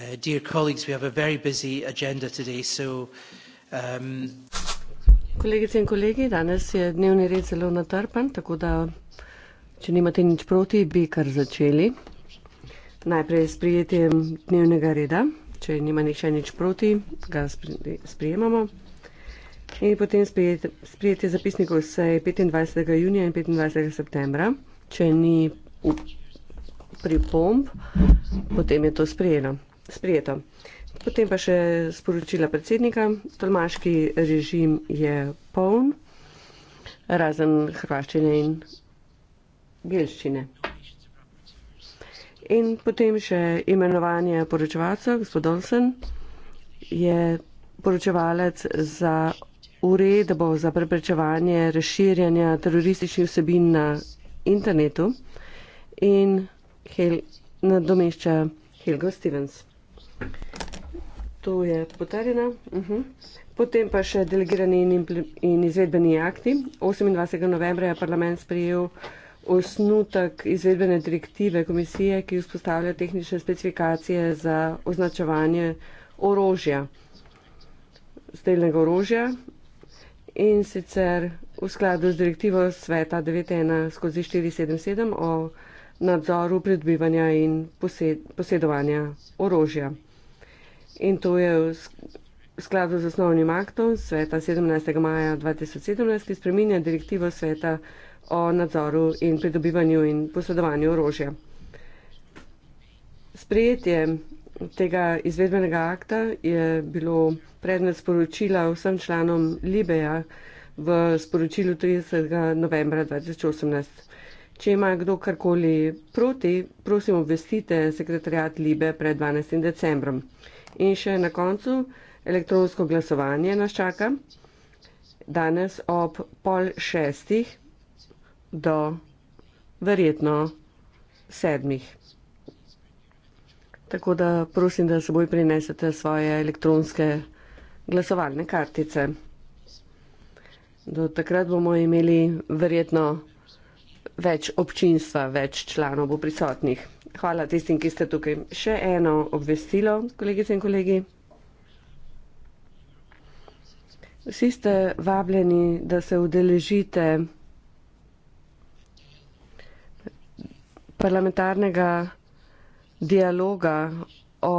Uh, dear colleagues, we have a very busy agenda today, so... Um Kolegice in kolegi, danes je dnevni red zelo natrpan, tako da, če nimate nič proti, bi kar začeli. Najprej s prijetjem dnevnega reda, če nima nihče nič proti, ga sprijemamo. In potem sprijetje, sprijetje zapisnikov se 25. junija in 25. septembra, če ni pripomb, potem je to sprijeno sprijeto. Potem pa še sporočila predsednika. Tolmaški režim je poln, razen hrvaščine in gelščine. In potem še imenovanje poročevalca, gospod Olsen je poročevalec za uredbo za preprečevanje razširjanja terorističnih vsebin na internetu in hel, nadomešča Helga Stevens. To je potrjena. Uh mhm. -huh. Potem pa še delegirani in, in izvedbeni akti. 28. novembra je parlament sprejel osnutek izvedbene direktive komisije, ki vzpostavlja tehnične specifikacije za označevanje orožja, steljnega orožja in sicer v skladu z direktivo sveta 9.1 skozi 477 o nadzoru pridobivanja in posedovanja orožja in to je v skladu z osnovnim aktom sveta 17. maja 2017, ki spreminja direktivo sveta o nadzoru in pridobivanju in posedovanju orožja. Sprejetje tega izvedbenega akta je bilo predmet sporočila vsem članom Libeja v sporočilu 30. novembra 2018. Če ima kdo karkoli proti, prosim obvestite sekretarjat Libe pred 12. decembrom. In še na koncu elektronsko glasovanje nas čaka. Danes ob pol šestih do verjetno sedmih. Tako da prosim, da seboj prinesete svoje elektronske glasovalne kartice. Do takrat bomo imeli verjetno več občinstva, več članov bo prisotnih. Hvala tistim, ki ste tukaj. Še eno obvestilo, kolegice in kolegi. Vsi ste vabljeni, da se udeležite parlamentarnega dialoga o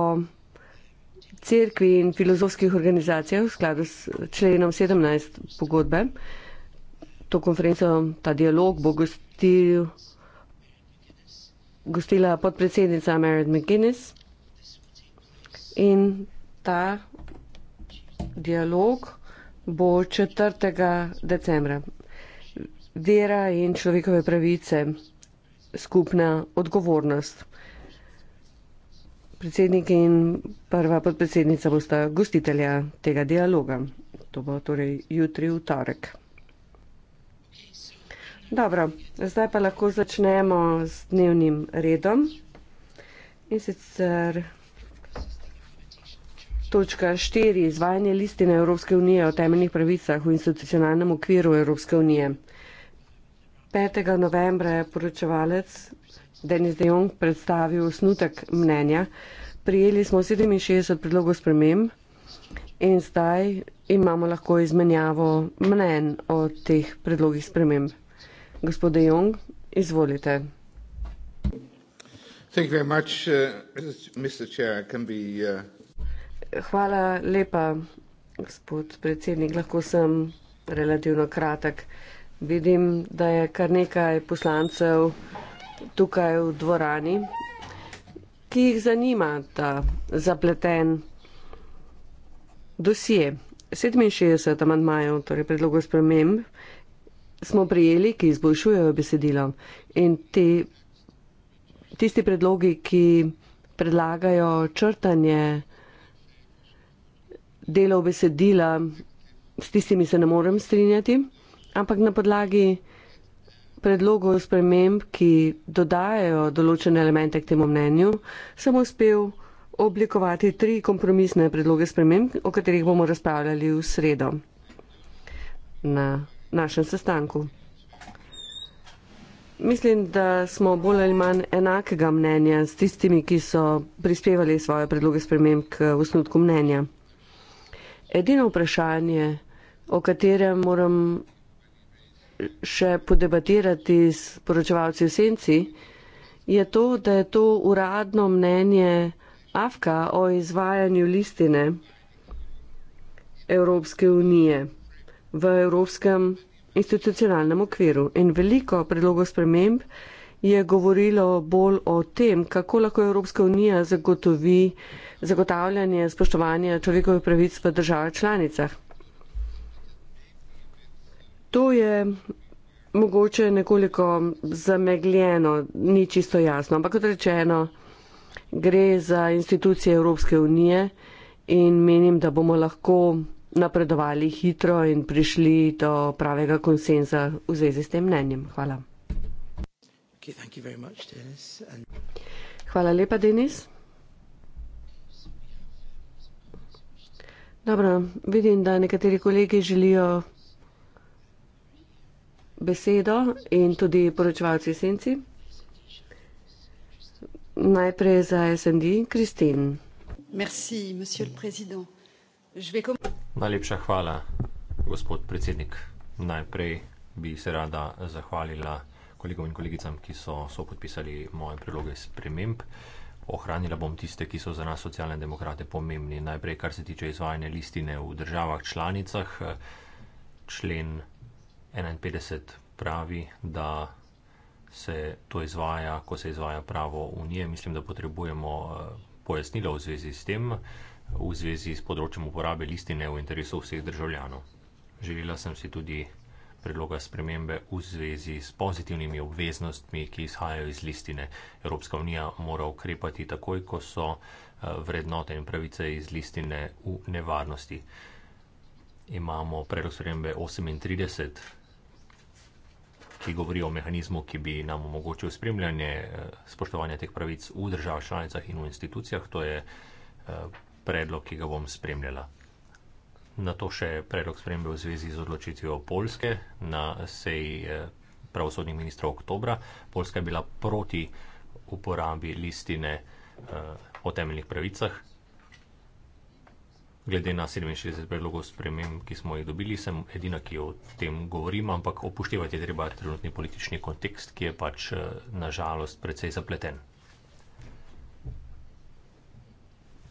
cerkvi in filozofskih organizacijah v skladu s členom 17 pogodbe. To konferenco, ta dialog bo gostil gostila podpredsednica Mary McGuinness in ta dialog bo 4. decembra. Vera in človekove pravice, skupna odgovornost. Predsednik in prva podpredsednica bosta gostitelja tega dialoga. To bo torej jutri v torek. Dobro, zdaj pa lahko začnemo s dnevnim redom. In sicer točka 4. Izvajanje listine Evropske unije o temeljnih pravicah v institucionalnem okviru Evropske unije. 5. novembra je poročevalec Denis De Jong predstavil osnutek mnenja. Prijeli smo 67 predlogov sprememb in zdaj imamo lahko izmenjavo mnen o teh predlogih sprememb. Gospode Jong, izvolite. Uh, uh, Hvala lepa, gospod predsednik. Lahko sem relativno kratek. Vidim, da je kar nekaj poslancev tukaj v dvorani, ki jih zanima ta zapleten dosje. 67 amantmajev, torej predlogov sprememb, smo prijeli, ki izboljšujejo besedilo in ti, tisti predlogi, ki predlagajo črtanje delov besedila, s tistimi se ne morem strinjati, ampak na podlagi predlogov sprememb, ki dodajajo določene elemente k temu mnenju, sem uspel oblikovati tri kompromisne predloge sprememb, o katerih bomo razpravljali v sredo. Na našem sestanku. Mislim, da smo bolj ali manj enakega mnenja s tistimi, ki so prispevali svoje predloge sprememb k osnutku mnenja. Edino vprašanje, o katerem moram še podebatirati s poročevalci v senci, je to, da je to uradno mnenje AFK o izvajanju listine Evropske unije v evropskem institucionalnem okviru. In veliko predlogov sprememb je govorilo bolj o tem, kako lahko Evropska unija zagotovi zagotavljanje spoštovanja človekovih pravic v državah članicah. To je mogoče nekoliko zamegljeno, ni čisto jasno, ampak kot rečeno, gre za institucije Evropske unije in menim, da bomo lahko napredovali hitro in prišli do pravega konsenza v zvezi s tem mnenjem. Hvala. Hvala lepa, Denis. Dobro, vidim, da nekateri kolegi želijo besedo in tudi poročevalci senci. Najprej za SND, Kristin. Merci, monsieur le président. Žveko. Najlepša hvala, gospod predsednik. Najprej bi se rada zahvalila kolegom in kolegicam, ki so so podpisali moje predloge sprememb. Ohranila bom tiste, ki so za nas socialne demokrate pomembni. Najprej, kar se tiče izvajanja listine v državah članicah, člen 51 pravi, da se to izvaja, ko se izvaja pravo unije. Mislim, da potrebujemo eh, pojasnila v zvezi s tem v zvezi s področjem uporabe listine v interesu vseh državljanov. Želela sem si tudi predloga spremembe v zvezi s pozitivnimi obveznostmi, ki izhajajo iz listine. Evropska unija mora ukrepati takoj, ko so eh, vrednote in pravice iz listine v nevarnosti. Imamo predlog spremembe 38, ki govori o mehanizmu, ki bi nam omogočil spremljanje eh, spoštovanja teh pravic v državah članicah in v institucijah. To je eh, predlog, ki ga bom spremljala. Na to še predlog spremembe v zvezi z odločitvijo Polske na seji eh, pravosodnih ministrov oktobra. Polska je bila proti uporabi listine eh, o temeljnih pravicah. Glede na 67 predlogov sprememb, ki smo jih dobili, sem edina, ki o tem govorim, ampak upoštevati je treba trenutni politični kontekst, ki je pač eh, nažalost precej zapleten.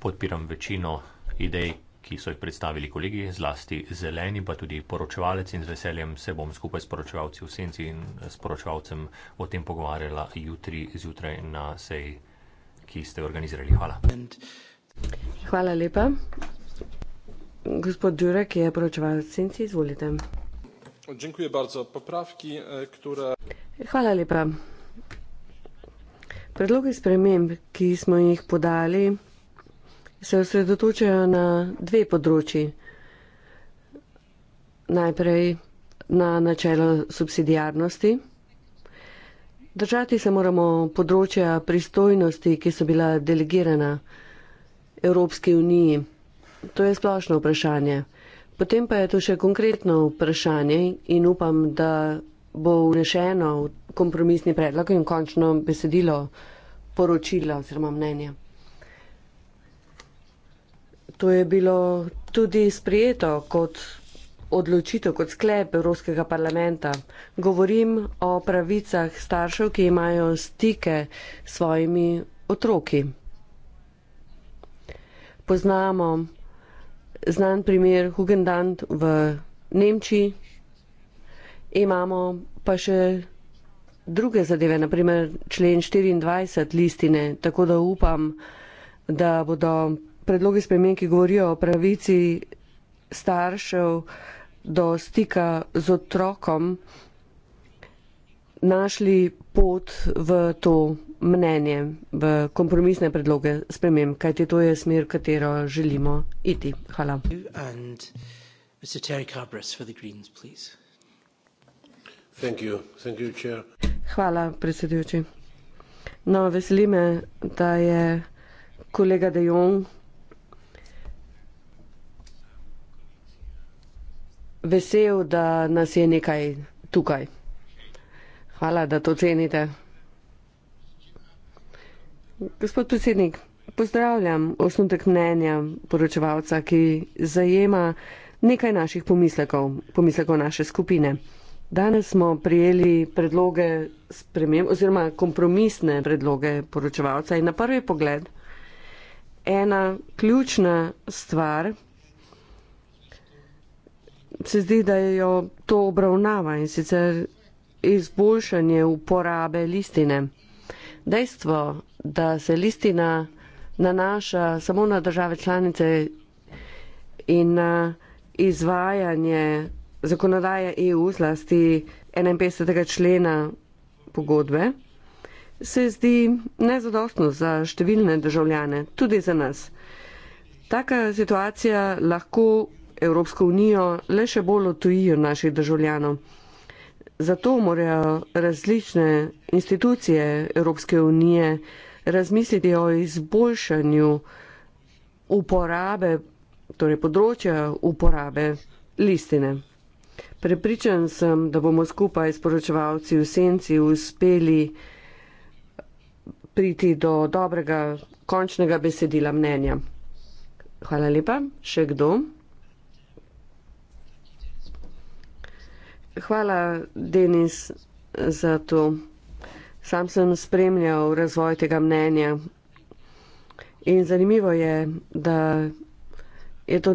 podpiram večino idej, ki so jih predstavili kolegi, zlasti zeleni, pa tudi poročevalec in z veseljem se bom skupaj s poročevalci v senci in s poročevalcem o tem pogovarjala jutri zjutraj na seji, ki ste organizirali. Hvala. Hvala lepa. Gospod Đurek je poročevalec senci, izvolite. Dziękuję bardzo. Popravki, e, które... Hvala lepa. Predlogi sprememb, ki smo jih podali, se osredotočajo na dve področji. Najprej na načelo subsidijarnosti. Držati se moramo področja pristojnosti, ki so bila delegirana Evropski uniji. To je splošno vprašanje. Potem pa je to še konkretno vprašanje in upam, da bo vnešeno v kompromisni predlog in končno besedilo poročila oziroma mnenja. To je bilo tudi sprejeto kot odločitev, kot sklep Evropskega parlamenta. Govorim o pravicah staršev, ki imajo stike s svojimi otroki. Poznamo znan primer Hugendant v Nemčiji, imamo pa še druge zadeve, naprimer člen 24 listine, tako da upam, da bodo predlogi spremen, ki govorijo o pravici staršev do stika z otrokom, našli pot v to mnenje, v kompromisne predloge spremem, kajti to je smer, katero želimo iti. Hvala. Hvala, predsedujoči. No, veseli me, da je kolega De Jong vesel, da nas je nekaj tukaj. Hvala, da to cenite. Gospod predsednik, pozdravljam osnutek mnenja poročevalca, ki zajema nekaj naših pomislekov, pomislekov naše skupine. Danes smo prijeli predloge sprememb oziroma kompromisne predloge poročevalca in na prvi pogled ena ključna stvar, se zdi, da jo to obravnava in sicer izboljšanje uporabe listine. Dejstvo, da se listina nanaša samo na države članice in na izvajanje zakonodaje EU zlasti 51. člena pogodbe, se zdi nezadostno za številne državljane, tudi za nas. Taka situacija lahko Evropsko unijo le še bolj otujijo naših državljanov. Zato morajo različne institucije Evropske unije razmisliti o izboljšanju uporabe, torej področja uporabe listine. Prepričan sem, da bomo skupaj s poročevalci v senci uspeli priti do dobrega končnega besedila mnenja. Hvala lepa, še kdo? Hvala, Denis, za to. Sam sem spremljal razvoj tega mnenja. In zanimivo je, da je to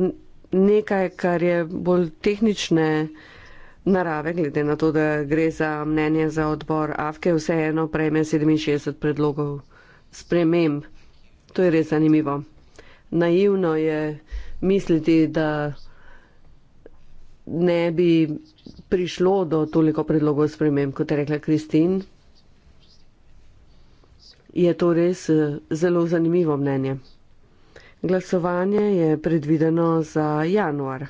nekaj, kar je bolj tehnične narave, glede na to, da gre za mnenje za odbor AFKE, vseeno prejme 67 predlogov sprememb. To je res zanimivo. Naivno je misliti, da ne bi prišlo do toliko predlogov sprememb, kot je rekla Kristin. Je to res eh, zelo zanimivo mnenje. Glasovanje je predvideno za januar.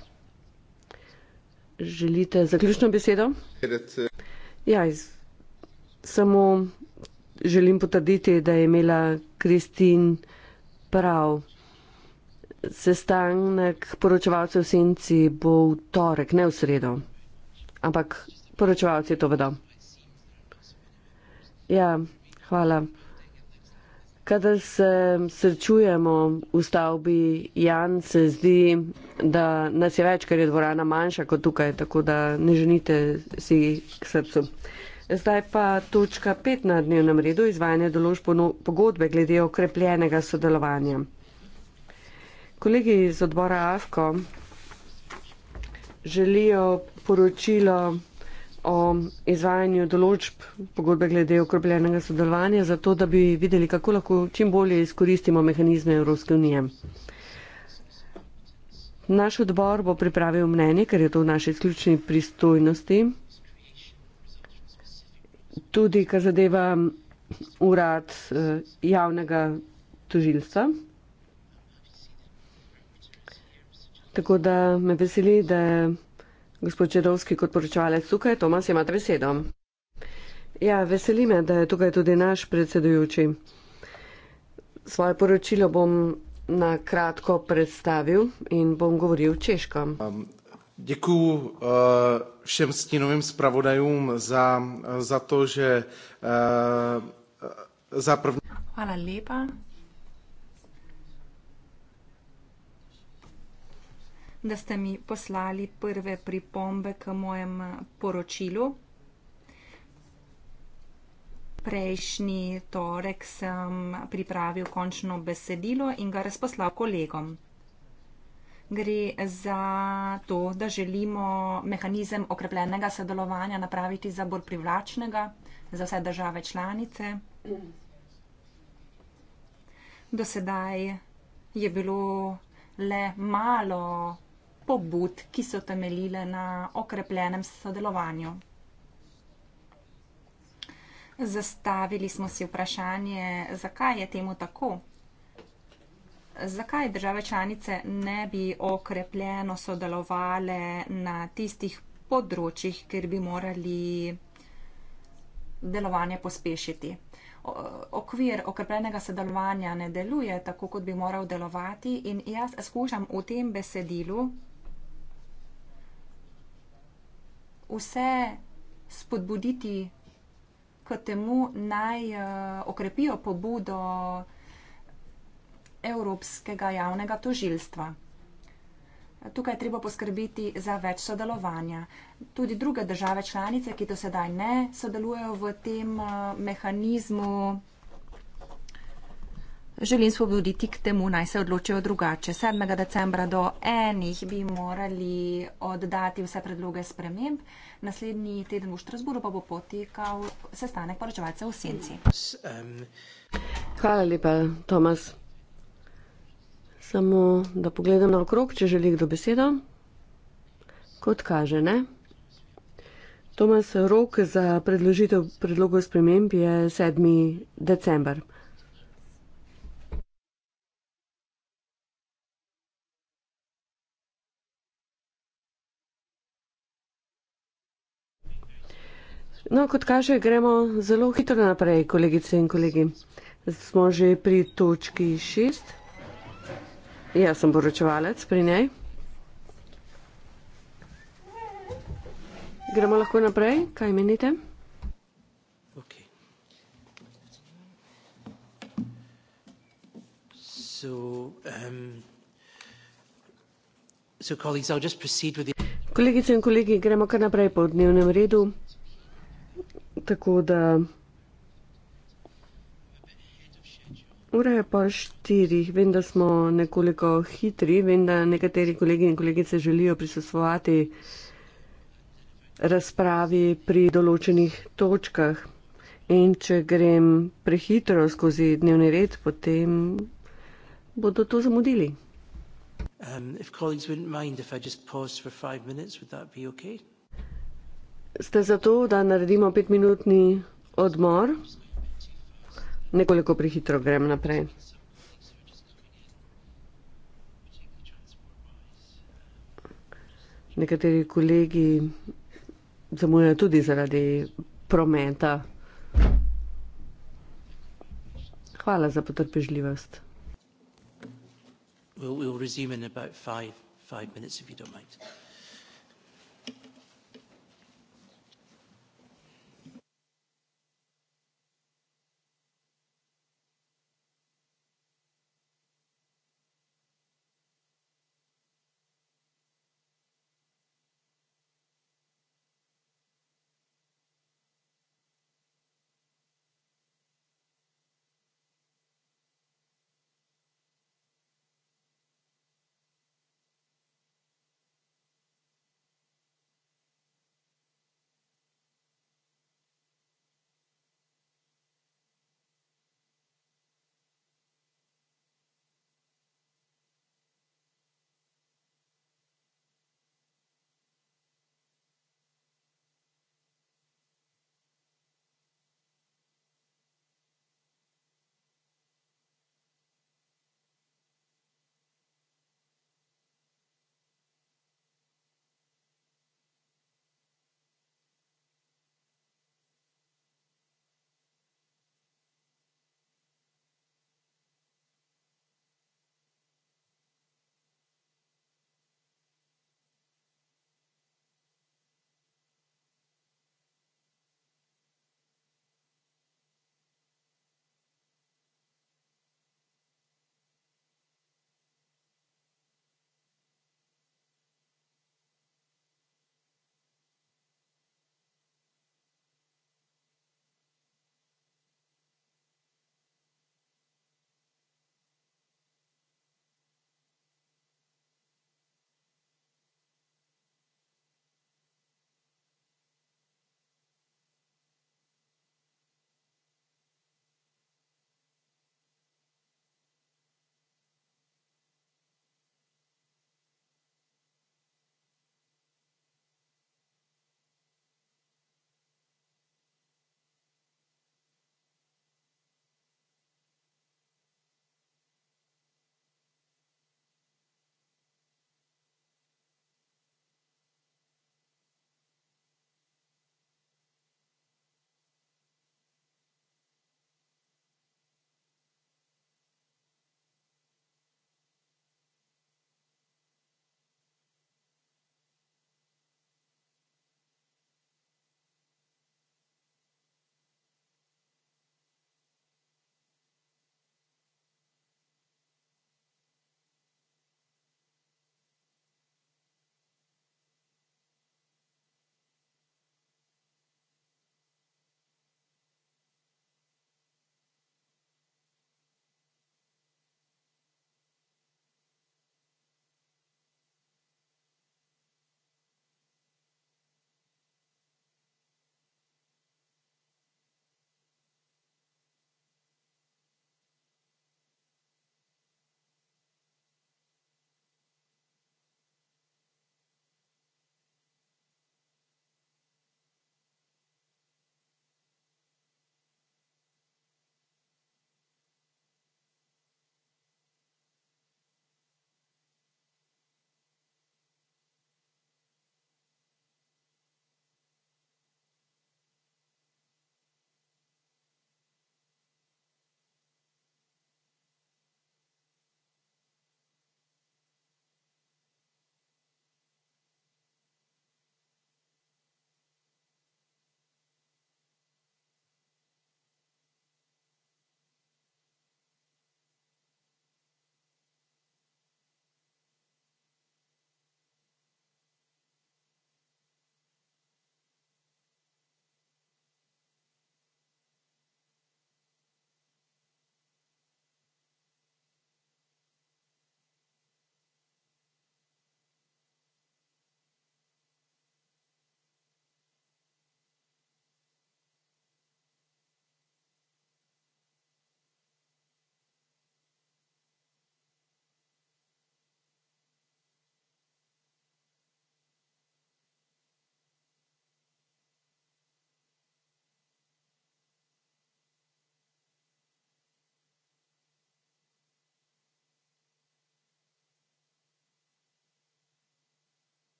Želite zaključno besedo? Ja, samo želim potrditi, da je imela Kristin prav. Sestanek poročevalcev v senci bo v torek, ne v sredo ampak poročevalci to vedo. Ja, hvala. Kadar se srečujemo v stavbi Jan, se zdi, da nas je več, ker je dvorana manjša kot tukaj, tako da ne ženite si k srcu. Zdaj pa točka pet na dnevnem redu, izvajanje dolož pogodbe glede okrepljenega sodelovanja. Kolegi iz odbora AFKO želijo poročilo o izvajanju določb pogodbe glede okrobljenega sodelovanja, zato da bi videli, kako lahko čim bolje izkoristimo mehanizme Evropske unije. Naš odbor bo pripravil mnenje, ker je to v naši izključni pristojnosti. Tudi, kar zadeva urad eh, javnega tožilstva. Tako da me veseli, da je Gospod Čedovski, kot poročevalec tukaj, Tomas, imate besedo. Ja, veseli me, da je tukaj tudi naš predsedujoči. Svoje poročilo bom na kratko predstavil in bom govoril češko. Um, Děkuji uh, všem stínovým zpravodajům za, za to, že uh, za první. Hvala lepa da ste mi poslali prve pripombe k mojem poročilu. Prejšnji torek sem pripravil končno besedilo in ga razposlal kolegom. Gre za to, da želimo mehanizem okrepljenega sodelovanja napraviti za bolj privlačnega za vse države članice. Do sedaj je bilo le malo pobud, ki so temeljile na okrepljenem sodelovanju. Zastavili smo si vprašanje, zakaj je temu tako? Zakaj države članice ne bi okrepljeno sodelovale na tistih področjih, kjer bi morali delovanje pospešiti? Okvir okrepljenega sodelovanja ne deluje tako, kot bi moral delovati in jaz skušam v tem besedilu vse spodbuditi k temu, naj eh, okrepijo pobudo Evropskega javnega tožilstva. Tukaj je treba poskrbeti za več sodelovanja. Tudi druge države članice, ki do sedaj ne sodelujejo v tem eh, mehanizmu, Želim spodbuditi k temu, naj se odločijo drugače. 7. decembra do enih bi morali oddati vse predloge sprememb. Naslednji teden v Štrasburu pa bo potekal sestanek poročevalcev v Senci. Hvala lepa, Tomas. Samo da pogledam na okrog, če želi kdo besedo. Kot kaže, ne. Tomas, rok za predložitev predlogov sprememb je 7. decembar. No, kot kaže, gremo zelo hitro naprej, kolegice in kolegi. Smo že pri točki šest. Jaz sem poročevalec pri njej. Gremo lahko naprej, kaj menite? Okay. So, um, so the... Kolegice in kolegi, gremo kar naprej po dnevnem redu. Tako da ura je pa štirih. Vem, da smo nekoliko hitri, vem, da nekateri kolegi in kolegice želijo prisustovati razpravi pri določenih točkah. In če grem prehitro skozi dnevni red, potem bodo to zamudili. Um, minds, okay? ste za to, da naredimo petminutni odmor? Nekoliko prehitro grem naprej. Nekateri kolegi zamujajo tudi zaradi prometa. Hvala za potrpežljivost. We'll, we'll resume in about five, five minutes if you don't mind.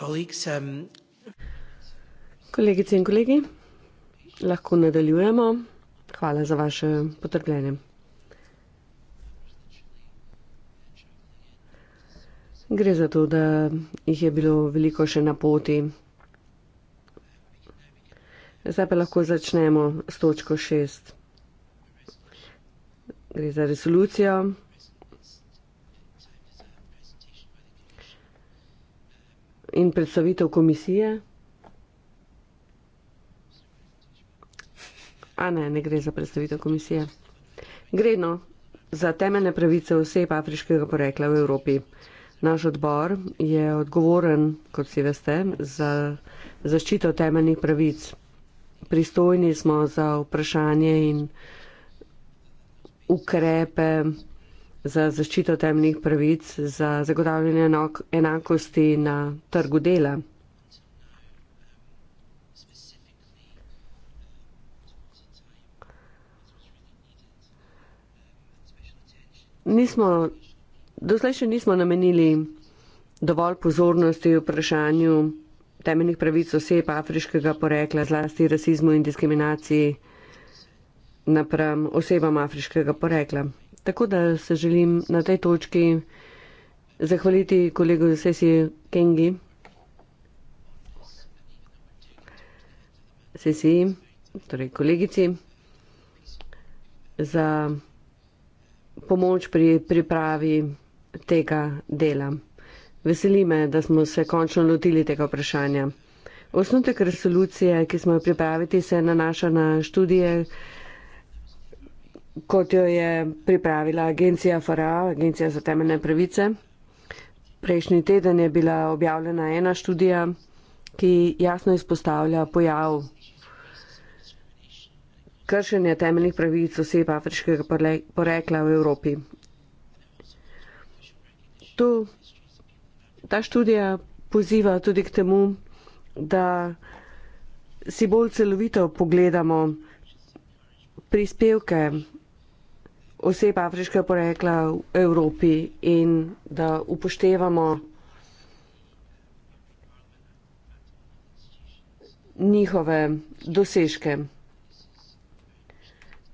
Um, Kolegice in kolegi, lahko nadaljujemo. Hvala za vaše potrpljenje. Gre za to, da jih je bilo veliko še na poti. Zdaj pa lahko začnemo s točko 6. Gre za resolucijo. in predstavitev komisije. A ne, ne gre za predstavitev komisije. Gre no za temeljne pravice oseb afriškega porekla v Evropi. Naš odbor je odgovoren, kot si veste, za zaščito temeljnih pravic. Pristojni smo za vprašanje in ukrepe za zaščito temnih pravic, za zagotavljanje enakosti na trgu dela. Nismo, doslej še nismo namenili dovolj pozornosti v vprašanju temeljnih pravic oseb afriškega porekla, zlasti rasizmu in diskriminaciji napram osebam afriškega porekla. Tako da se želim na tej točki zahvaliti kolegu Sesi Kengi. Sesi, torej kolegici, za pomoč pri pripravi tega dela. Veseli me, da smo se končno lotili tega vprašanja. Osnutek resolucije, ki smo jo pripravili, se nanaša na študije, kot jo je pripravila agencija FRA, agencija za temeljne pravice. Prejšnji teden je bila objavljena ena študija, ki jasno izpostavlja pojav kršenja temeljnih pravic oseb afriškega porekla v Evropi. Tu ta študija poziva tudi k temu, da si bolj celovito pogledamo prispevke oseb afriškega porekla v Evropi in da upoštevamo njihove dosežke.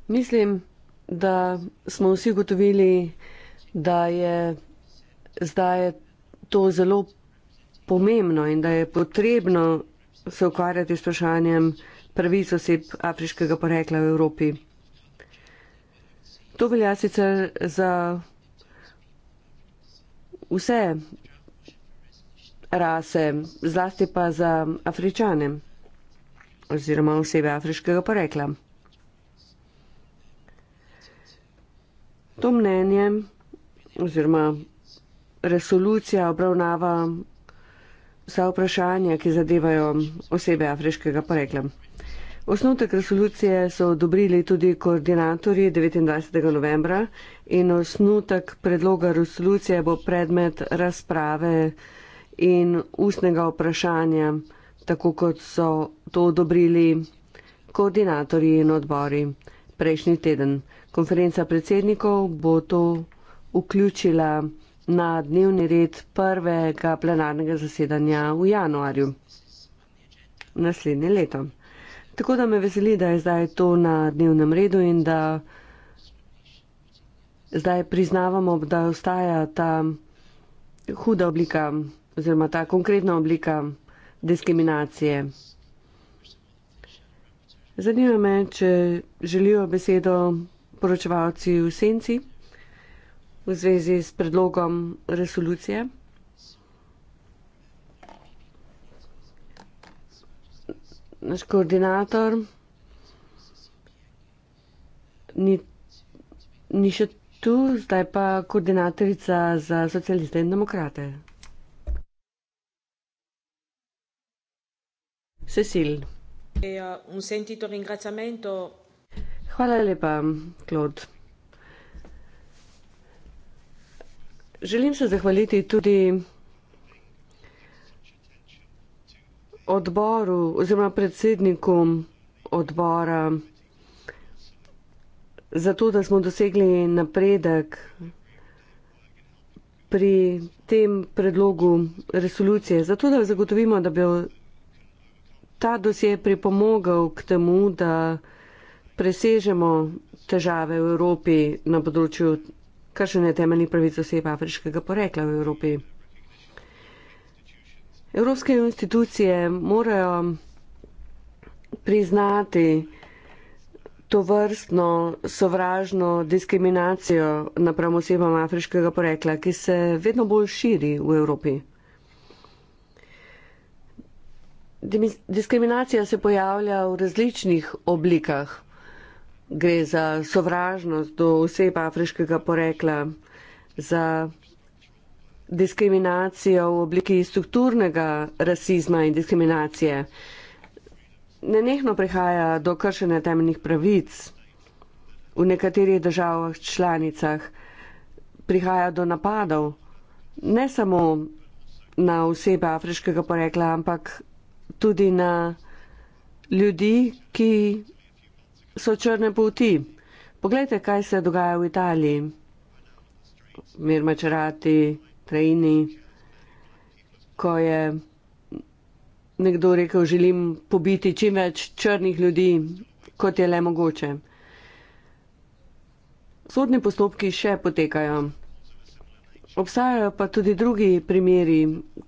Mislim, da smo vsi gotovili, da je zdaj to zelo pomembno in da je potrebno se ukvarjati s vprašanjem pravic oseb afriškega porekla v Evropi. To velja sicer za vse rase, zlasti pa za Afričane oziroma osebe afriškega porekla. To mnenje oziroma resolucija obravnava vsa vprašanja, ki zadevajo osebe afriškega porekla. Osnutek resolucije so odobrili tudi koordinatorji 29. novembra in osnutek predloga resolucije bo predmet razprave in ustnega vprašanja, tako kot so to odobrili koordinatorji in odbori prejšnji teden. Konferenca predsednikov bo to vključila na dnevni red prvega plenarnega zasedanja v januarju naslednje leto. Tako da me veseli, da je zdaj to na dnevnem redu in da zdaj priznavamo, da ostaja ta huda oblika oziroma ta konkretna oblika diskriminacije. Zanima me, če želijo besedo poročevalci v senci v zvezi s predlogom resolucije. naš koordinator ni, ni še tu, zdaj pa koordinatorica za socialiste in demokrate. Cecil. Hvala lepa, Klod. Želim se zahvaliti tudi odboru oziroma predsedniku odbora za to, da smo dosegli napredek pri tem predlogu resolucije, zato da zagotovimo, da bi ta dosje pripomogel k temu, da presežemo težave v Evropi na področju kršene temeljnih pravic oseb afriškega porekla v Evropi. Evropske institucije morajo priznati to vrstno sovražno diskriminacijo napram osebam afriškega porekla, ki se vedno bolj širi v Evropi. Diskriminacija se pojavlja v različnih oblikah. Gre za sovražnost do oseb afriškega porekla, za diskriminacijo v obliki strukturnega rasizma in diskriminacije. Nenehno prihaja do kršene temeljnih pravic v nekaterih državah članicah, prihaja do napadov ne samo na osebe afriškega porekla, ampak tudi na ljudi, ki so črne poti. Poglejte, kaj se dogaja v Italiji. Mir Mačerati, Ukrajini, ko je nekdo rekel, želim pobiti čim več črnih ljudi, kot je le mogoče. Sodni postopki še potekajo. Obstajajo pa tudi drugi primeri,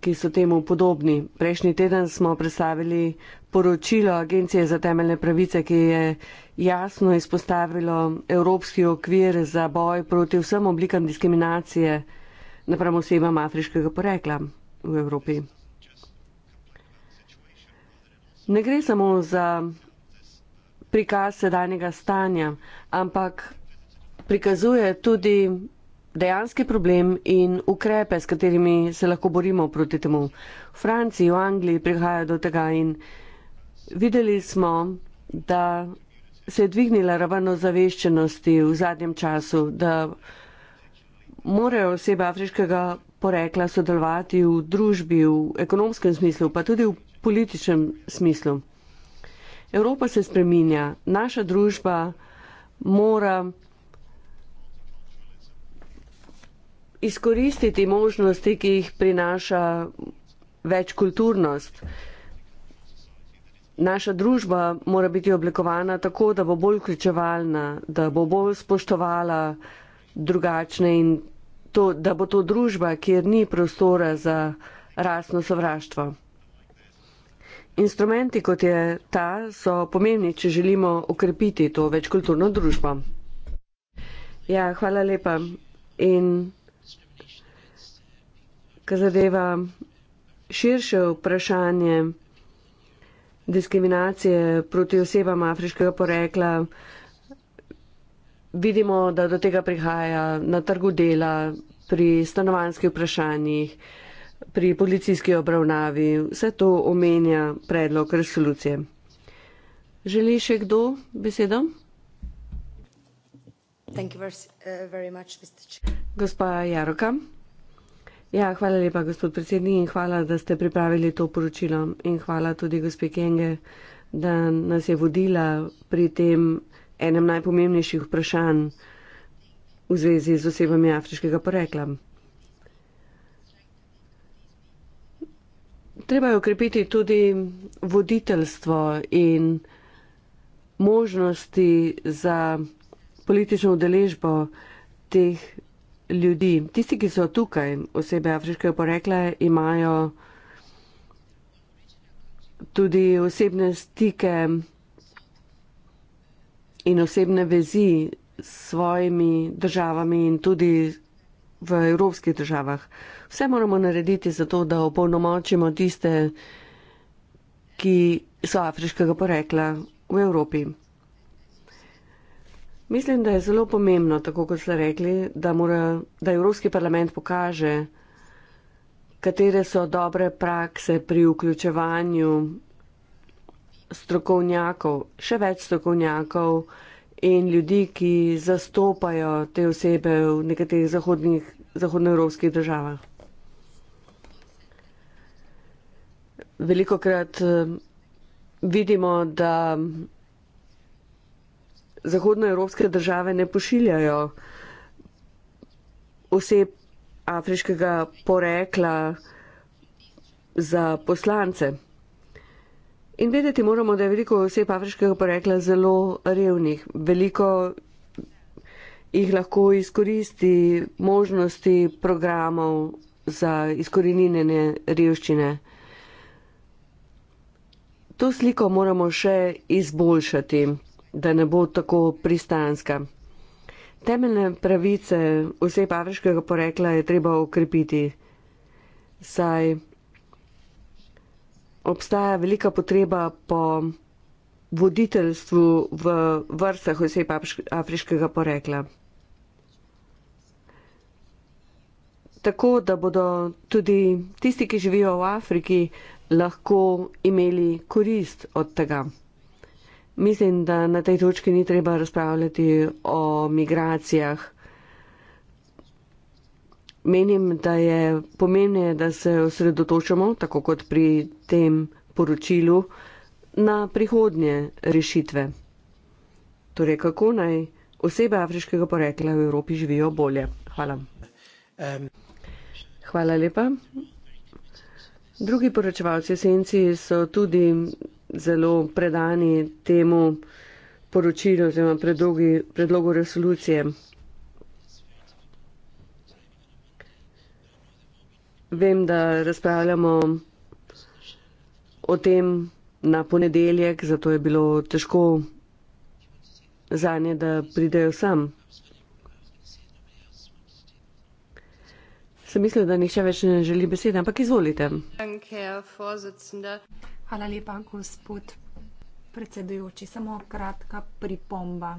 ki so temu podobni. Prejšnji teden smo predstavili poročilo Agencije za temeljne pravice, ki je jasno izpostavilo evropski okvir za boj proti vsem oblikam diskriminacije napram osebam afriškega porekla v Evropi. Ne gre samo za prikaz sedanjega stanja, ampak prikazuje tudi dejanski problem in ukrepe, s katerimi se lahko borimo proti temu. V Franciji, v Angliji prihaja do tega in videli smo, da se je dvignila raven ozaveščenosti v zadnjem času, da morajo osebe afriškega porekla sodelovati v družbi v ekonomskem smislu, pa tudi v političnem smislu. Evropa se spreminja, naša družba mora izkoristiti možnosti, ki jih prinaša večkulturnost. Naša družba mora biti oblikovana tako, da bo bolj vključevalna, da bo bolj spoštovala drugačne in to, da bo to družba, kjer ni prostora za rasno sovraštvo. Instrumenti kot je ta so pomembni, če želimo ukrepiti to večkulturno družbo. Ja, hvala lepa. In kar zadeva širše vprašanje diskriminacije proti osebam afriškega porekla, vidimo, da do tega prihaja na trgu dela, pri stanovanjskih vprašanjih, pri policijski obravnavi. Vse to omenja predlog resolucije. Želi še kdo besedo? Eh, Gospa Jaroka. Ja, hvala lepa, gospod predsednik, in hvala, da ste pripravili to poročilo. In hvala tudi gospe Kenge, da nas je vodila pri tem enem najpomembnejših vprašanj v zvezi z osebami afriškega porekla. Treba je okrepiti tudi voditeljstvo in možnosti za politično udeležbo teh ljudi. Tisti, ki so tukaj, osebe afriškega porekla, imajo tudi osebne stike in osebne vezi s svojimi državami in tudi v evropskih državah. Vse moramo narediti zato, da opolnomočimo tiste, ki so afriškega porekla v Evropi. Mislim, da je zelo pomembno, tako kot ste rekli, da, mora, da Evropski parlament pokaže, katere so dobre prakse pri vključevanju strokovnjakov, še več strokovnjakov, in ljudi, ki zastopajo te osebe v nekaterih zahodnih, zahodnoevropskih državah. Veliko krat eh, vidimo, da zahodnoevropske države ne pošiljajo oseb afriškega porekla za poslance. In vedeti moramo, da je veliko oseb afriškega porekla zelo revnih. Veliko jih lahko izkoristi možnosti programov za izkorinjenje revščine. To sliko moramo še izboljšati, da ne bo tako pristanska. Temeljne pravice vseh afriškega porekla je treba okrepiti, saj obstaja velika potreba po voditeljstvu v vrstah oseb afriškega porekla. Tako, da bodo tudi tisti, ki živijo v Afriki, lahko imeli korist od tega. Mislim, da na tej točki ni treba razpravljati o migracijah. Menim, da je pomembneje, da se osredotočamo, tako kot pri tem poročilu, na prihodnje rešitve. Torej, kako naj osebe afriškega porekla v Evropi živijo bolje. Hvala. Hvala lepa. Drugi poročevalci esenci so tudi zelo predani temu poročilu oziroma predlogu resolucije. Vem, da razpravljamo o tem na ponedeljek, zato je bilo težko za nje, da pridejo sam. Sem mislil, da nihče več ne želi besede, ampak izvolite. Hvala lepa, gospod predsedujoči. Samo kratka pripomba.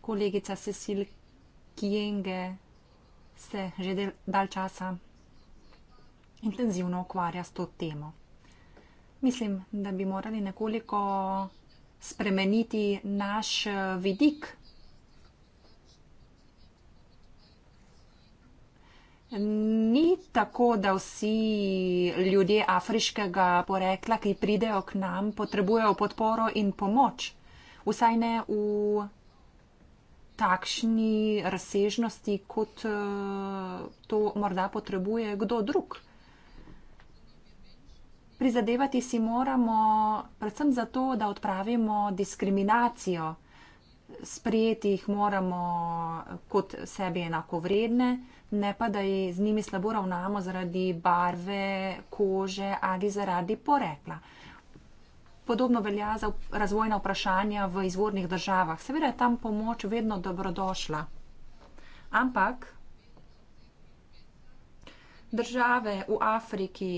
Kolegica Cecil Kienge se že del, dal časa intenzivno ukvarja s to temo. Mislim, da bi morali nekoliko spremeniti naš eh, vidik. Ni tako, da vsi ljudje afriškega porekla, ki pridejo k nam, potrebujejo podporo in pomoč. Vsaj ne v takšni razsežnosti, kot uh, to morda potrebuje kdo drug. Prizadevati si moramo predvsem zato, da odpravimo diskriminacijo. Sprijeti jih moramo kot sebi enako vredne, ne pa da jih z njimi slabo ravnamo zaradi barve, kože ali zaradi porekla. Uh, Podobno velja za razvojna vprašanja v izvornih državah. Seveda je tam pomoč vedno dobrodošla. Ampak države v Afriki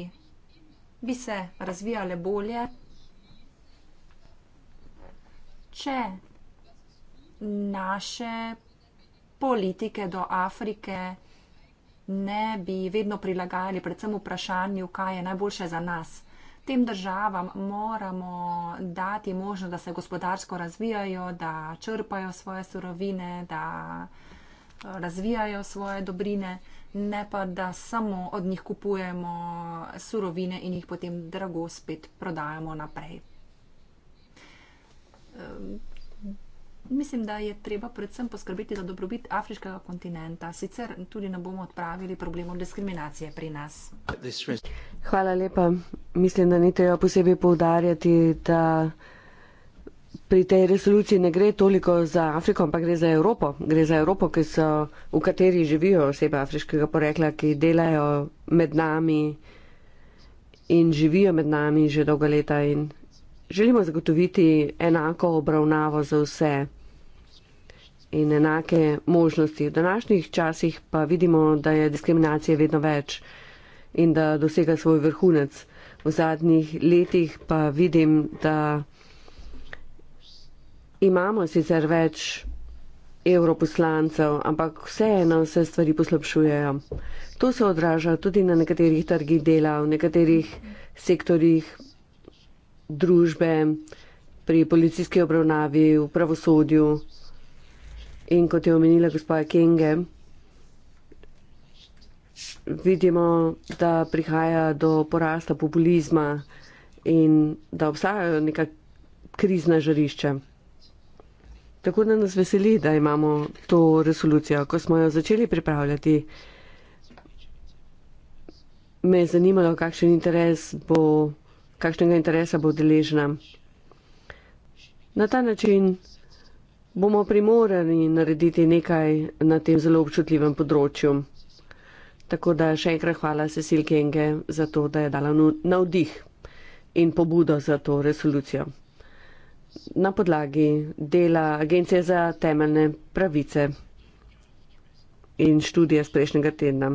bi se razvijale bolje, če naše politike do Afrike ne bi vedno prilagajali predvsem vprašanju, kaj je najboljše za nas tem državam moramo dati možnost, da se gospodarsko razvijajo, da črpajo svoje surovine, da eh, razvijajo svoje dobrine, ne pa da samo od njih kupujemo surovine in jih potem drago spet prodajamo naprej. Ehm, mislim, da je treba predvsem poskrbeti za dobrobit afriškega kontinenta. Sicer tudi ne bomo odpravili problemov diskriminacije pri nas. Hvala lepa. Mislim, da ni treba posebej povdarjati, da pri tej resoluciji ne gre toliko za Afriko, ampak gre za Evropo. Gre za Evropo, so, v kateri živijo osebe afriškega porekla, ki delajo med nami in živijo med nami že dolga leta. Želimo zagotoviti enako obravnavo za vse in enake možnosti. V današnjih časih pa vidimo, da je diskriminacije vedno več in da dosega svoj vrhunec. V zadnjih letih pa vidim, da imamo sicer več europoslancev, ampak vseeno se stvari poslabšujejo. To se odraža tudi na nekaterih trgih dela, v nekaterih sektorjih družbe, pri policijski obravnavi, v pravosodju. In kot je omenila gospa Kenge, vidimo, da prihaja do porasta populizma in da obstajajo neka krizna žarišča. Tako da nas veseli, da imamo to resolucijo. Ko smo jo začeli pripravljati, me je zanimalo, kakšen interes bo, kakšnega interesa bo deležna. Na ta način bomo primorani narediti nekaj na tem zelo občutljivem področju. Tako da še enkrat hvala Cecil Kenge za to, da je dala navdih in pobudo za to resolucijo. Na podlagi dela Agencije za temeljne pravice in študije z prejšnjega tedna.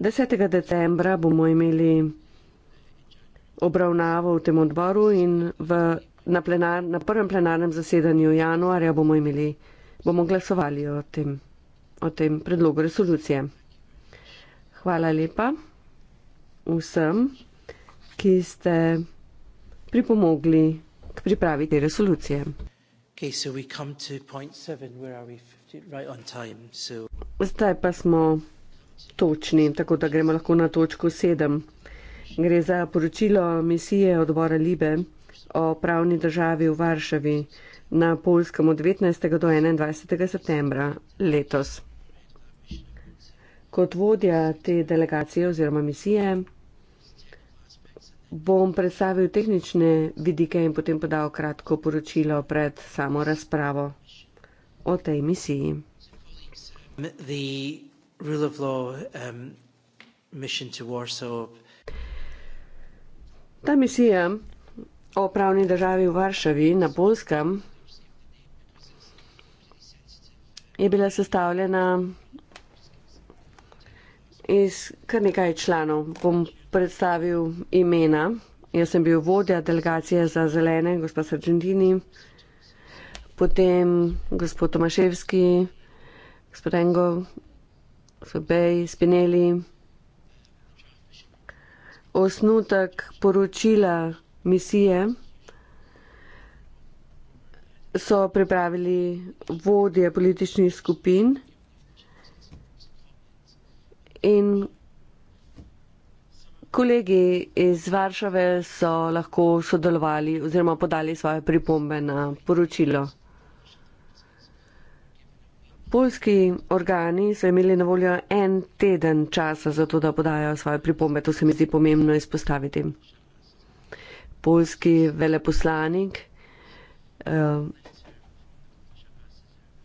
10. decembra bomo imeli obravnavo v tem odboru in v na, plenar, na prvem plenarnem zasedanju januarja bomo imeli, bomo glasovali o tem, o tem predlogu resolucije. Hvala lepa vsem, ki ste pripomogli k pripravi te resolucije. Okay, seven, right so... Zdaj pa smo točni, tako da gremo lahko na točko sedem. Gre za poročilo misije odbora Libe o pravni državi v Varšavi na Polskem od 19. do 21. septembra letos. Kot vodja te delegacije oziroma misije bom predstavil tehnične vidike in potem podal kratko poročilo pred samo razpravo o tej misiji. Um, Ta misija o pravni državi v Varšavi na Polskem je bila sestavljena iz kar nekaj članov. Bom predstavil imena. Jaz sem bil vodja delegacije za zelene, gospod Sargentini, potem gospod Tomaševski, gospod Engo, gospod Bej, Spinelli. Osnutek poročila misije so pripravili vodje političnih skupin in kolegi iz Varšave so lahko sodelovali oziroma podali svoje pripombe na poročilo. Polski organi so imeli na voljo en teden časa za to, da podajo svoje pripombe. To se mi zdi pomembno izpostaviti polski veleposlanik eh,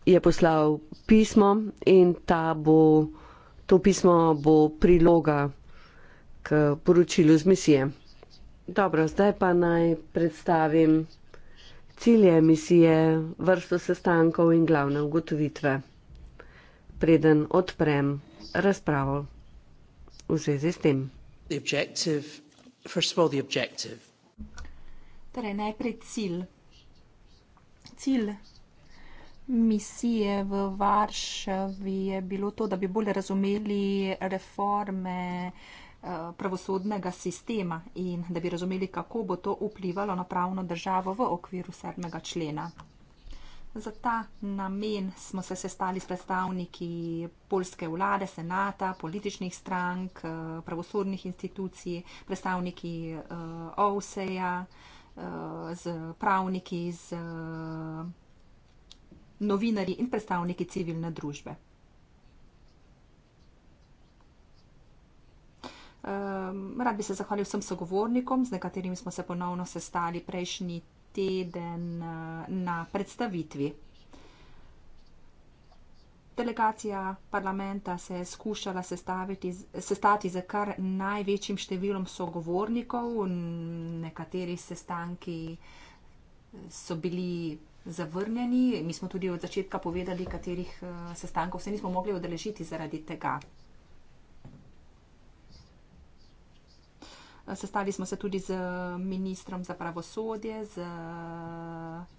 je poslal pismo in ta bo, to pismo bo priloga k poročilu z misije. Dobro, zdaj pa naj predstavim cilje misije, vrsto sestankov in glavne ugotovitve, preden odprem razpravo v zvezi s tem. The objective, first of all, the objective Torej, najprej cilj. Cilj misije v Varšavi je bilo to, da bi bolj razumeli reforme eh, pravosodnega sistema in da bi razumeli, kako bo to vplivalo na pravno državo v okviru 7. člena. Za ta namen smo se sestali s predstavniki polske vlade, senata, političnih strank, eh, pravosodnih institucij, predstavniki eh, OVSE-ja. -ja, Eh, z pravniki, z eh, novinarji in predstavniki civilne družbe. Ehm, rad bi se zahvalil vsem sogovornikom, z nekaterimi smo se ponovno sestali prejšnji teden eh, na predstavitvi. Delegacija parlamenta se je skušala sestati z kar največjim številom sogovornikov. Nekateri sestanki so bili zavrnjeni. Mi smo tudi od začetka povedali, katerih eh, sestankov se nismo mogli odrežiti zaradi tega. Eh, sestali smo se tudi z eh, ministrom za pravosodje, z, eh,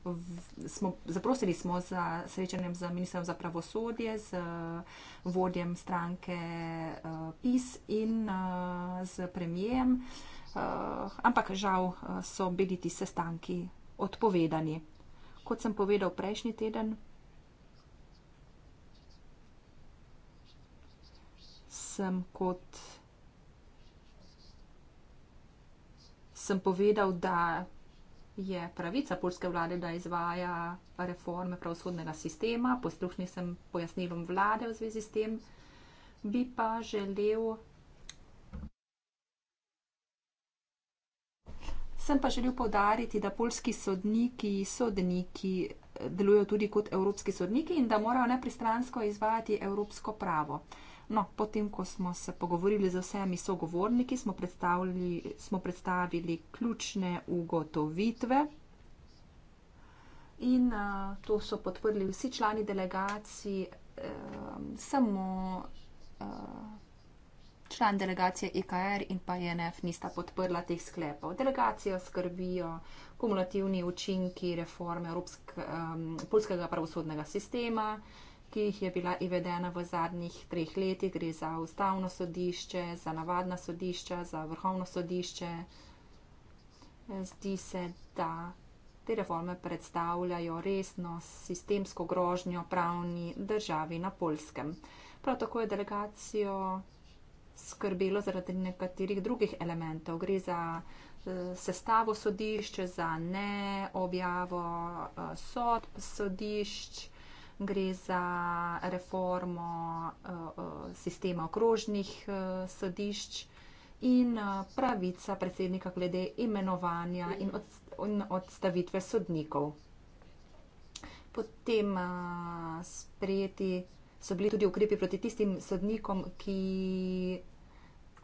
v, smo, zaprosili smo za srečanjem z ministrom za pravosodje, z vodjem stranke uh, PIS in uh, z premijem, uh, ampak žal so bili ti sestanki odpovedani. Kot sem povedal prejšnji teden, sem kot. sem povedal, da je pravica polske vlade, da izvaja reforme pravosodnega sistema. Poslušni sem pojasnilom vlade v zvezi s tem. Bi pa želel. Sem pa želel povdariti, da polski sodniki, sodniki eh, delujejo tudi kot evropski sodniki in da morajo nepristransko izvajati evropsko pravo. Uh, No, potem, ko smo se pogovorili z vsemi sogovorniki, smo predstavili, smo predstavili ključne ugotovitve in uh, to so potvrdili vsi člani delegacij, uh, samo uh, član delegacije IKR e in pa JNF e nista podprla teh sklepov. Delegacijo skrbijo kumulativni učinki reforme Evropske, um, polskega pravosodnega sistema. Uh, ki jih je bila izvedena v zadnjih treh letih, gre za ustavno sodišče, za navadna sodišča, za vrhovno sodišče. Zdi se, da te reforme predstavljajo resno sistemsko grožnjo pravni državi na polskem. Prav tako je delegacijo skrbelo zaradi nekaterih drugih elementov. Gre za eh, sestavo sodišče, za neobjavo eh, sodb sodišč gre za reformo eh, eh, sistema okrožnih eh, sodišč in pravica predsednika glede imenovanja in odstavitve sodnikov. Potem sprejeti so bili tudi ukrepi proti tistim sodnikom, ki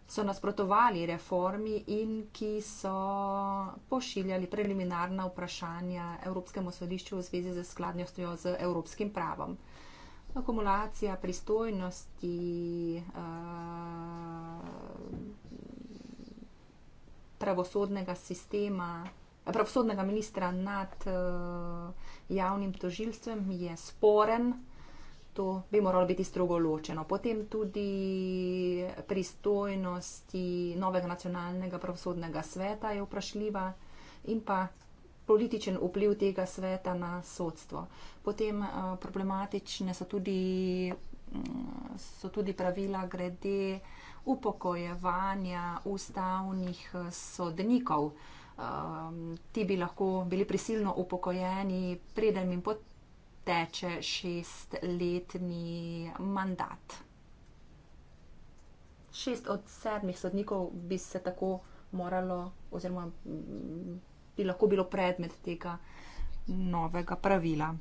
so nasprotovali reformi in ki so pošiljali preliminarna vprašanja Evropskemu sodišču v zvezi z skladnostjo z evropskim pravom. Akumulacija pristojnosti eh, pravosodnega sistema, pravosodnega ministra nad eh, javnim tožilstvom je sporen to bi moralo biti strogo ločeno. Potem tudi pristojnosti novega nacionalnega pravosodnega sveta je vprašljiva in pa političen vpliv tega sveta na sodstvo. Potem eh, problematične so tudi, mm, so tudi pravila grede upokojevanja ustavnih eh, sodnikov. Eh, ti bi lahko bili prisilno upokojeni, preden jim potem teče šestletni mandat. Šest od sedmih sodnikov bi se tako moralo, oziroma bi lahko bilo predmet tega novega pravila.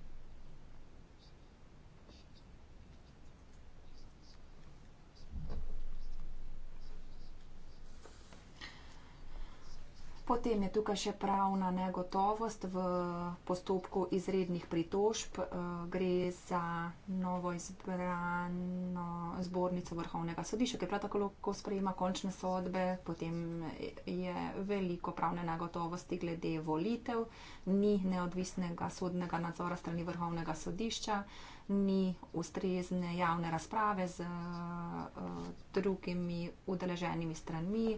Potem je tukaj še pravna negotovost v postopku izrednih pritožb. Eh, gre za novo izbrano zbornico vrhovnega sodišča, ki prav tako lahko sprejema končne sodbe. Potem je veliko pravne negotovosti glede volitev, ni neodvisnega sodnega nadzora strani vrhovnega sodišča, ni ustrezne javne razprave z eh, drugimi udeleženimi stranmi,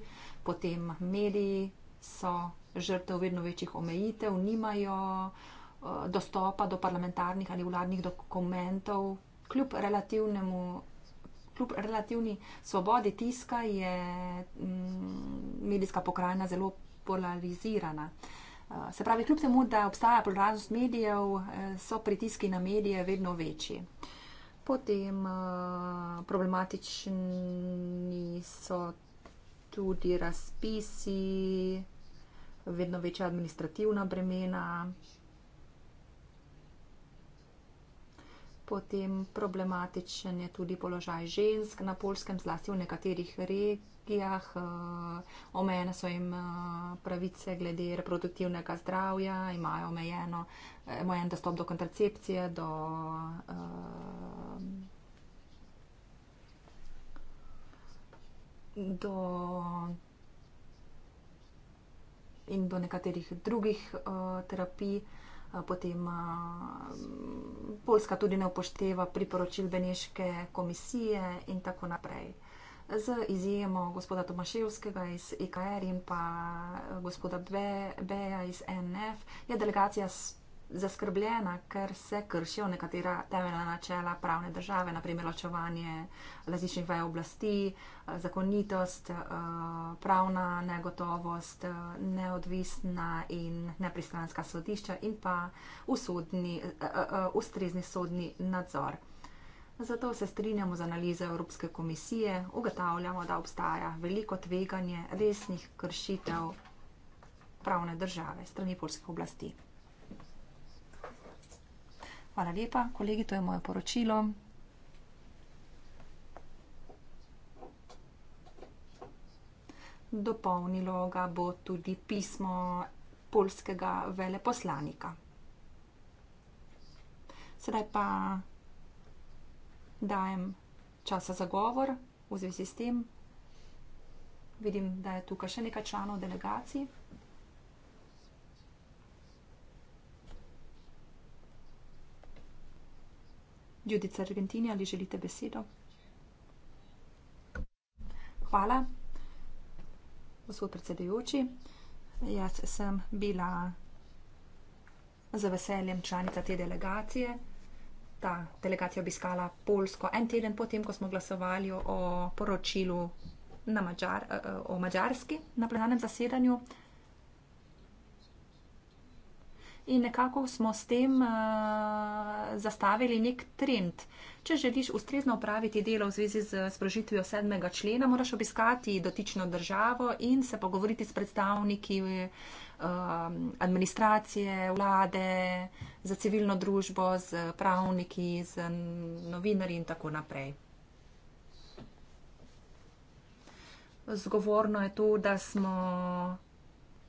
potem mediji so žrtev vedno večjih omejitev, nimajo eh, dostopa do parlamentarnih ali vladnih dokumentov. Kljub, kljub relativni svobodi tiska je mm, medijska pokrajina zelo polarizirana. Eh, se pravi, kljub temu, da obstaja pluralnost medijev, eh, so pritiski na medije vedno večji. Potem problematični so tudi razpisi, vedno večja administrativna bremena, potem problematičen je tudi položaj žensk na polskem, zlasti v nekaterih regijah, eh, omejene so jim eh, pravice glede reproduktivnega zdravja, imajo eh, omejen dostop do kontracepcije, do. Uh, do, in do nekaterih drugih uh, terapij. Eh, potem eh, Poljska tudi ne upošteva priporočil Beneške komisije in tako naprej. Z izjemo gospoda Tomaševskega iz IKR e in pa gospoda Beja iz NF je delegacija zaskrbljena, ker se kršijo nekatera temeljna načela pravne države, naprimer ločevanje različnih vej oblasti, eh, zakonitost, eh, pravna negotovost, eh, neodvisna in nepristranska sodišča in pa usodni, ustrezni sodni nadzor. Zato se strinjamo z analizo Evropske komisije, ugotavljamo, da obstaja veliko tveganje resnih kršitev pravne države strani polskih oblasti. Hvala lepa. Kolegi, to je moje poročilo. Dopolnilo ga bo tudi pismo polskega veleposlanika. Sedaj pa dajem časa za govor v zvezi s tem. Vidim, da je tukaj še nekaj članov delegacij. Judica Argentini, ali želite besedo? Hvala, gospod predsedajoči. Jaz sem bila za veseljem članica te delegacije. Ta delegacija obiskala Polsko en teden potem, ko smo glasovali o poročilu na Mačar, o Mačarski na plenarnem zasedanju. In nekako smo s tem uh, zastavili nek trend. Če želiš ustrezno upraviti delo v zvezi z sprožitvijo sedmega člena, moraš obiskati dotično državo in se pogovoriti s predstavniki uh, administracije, vlade, za civilno družbo, z pravniki, z novinari in tako naprej. Zgovorno je to, da smo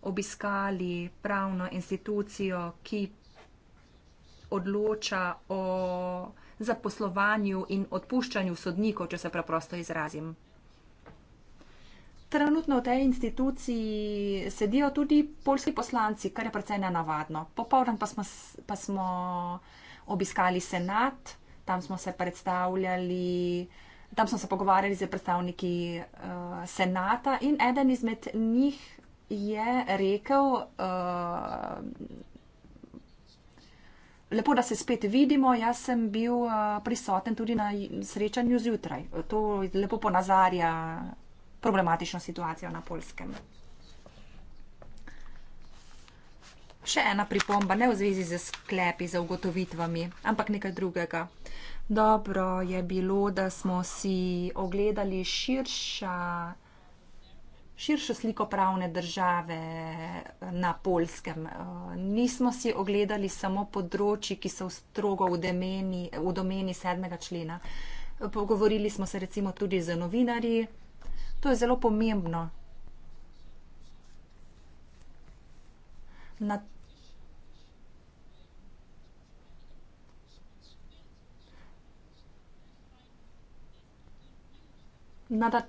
obiskali pravno institucijo, ki odloča o zaposlovanju in odpuščanju sodnikov, če se preprosto izrazim. Trenutno v tej instituciji sedijo tudi polski poslanci, kar je precej nenavadno. Popovdan pa smo, pa smo obiskali senat, tam smo se predstavljali, tam smo se pogovarjali z predstavniki uh, senata in eden izmed njih je rekel, uh, lepo, da se spet vidimo. Jaz sem bil uh, prisoten tudi na srečanju zjutraj. To lepo ponazarja problematično situacijo na polskem. Še ena pripomba, ne v zvezi z sklepi, z ugotovitvami, ampak nekaj drugega. Dobro je bilo, da smo si ogledali širša širšo sliko pravne države eh, na polskem. Eh, nismo si ogledali samo področji, ki so strogo v, demeni, v domeni sedmega člena. Eh, pogovorili smo se recimo tudi z novinarji. To je zelo pomembno. Na Nada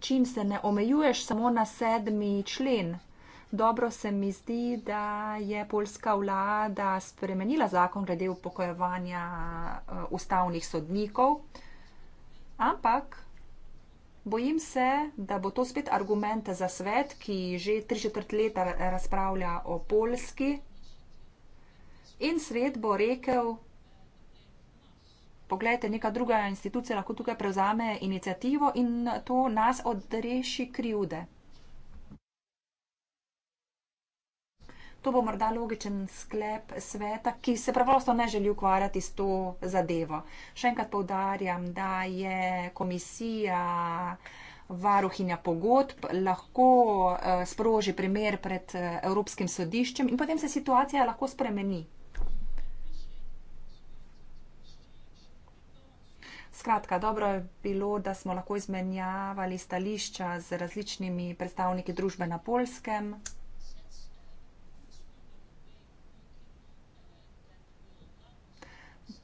čim se ne omejuješ samo na sedmi člen. Dobro se mi zdi, da je polska vlada spremenila zakon glede upokojevanja eh, ustavnih sodnikov, ampak bojim se, da bo to spet argument za svet, ki že tri četrt leta razpravlja o polski. In svet bo rekel, Poglejte, neka druga institucija lahko tukaj prevzame inicijativo in to nas odreši krivde. To bo morda logičen sklep sveta, ki se preprosto ne želi ukvarjati s to zadevo. Še enkrat povdarjam, da je komisija varuhinja pogodb lahko eh, sproži primer pred eh, Evropskim sodiščem in potem se situacija lahko spremeni. Skratka, dobro je bilo, da smo lahko izmenjavali stališča z različnimi predstavniki družbe na Polskem.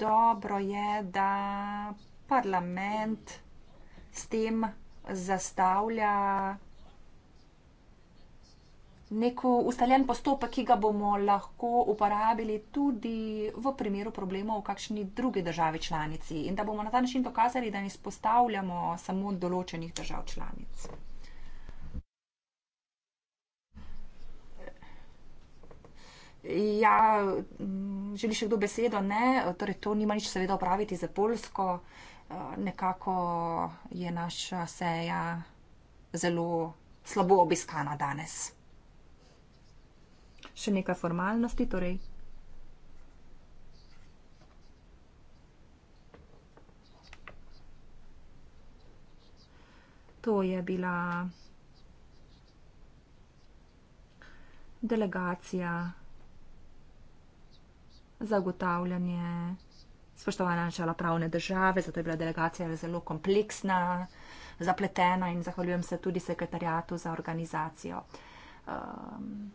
Dobro je, da parlament s tem zastavlja nek ustaljen postopek, ki ga bomo lahko uporabili tudi v primeru problemov v kakšni drugi državi članici in da bomo na ta način dokazali, da ne izpostavljamo samo določenih držav članic. Ja, mm, želi še kdo besedo? Ne. Torej, to nima nič seveda opraviti za Polsko. Eh, nekako je naša seja zelo slabo obiskana danes še nekaj formalnosti, torej. To je bila delegacija za ugotavljanje spoštovanja načela pravne države, zato je bila delegacija zelo kompleksna, zapletena in zahvaljujem se tudi sekretarjatu za organizacijo. Um,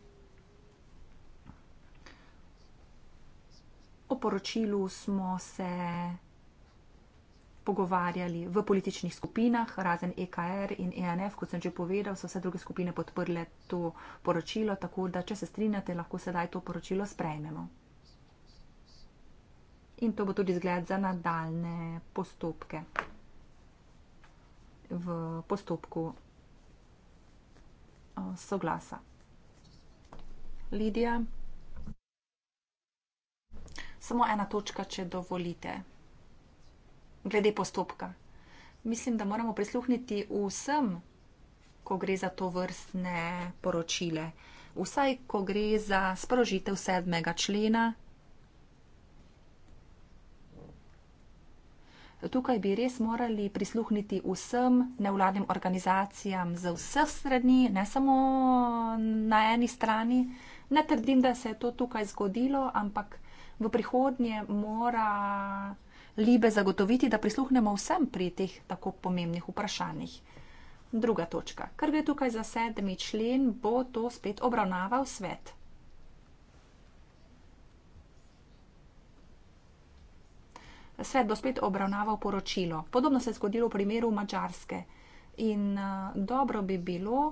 o poročilu smo se pogovarjali v političnih skupinah, razen EKR in ENF, kot sem že povedal, so vse druge skupine podprle to poročilo, tako da, če se strinjate, lahko sedaj to poročilo sprejmemo. In to bo tudi zgled za nadaljne postopke v postopku eh, soglasa. Lidija. Samo ena točka, če dovolite, glede postopka. Mislim, da moramo prisluhniti vsem, ko gre za to vrstne poročile. Vsaj, ko gre za sprožitev sedmega člena. Tukaj bi res morali prisluhniti vsem nevladnim organizacijam z vseh strani, ne samo na eni strani. Ne trdim, da se je to tukaj zgodilo, ampak v prihodnje mora Libe zagotoviti, da prisluhnemo vsem pri teh tako pomembnih vprašanjih. Druga točka, kar gre tukaj za sedmi člen, bo to spet obravnaval svet. Svet bo spet obravnaval poročilo. Podobno se je zgodilo v primeru Mačarske. In eh, dobro bi bilo,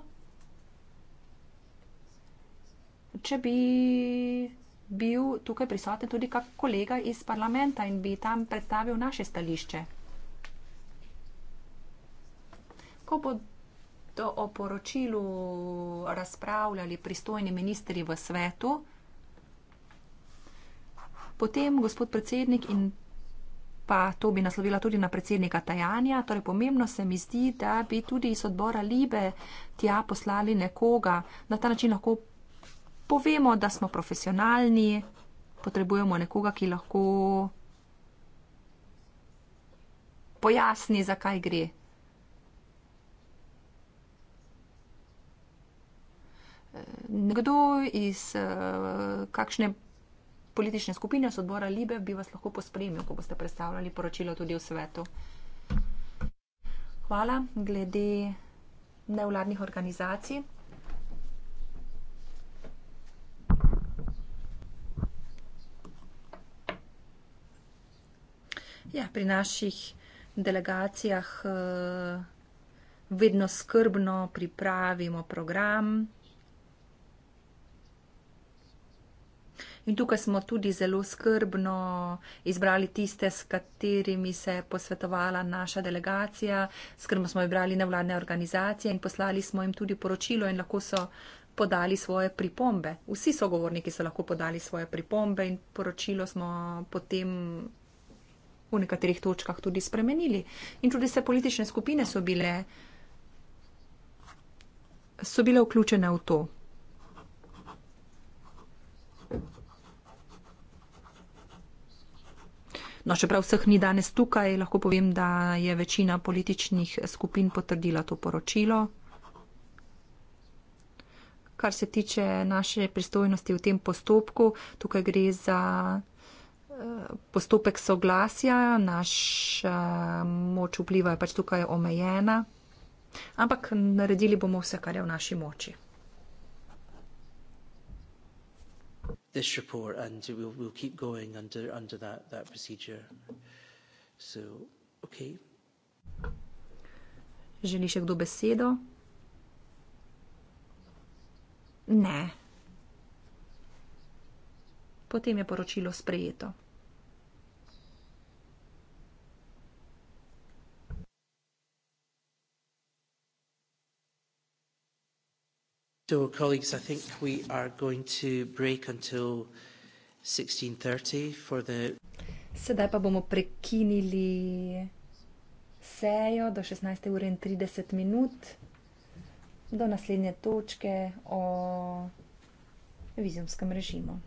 če bi bil tukaj prisoten tudi kak kolega iz parlamenta in bi tam predstavil naše stališče. Ko bodo o poročilu razpravljali pristojni ministri v svetu, potem gospod predsednik in pa to bi naslovila tudi na predsednika Tajanja, torej pomembno se mi zdi, da bi tudi iz odbora Libe tja poslali nekoga, na ta način lahko povemo, da smo profesionalni, potrebujemo nekoga, ki lahko pojasni, zakaj gre. Nekdo iz uh, kakšne politične skupine, iz odbora Libe, bi vas lahko pospremil, ko boste predstavljali poročilo tudi v svetu. Hvala. Glede nevladnih organizacij. ja, pri naših delegacijah uh, vedno skrbno pripravimo program. In tukaj smo tudi zelo skrbno izbrali tiste, s katerimi se je posvetovala naša delegacija, skrbno smo izbrali nevladne organizacije in poslali smo jim tudi poročilo in lahko so podali svoje pripombe. Vsi sogovorniki so lahko podali svoje pripombe in poročilo smo potem v nekaterih točkah tudi spremenili. In tudi vse politične skupine so bile, so bile vključene v to. No, čeprav vseh ni danes tukaj, lahko povem, da je večina političnih skupin potrdila to poročilo. Kar se tiče naše pristojnosti v tem postopku, tukaj gre za postopek soglasja, naša moč vpliva je pač tukaj omejena, ampak naredili bomo vse, kar je v naši moči. This report, and we'll, we'll keep going under under that that procedure. So, okay. Želi še kdo besedo? Ne. Potem je poročilo sprejeto. So, colleagues, I think we are going to break until 16.30 for the... Sedaj pa bomo prekinili sejo do 16.30 minut do naslednje točke o vizumskem režimu.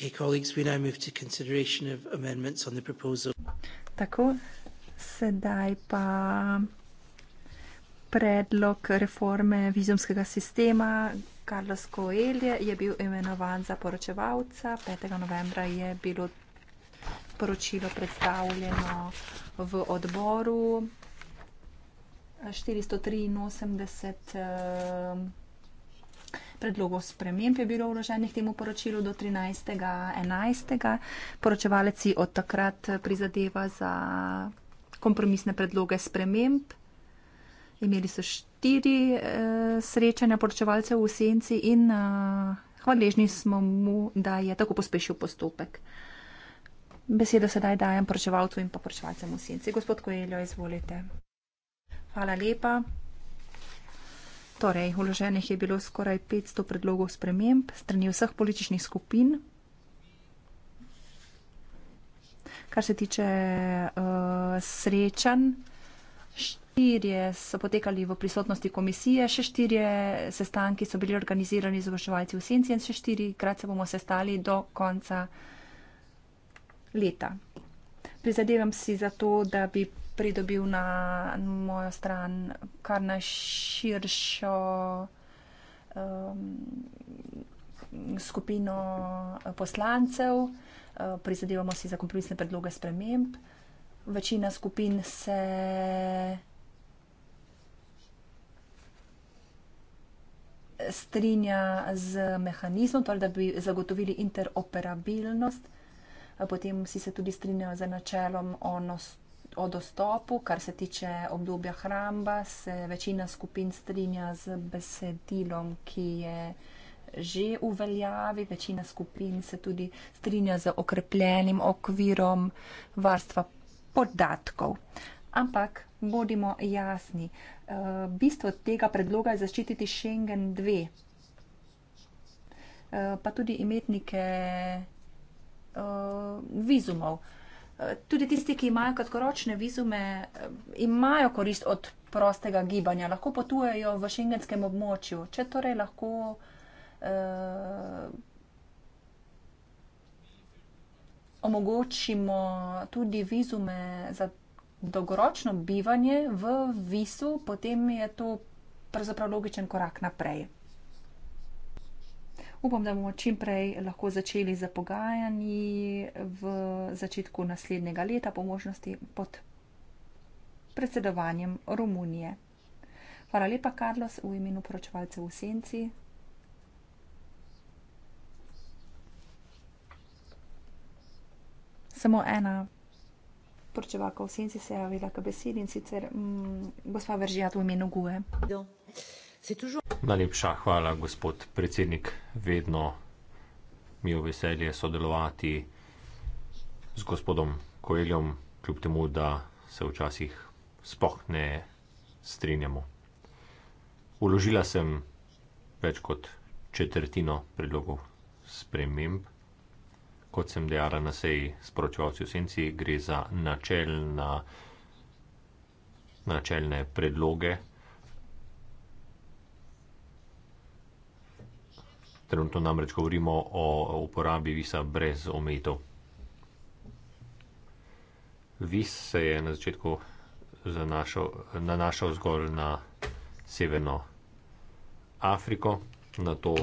Okay, colleagues, we now move to consideration of amendments on the proposal. Tako, sedaj pa predlog reforme vizumskega sistema. Carlos Coelho je bil imenovan za poročevalca. 5. novembra je bilo poročilo predstavljeno v odboru. 483 predlogov sprememb je bilo vloženih temu poročilu do 13.11. Poročevalec si od takrat prizadeva za kompromisne predloge sprememb. Imeli so štiri eh, srečanja poročevalcev v senci in eh, hvaležni smo mu, da je tako pospešil postopek. Besedo sedaj dajem poročevalcu in pa poročevalcem v senci. Gospod Koeljo, izvolite. Hvala lepa. Torej, uloženih je bilo skoraj 500 predlogov sprememb strani vseh političnih skupin. Kar se tiče uh, srečanj, štirje so potekali v prisotnosti komisije, še štirje sestanki so bili organizirani z vrševalci v senci in še štiri krat se bomo sestali do konca leta. Prizadevam si za to, da bi pridobil na mojo stran, kar na širšo um, skupino eh, poslancev. Eh, prizadevamo si za kompromisne predloge sprememb. Večina skupin se. Strinja z mehanizmom, torej da bi zagotovili interoperabilnost, eh, potem si se tudi strinjajo z načelom o nosu o dostopu, kar se tiče obdobja hramba, se večina skupin strinja z besedilom, ki je že v veljavi, večina skupin se tudi strinja z okrepljenim okvirom varstva podatkov. Ampak bodimo jasni, eh, bistvo tega predloga je zaščititi Schengen 2, eh, pa tudi imetnike eh, vizumov tudi tisti, ki imajo kratkoročne vizume, eh, imajo korist od prostega gibanja, lahko potujejo v šengenskem območju. Če torej lahko. Eh, omogočimo tudi vizume za dolgoročno bivanje v visu, potem je to pravzaprav logičen korak naprej. Upam, da bomo čim prej lahko začeli za pogajanji v začetku naslednjega leta, po možnosti pod predsedovanjem Romunije. Hvala lepa, Karlos, v imenu poročevalcev v Senci. Samo ena poročevalka v Senci se je javila k besedi in sicer mm, gospa Veržijat v imenu Gue. Do se toujours... Najlepša hvala, gospod predsednik. Vedno mi je veselje sodelovati z gospodom Koeljom, kljub temu, da se včasih spoh ne strinjamo. Uložila sem več kot četrtino predlogov sprememb. Kot sem dejala na seji s poročevalci v senci, gre za načelna, načelne predloge, Trenutno namreč govorimo o uporabi visa brez omejitev. Vis se je na začetku zanašal, nanašal zgolj na Severno Afriko, na to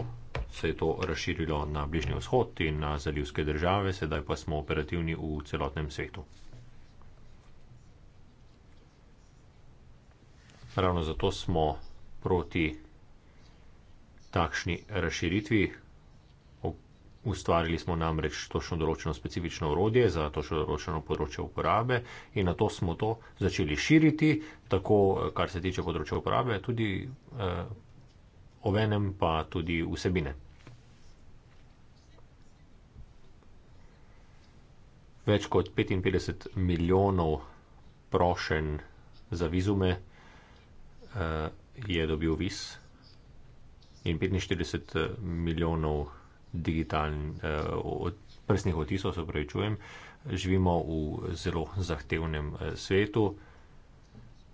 se je to razširilo na Bližnji vzhod in na zalivske države, sedaj pa smo operativni v celotnem svetu. Ravno zato smo proti takšni razširitvi. Ustvarili smo namreč točno določeno specifično urodje za točno določeno področje uporabe in na to smo to začeli širiti, tako eh, kar se tiče področja uporabe, tudi eh, ovenem pa tudi vsebine. Več kot 55 milijonov prošen za vizume eh, je dobil viz in 45 eh, milijonov eh, prstnih otisov, se pravi, čujem. Živimo v zelo zahtevnem eh, svetu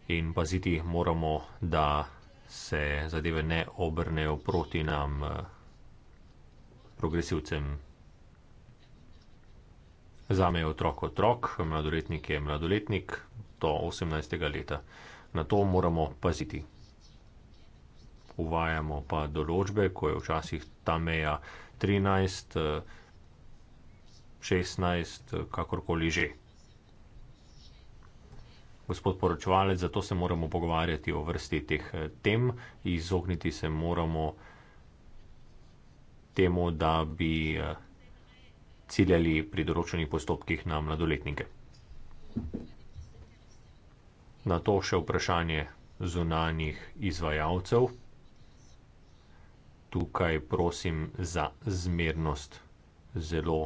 in paziti moramo, da se zadeve ne obrnejo proti nam, progresivcem. Za me je otrok otrok, mladoletnik je mladoletnik do 18. leta. Na to moramo paziti uvajamo pa določbe, ko je včasih ta meja 13, 16, kakorkoli že. Gospod poročevalec, zato se moramo pogovarjati o vrsti teh tem, izogniti se moramo temu, da bi ciljali pri določenih postopkih na mladoletnike. Na to še vprašanje zunanjih izvajalcev tukaj prosim za zmernost, zelo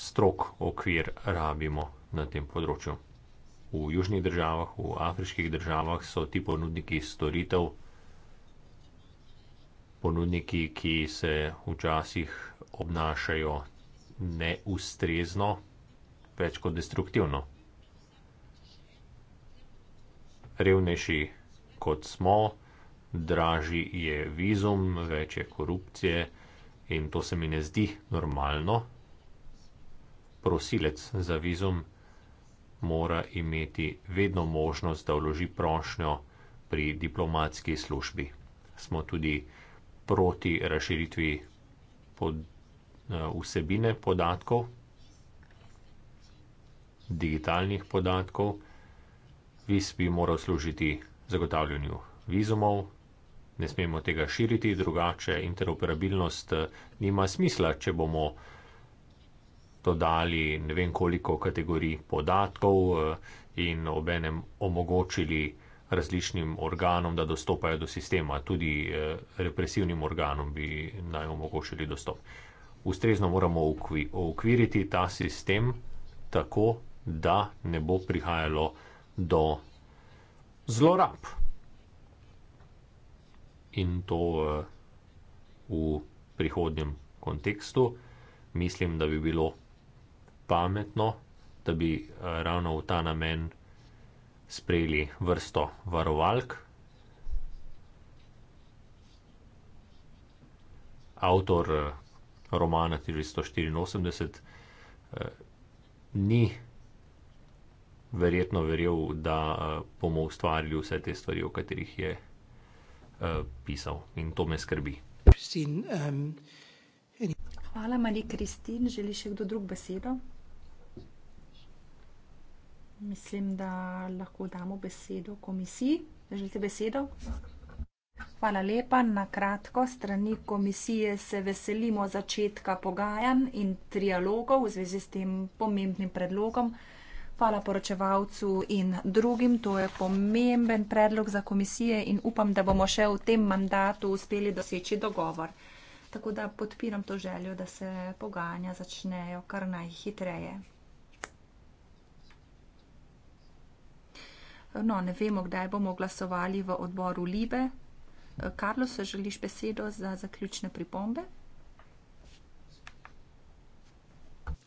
strok okvir rabimo na tem področju. V južnih državah, v afriških državah so ti ponudniki storitev, ponudniki, ki se včasih obnašajo neustrezno, več kot destruktivno. Revnejši kot smo, dražji je vizum, več je korupcije in to se mi ne zdi normalno. Prosilec za vizum mora imeti vedno možnost, da vloži prošnjo pri diplomatski službi. Smo tudi proti razširitvi pod, eh, vsebine podatkov, digitalnih podatkov. Viz bi moral služiti zagotavljanju vizumov, ne smemo tega širiti, drugače interoperabilnost eh, nima smisla, če bomo to dali ne vem koliko kategorij podatkov eh, in obenem omogočili različnim organom, da dostopajo do sistema, tudi eh, represivnim organom bi naj omogočili dostop. Ustrezno moramo okviriti ta sistem tako, da ne bo prihajalo do zlorab in to v, eh, v prihodnjem kontekstu. Mislim, da bi bilo pametno, da bi eh, ravno v ta namen sprejeli vrsto varovalk. Avtor eh, romana 384 ni verjetno verjel, da bomo ustvarili vse te stvari, o katerih je. Eh, pisal in to me skrbi. Hvala, Marija Kristin. Želi še kdo drug besedo? Mislim, da lahko damo besedo komisiji. Želite besedo? Hvala lepa. Na kratko, strani komisije se veselimo začetka pogajanj in trialogov v zvezi s tem pomembnim predlogom zaupala poročevalcu in drugim. To je pomemben predlog za komisije in upam, da bomo še v tem mandatu uspeli doseči dogovor. Tako da podpiram to željo, da se pogajanja začnejo kar najhitreje. No, ne vemo, kdaj bomo glasovali v odboru Libe. Karlo, se želiš besedo za zaključne pripombe?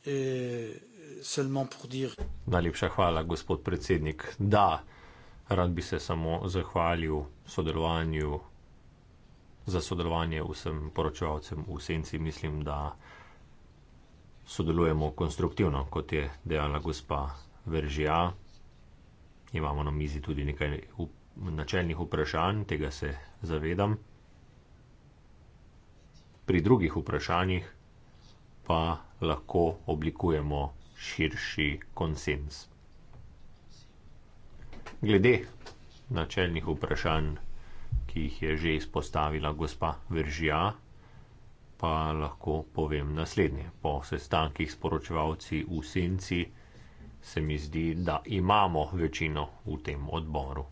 E Najlepša hvala, gospod predsednik. Da, rad bi se samo zahvalil sodelovanju, za sodelovanje vsem poročevalcem v senci. Mislim, da sodelujemo konstruktivno, kot je dejala gospa Veržija. Imamo na mizi tudi nekaj načelnih vprašanj, tega se zavedam. Pri drugih vprašanjih pa lahko oblikujemo širši konsens. Glede načelnih vprašanj, ki jih je že izpostavila gospa Veržija, pa lahko povem naslednje. Po sestankih s poročevalci v Senci se mi zdi, da imamo večino v tem odboru.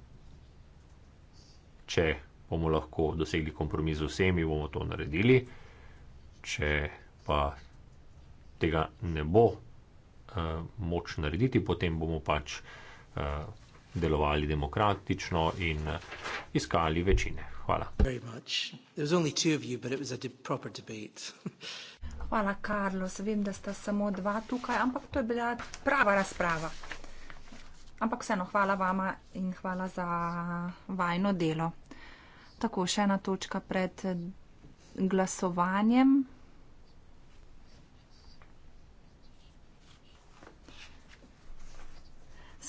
Če bomo lahko dosegli kompromis z vsemi, bomo to naredili, če pa tega ne bo uh, moč narediti, potem bomo pač uh, delovali demokratično in uh, iskali večine. Hvala. Hvala, Carlos. Vem, da sta samo dva tukaj, ampak to je bila prava razprava. Ampak vseeno, hvala vama in hvala za vajno delo. Tako, še ena točka pred glasovanjem.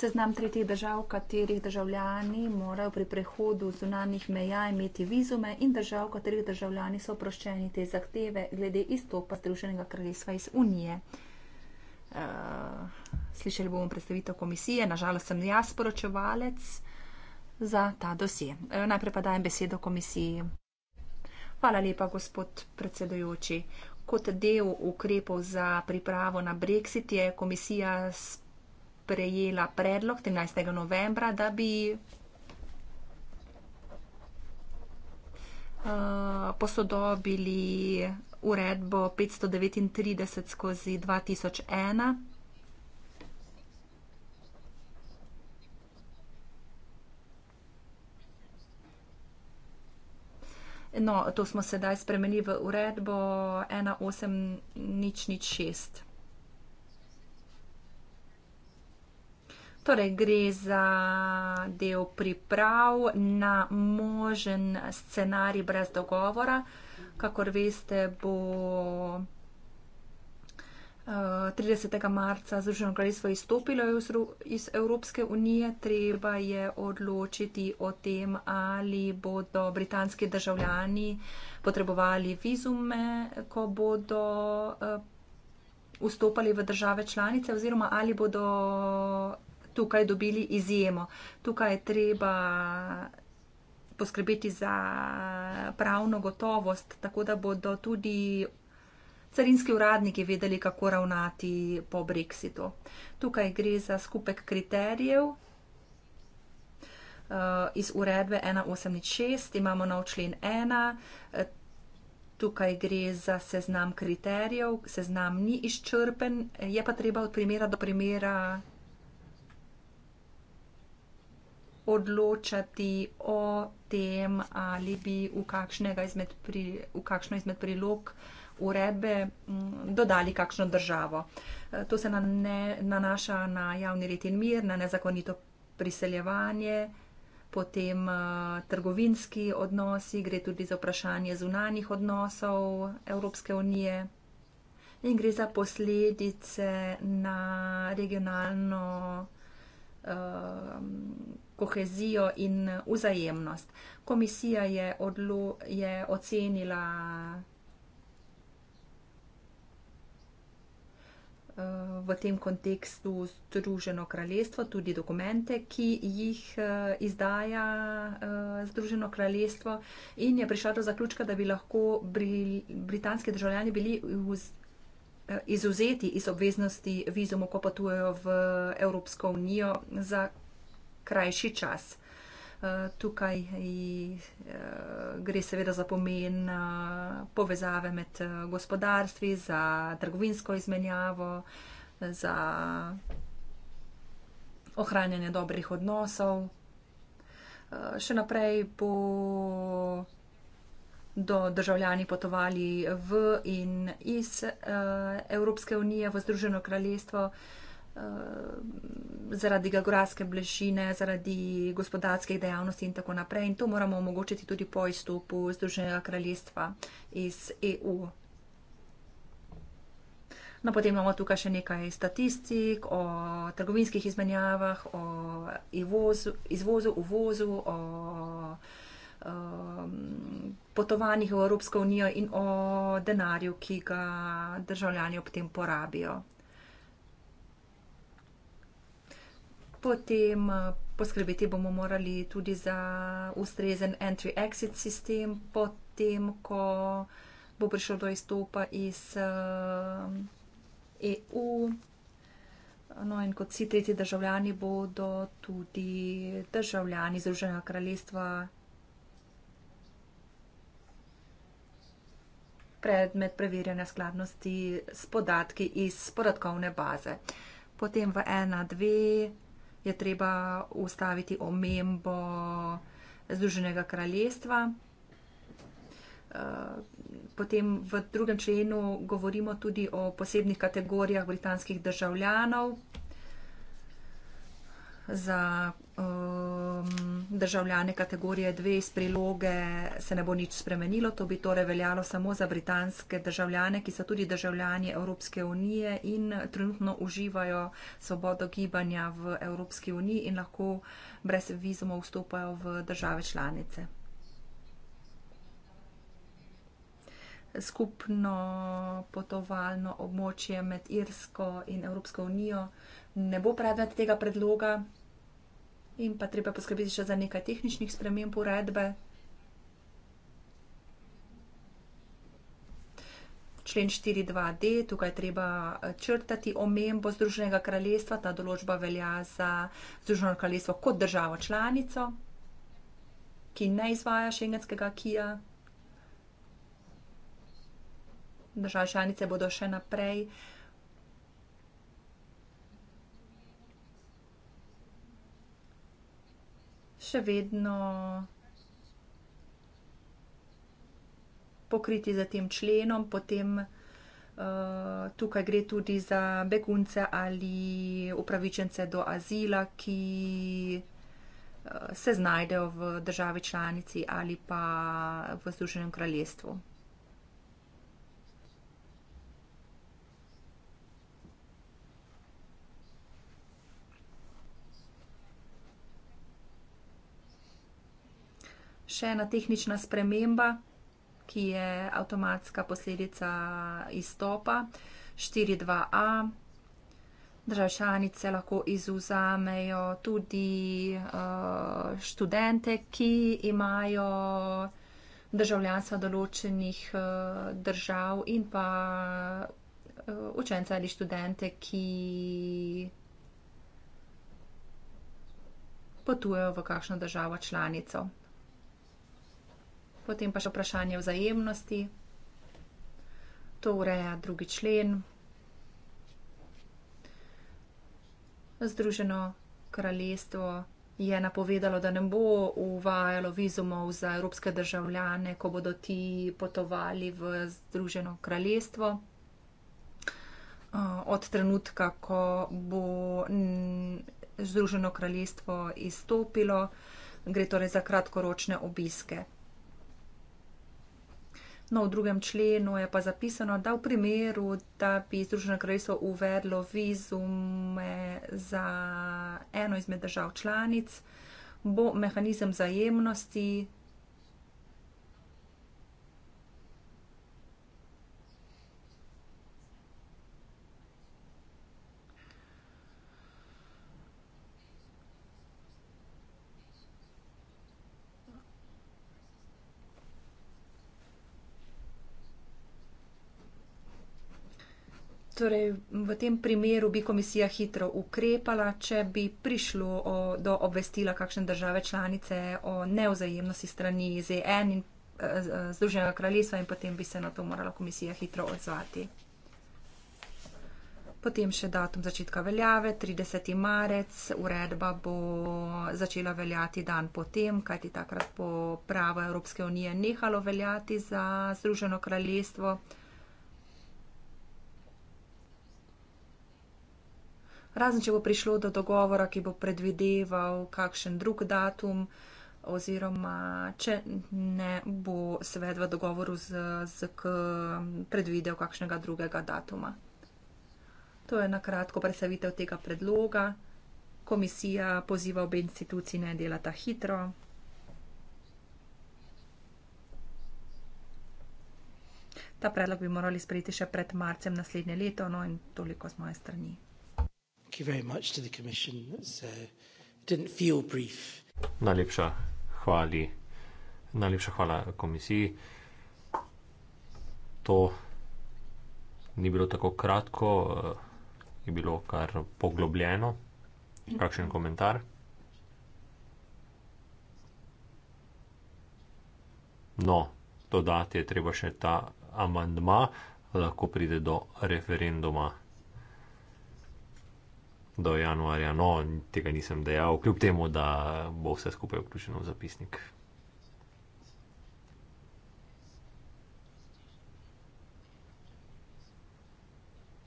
seznam tretjih držav, katerih državljani morajo pri prehodu zunanjih meja imeti vizume in držav, katerih državljani so oproščeni te zahteve glede izstopa Združenega kraljestva iz Unije. Uh, slišali bomo predstavitev komisije, nažalost sem jaz poročevalec za ta dosje. Uh, najprej pa dajem besedo komisiji. Hvala lepa, gospod predsedujoči. Kot del ukrepov za pripravo na brexit je komisija sprejela prejela predlog 13. novembra, da bi uh, posodobili uredbo 539 skozi 2001. No, to smo sedaj spremenili v uredbo 18006. Torej, gre za del priprav na možen scenarij brez dogovora. Kakor veste, bo 30. Eh, marca Združeno kraljestvo izstopilo iz Evropske unije. Treba je odločiti o tem, ali bodo britanski državljani potrebovali vizume, ko bodo eh, vstopali v države članice oziroma ali bodo tukaj dobili izjemo. Tukaj je treba poskrbeti za pravno gotovost, tako da bodo tudi carinski uradniki vedeli, kako ravnati po brexitu. Tukaj gre za skupek kriterijev eh, iz uredbe 186, imamo nov člen 1, eh, tukaj gre za seznam kriterijev, seznam ni izčrpen, je pa treba od primera do primera odločati o tem, ali bi v, izmed pri, v kakšno izmed prilog urebe mm, dodali kakšno državo. E, to se nanaša na javni red in mir, na nezakonito priseljevanje, potem e, trgovinski odnosi, gre tudi za vprašanje zunanjih odnosov Evropske unije. In gre za posledice na regionalno uh, kohezijo in eh, vzajemnost. Komisija je, odlo, je ocenila eh, v tem kontekstu Združeno kraljestvo, tudi dokumente, ki jih eh, izdaja Združeno kraljestvo in je prišla do zaključka, da bi lahko bri, britanski državljani bili vz, izuzeti iz obveznosti vizumov, ko potujejo v Evropsko unijo za krajši čas. Eh, tukaj eh, gre seveda za pomen eh, povezave med gospodarstvi, za trgovinsko izmenjavo, za ohranjanje dobrih odnosov. Še naprej bo do državljani potovali v in iz Evropske unije v Združeno kraljestvo. Eh, zaradi geografske bližine, zaradi gospodarskih dejavnosti in tako naprej. In to moramo omogočiti tudi po izstopu Združenega kraljestva iz EU. No, potem imamo tukaj še nekaj statistik o trgovinskih izmenjavah, o izvozu, izvozu uvozu, o um, potovanjih v Evropsko unijo in o denarju, ki ga državljani ob tem porabijo. Potem eh, poskrbeti bomo morali tudi za ustrezen entry-exit sistem, potem, ko bo prišel do izstopa iz EU. Eh, e no in kot vsi tretji državljani bodo tudi državljani Združenega kraljestva predmet preverjanja skladnosti s podatki iz podatkovne baze. Potem v 1, 2, je treba ustaviti omembo Združenega kraljestva. Eh, potem v drugem členu govorimo tudi o posebnih kategorijah britanskih državljanov, za um, državljane kategorije 2 iz priloge se ne bo nič spremenilo. To bi torej veljalo samo za britanske državljane, ki so tudi državljani Evropske unije in trenutno uživajo svobodo gibanja v Evropski uniji in lahko brez vizumov vstopajo v države članice. Skupno potovalno območje med Irsko in Evropsko unijo ne bo predmet tega predloga. In pa treba poskrbeti še za nekaj tehničnih sprememb uredbe. Člen 4.2.d, tukaj treba eh, črtati omembo Združenega kraljestva, ta določba velja za Združeno kraljestvo kot državo članico, ki ne izvaja šengenskega kija. Države članice bodo še naprej uh, še vedno pokriti z tem členom, potem uh, tukaj gre tudi za begunce ali upravičence do azila, ki uh, se znajdejo v državi članici ali pa v Združenem kraljestvu. še ena tehnična sprememba, ki je avtomatska posledica izstopa 4.2a. Državšanice lahko izuzamejo tudi uh, študente, ki imajo državljanstva določenih uh, držav in pa uh, učence ali študente, ki potujejo v kakšno državo članico. Potem pa še vprašanje vzajemnosti. To ureja drugi člen. Združeno kraljestvo je napovedalo, da ne bo uvajalo vizumov za evropske državljane, ko bodo ti potovali v Združeno kraljestvo. Uh, od trenutka, ko bo Združeno kraljestvo izstopilo, gre torej za kratkoročne obiske. No, v drugem členu je pa zapisano, da v primeru, da bi Združeno kraljestvo uvedlo vizume za eno izmed držav članic, bo mehanizem zajemnosti Torej, v tem primeru bi komisija hitro ukrepala, če bi prišlo o, do obvestila kakšne države članice o neozajemnosti strani ZN in e, Združenega kraljestva in potem bi se na to morala komisija hitro odzvati. Potem še datum začetka veljave, 30. marec, uredba bo začela veljati dan potem, kajti takrat bo pravo Evropske unije nehalo veljati za Združeno kraljestvo. razen če bo prišlo do dogovora, ki bo predvideval kakšen drug datum, oziroma če ne bo seveda v dogovoru z, z K predvidel kakšnega drugega datuma. To je na kratko predstavitev tega predloga. Komisija poziva obe instituciji ne delata hitro. Ta predlog bi morali sprejeti še pred marcem naslednje leto, no in toliko z moje strani. Uh, najlepša hvala, najlepša hvala komisiji. To ni bilo tako kratko, eh, je bilo kar poglobljeno. Kakšen komentar? No, dodati je treba še ta amandma, lahko pride do referenduma do januarja, no, tega nisem dejal, kljub temu, da bo vse skupaj vključeno v zapisnik.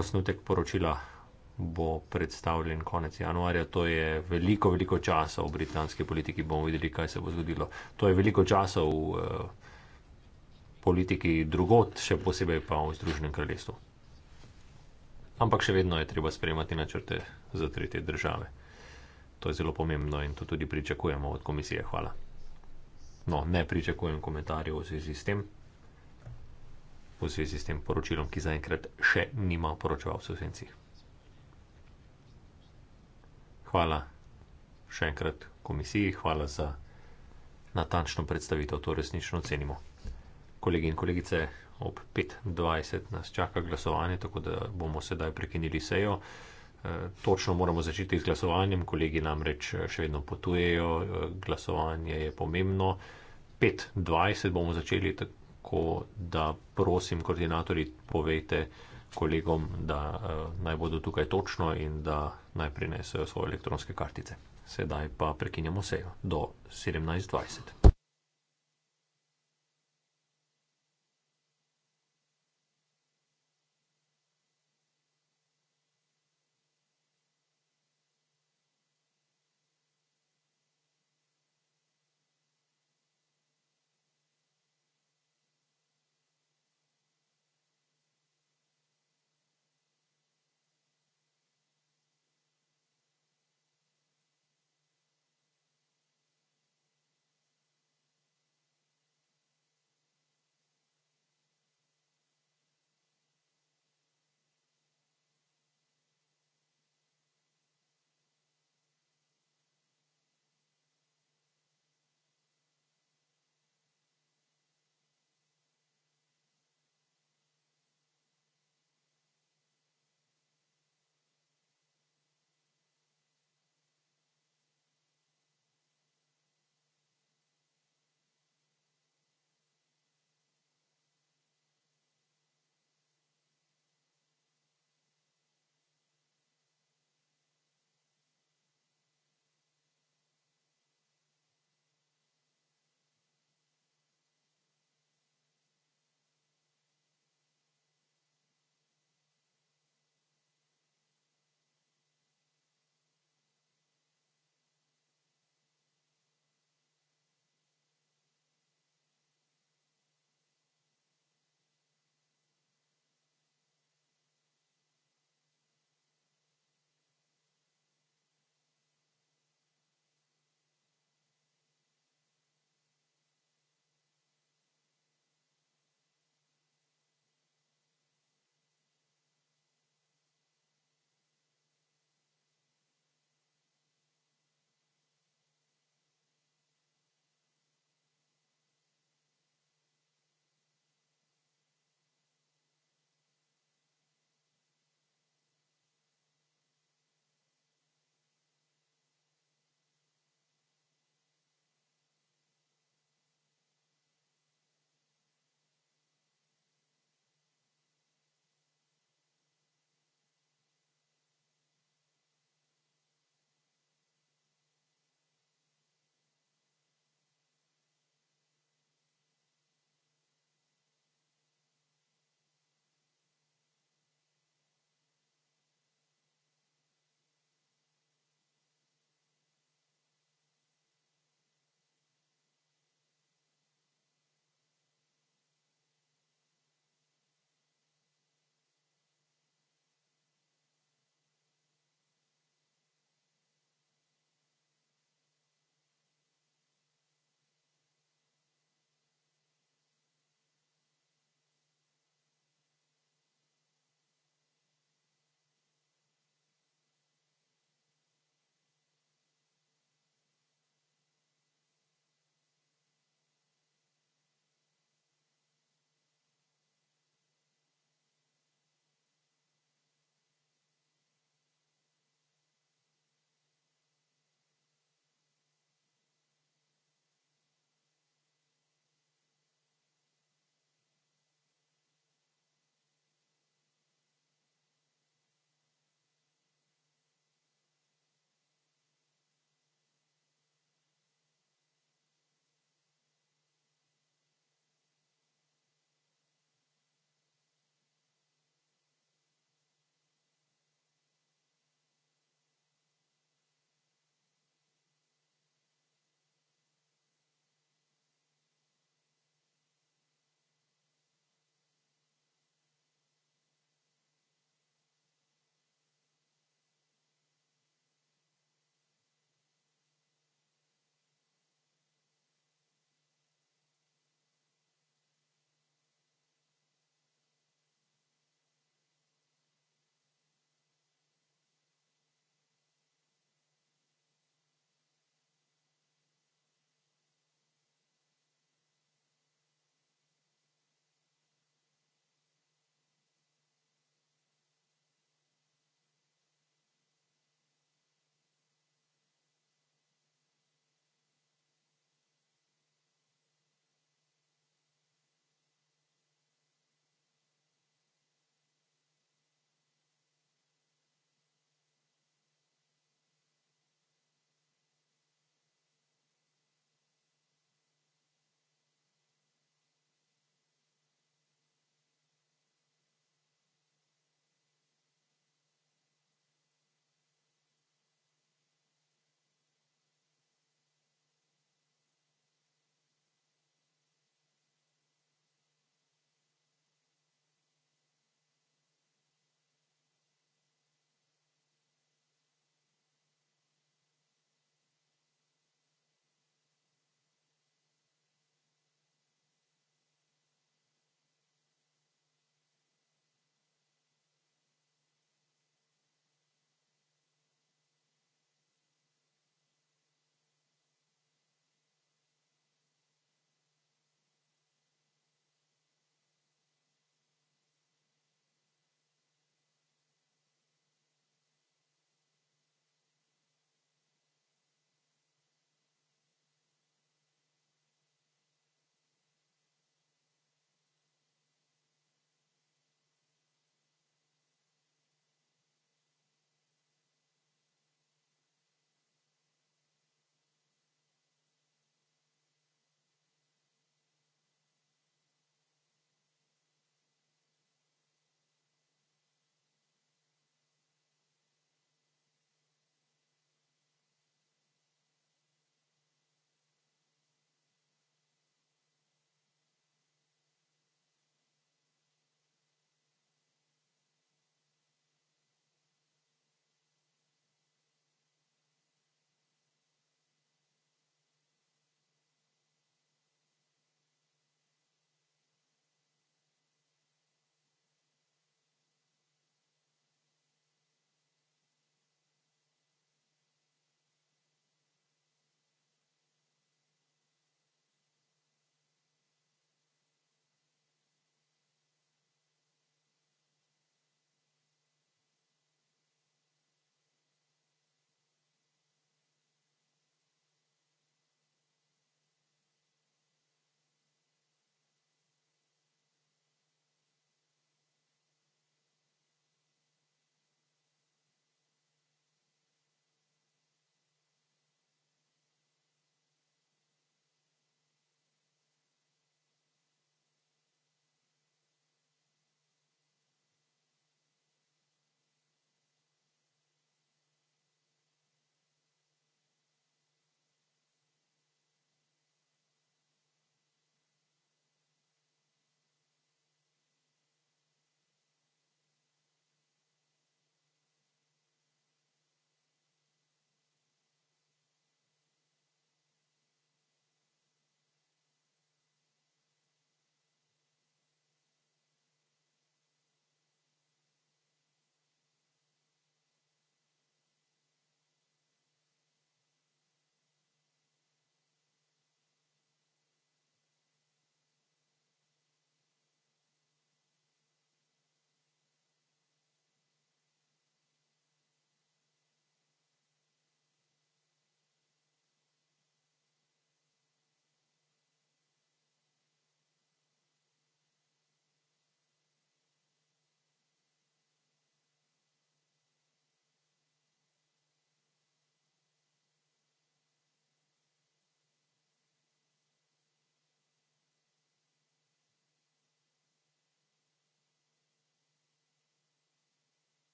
Osnutek poročila bo predstavljen konec januarja. To je veliko, veliko časa v britanski politiki, bomo videli, kaj se bo zgodilo. To je veliko časa v eh, politiki drugot, še posebej pa v Združenem kraljestvu. Ampak še vedno je treba spremati načrte za tretje države. To je zelo pomembno in to tudi pričakujemo od komisije. Hvala. No, ne pričakujem komentarjev v zvezi s tem, v zvezi s tem poročilom, ki zaenkrat še nima poročevalcev v senci. Hvala še enkrat komisiji, hvala za natančno predstavitev, to resnično cenimo. Kolegi in kolegice, ob 5.20 nas čaka glasovanje, tako da bomo sedaj prekinili sejo. Točno moramo začeti z glasovanjem, kolegi namreč eh, še vedno potujejo, eh, glasovanje je pomembno. 5.20 bomo začeli, tako da prosim, koordinatori, povejte kolegom, da eh, naj bodo tukaj točno in da naj prinesejo svoje elektronske kartice. Sedaj pa prekinjamo sejo do 17.20.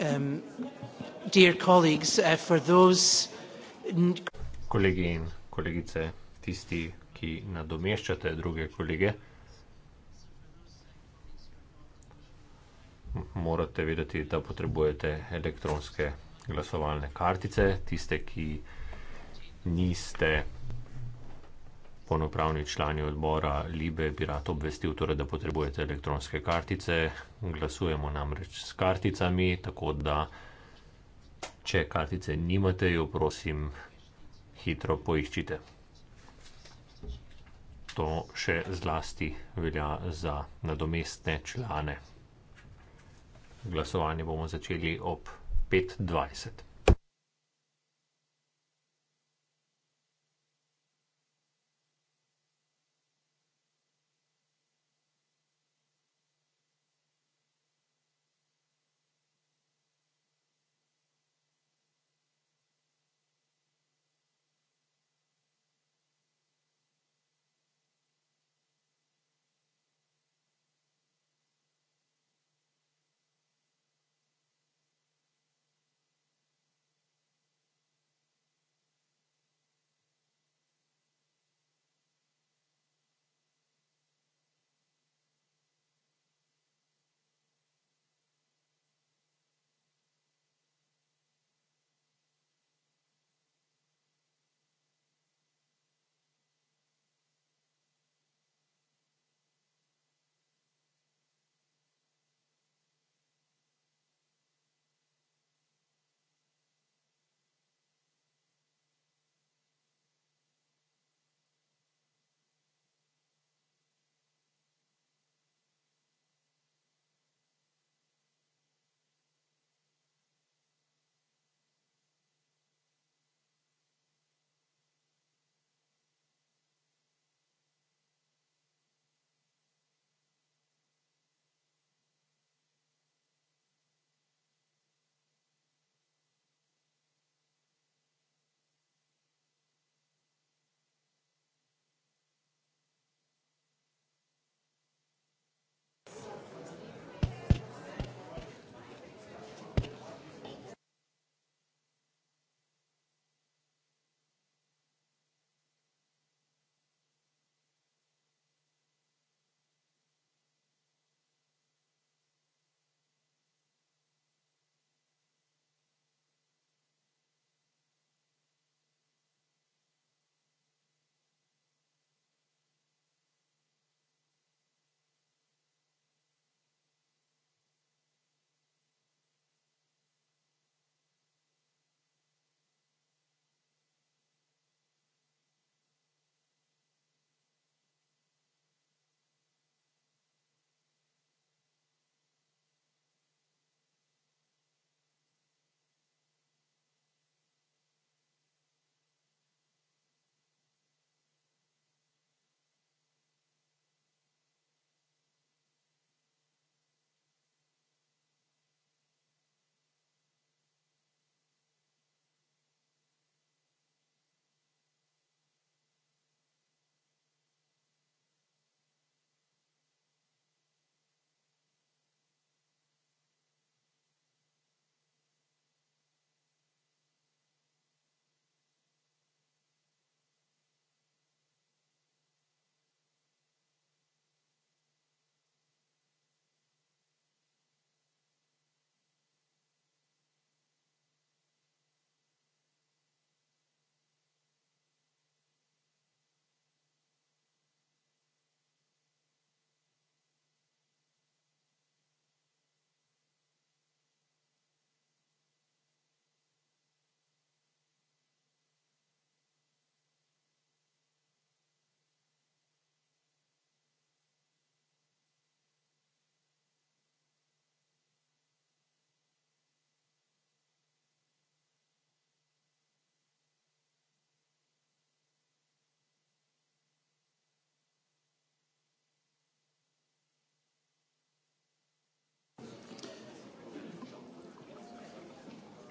um, dear colleagues, uh, for those. Kolegi in kolegice, tisti, ki nadomeščate druge kolege, morate vedeti, da potrebujete elektronske glasovalne kartice, tiste, ki niste polnopravni člani odbora Libe bi rad obvestil, torej, da potrebujete elektronske kartice. Glasujemo namreč s karticami, tako da če kartice nimate, jo prosim hitro poiščite. To še zlasti velja za nadomestne člane. Glasovanje bomo začeli ob 5.20.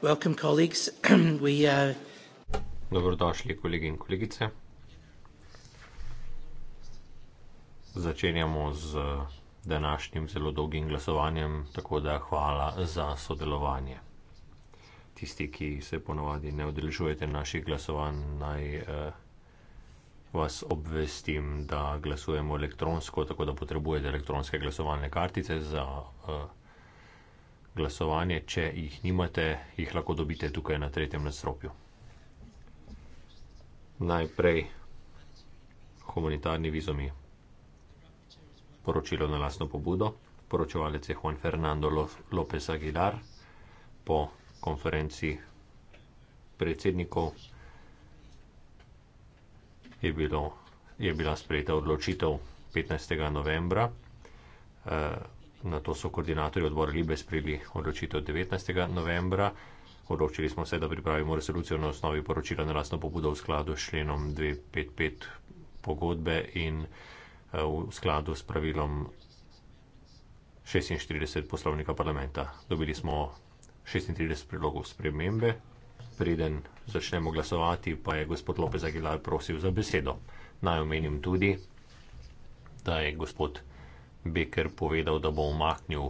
Welcome, colleagues. we, uh... Dobrodošli, kolegi in kolegice. Začenjamo z uh, današnjim zelo dolgim glasovanjem, tako da hvala za sodelovanje. Tisti, ki se ponovadi ne odrežujete naših glasovanj, naj eh, vas obvestim, da glasujemo elektronsko, tako da potrebujete elektronske glasovalne kartice za. Eh, glasovanje. Če jih nimate, jih lahko dobite tukaj na tretjem nasropju. Najprej humanitarni vizumi. Poročilo na lastno pobudo. Poročevalec je Juan Fernando López Aguilar po konferenci predsednikov. Je, bilo, je bila sprejeta odločitev 15. novembra. Eh, Na to so koordinatorji odbora Libe sprejeli odločitev 19. novembra. Odločili smo se, da pripravimo resolucijo na osnovi poročila na lastno pobudo v skladu s členom 255 pogodbe in eh, v skladu s pravilom 46 poslovnika parlamenta. Dobili smo 36 predlogov spremembe. Preden začnemo glasovati, pa je gospod Lopez Aguilar prosil za besedo. Naj omenim tudi, da je gospod Beker povedal, da bo umaknil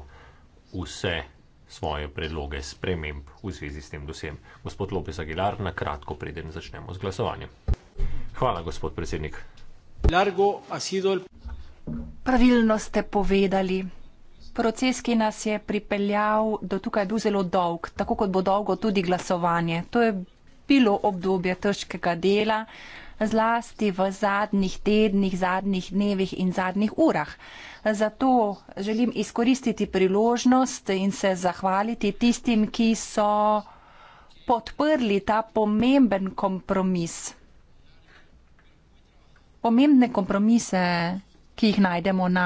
vse svoje predloge sprememb v zvezi s tem dosjem. Gospod Lopes Aguilar, na kratko, preden začnemo z glasovanjem. Hvala, gospod predsednik. Largo, asidol. Pravilno ste povedali. Proces, ki nas je pripeljal do tukaj, je bil zelo dolg, tako kot bo dolgo tudi glasovanje. To je bilo obdobje težkega dela zlasti v zadnjih tednih, zadnjih dnevih in zadnjih urah. Zato želim izkoristiti priložnost in se zahvaliti tistim, ki so podprli ta pomemben kompromis. Pomembne kompromise, ki jih najdemo na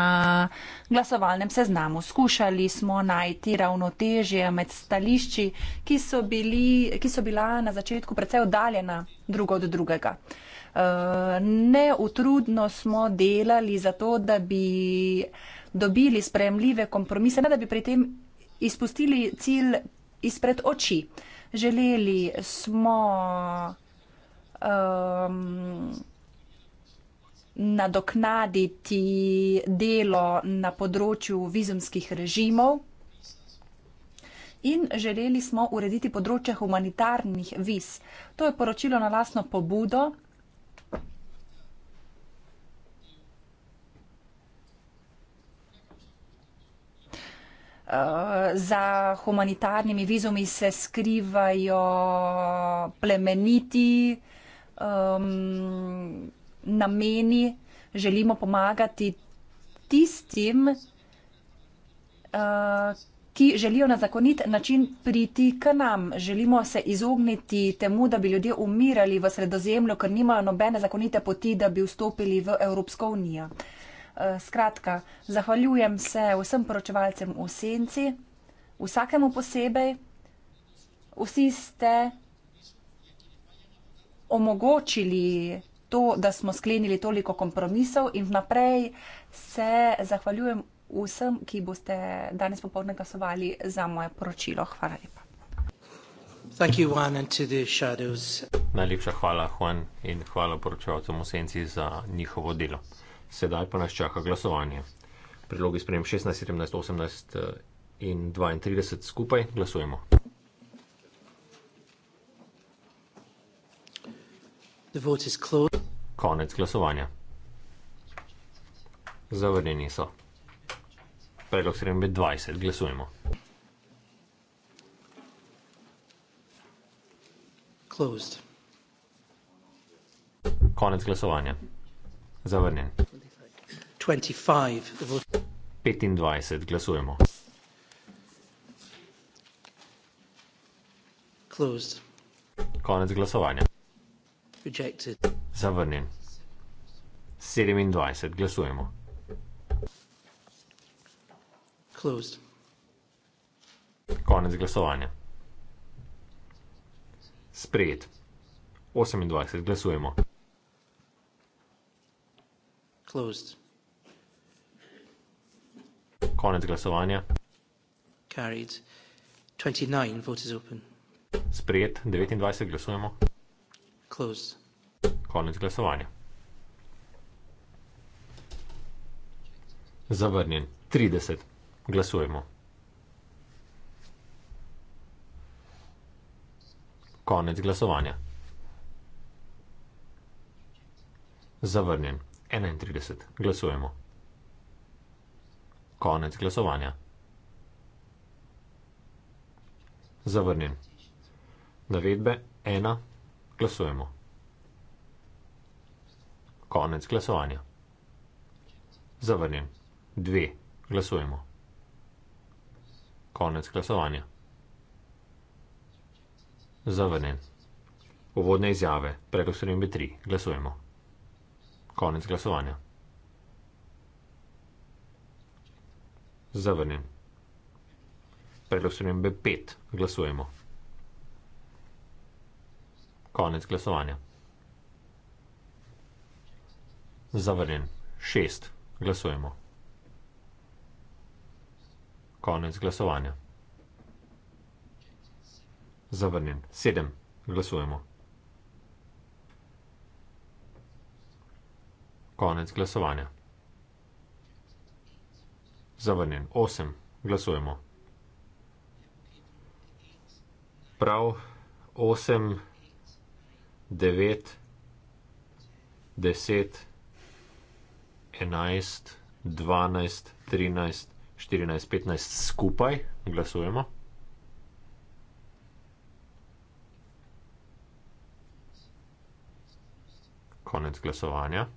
glasovalnem seznamu. Skušali smo najti ravnotežje med stališči, ki so, bili, ki so bila na začetku precej oddaljena drug od drugega. Uh, neutrudno smo delali za to, da bi dobili spremljive kompromise, ne da bi pri tem izpustili cilj izpred oči. Želeli smo um, nadoknaditi delo na področju vizumskih režimov in želeli smo urediti področje humanitarnih viz. To je poročilo na lasno pobudo. za humanitarnimi vizumi se skrivajo plemeniti um, nameni, želimo pomagati tistim, uh, ki želijo na zakonit način priti k nam. Želimo se izogniti temu, da bi ljudje umirali v sredozemlju, ker nimajo nobene zakonite poti, da bi vstopili v Evropsko unijo. Eh, skratka, zahvaljujem se vsem poročevalcem v senci, vsakemu posebej. Vsi ste omogočili to, da smo sklenili toliko kompromisov in vnaprej se zahvaljujem vsem, ki boste danes popolne glasovali za moje poročilo. Hvala lepa. Najlepša hvala, Juan, in hvala poročevalcem v senci za njihovo delo sedaj pa nas čaka glasovanje. Predlogi sprejem 16, 17, 18 in 32 skupaj glasujemo. Konec glasovanja. Zavrnjeni so. Predlog sprejem 20 glasujemo. Closed. Konec glasovanja. Zavrnjen. 25 glasujemo. Closed. Konec glasovanja. Rejected. Zavrnjen. 27 glasujemo. Closed. Konec glasovanja. Sprejet. 28 glasujemo. Closed. Konec glasovanja. Carried. 29 vote is open. Sprejet. 29 glasujemo. Closed. Konec glasovanja. Zavrnjen. 30. Glasujemo. Konec glasovanja. Zavrnjen. 31. Glasujemo. Konec glasovanja. Zavrnjen. Navedbe 1. Glasujemo. Konec glasovanja. Zavrnjen. 2. Glasujemo. Konec glasovanja. Zavrnjen. Uvodne izjave. Prekosorim B3. Glasujemo. Konec glasovanja. Zavrnjen. Predlog sprejem B5. Glasujemo. Konec glasovanja. Zavrnjen. 6. Glasujemo. Konec glasovanja. Zavrnjen. 7. Glasujemo. Konec glasovanja. Zavrnjen. 8. Glasujemo. Prav 8, 9, 10, 11, 12, 13, 14, 15 skupaj glasujemo. Konec glasovanja.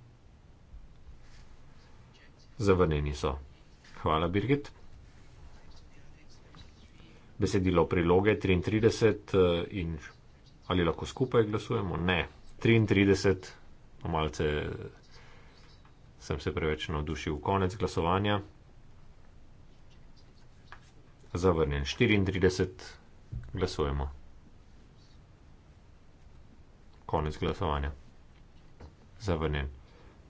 Zavrnjeni so. Hvala, Birgit. Besedilo priloge 33 eh, in ali lahko skupaj glasujemo? Ne. 33, no, malce eh, sem se preveč navdušil, konec glasovanja. Zavrnjen 34, glasujemo. Konec glasovanja. Zavrnjen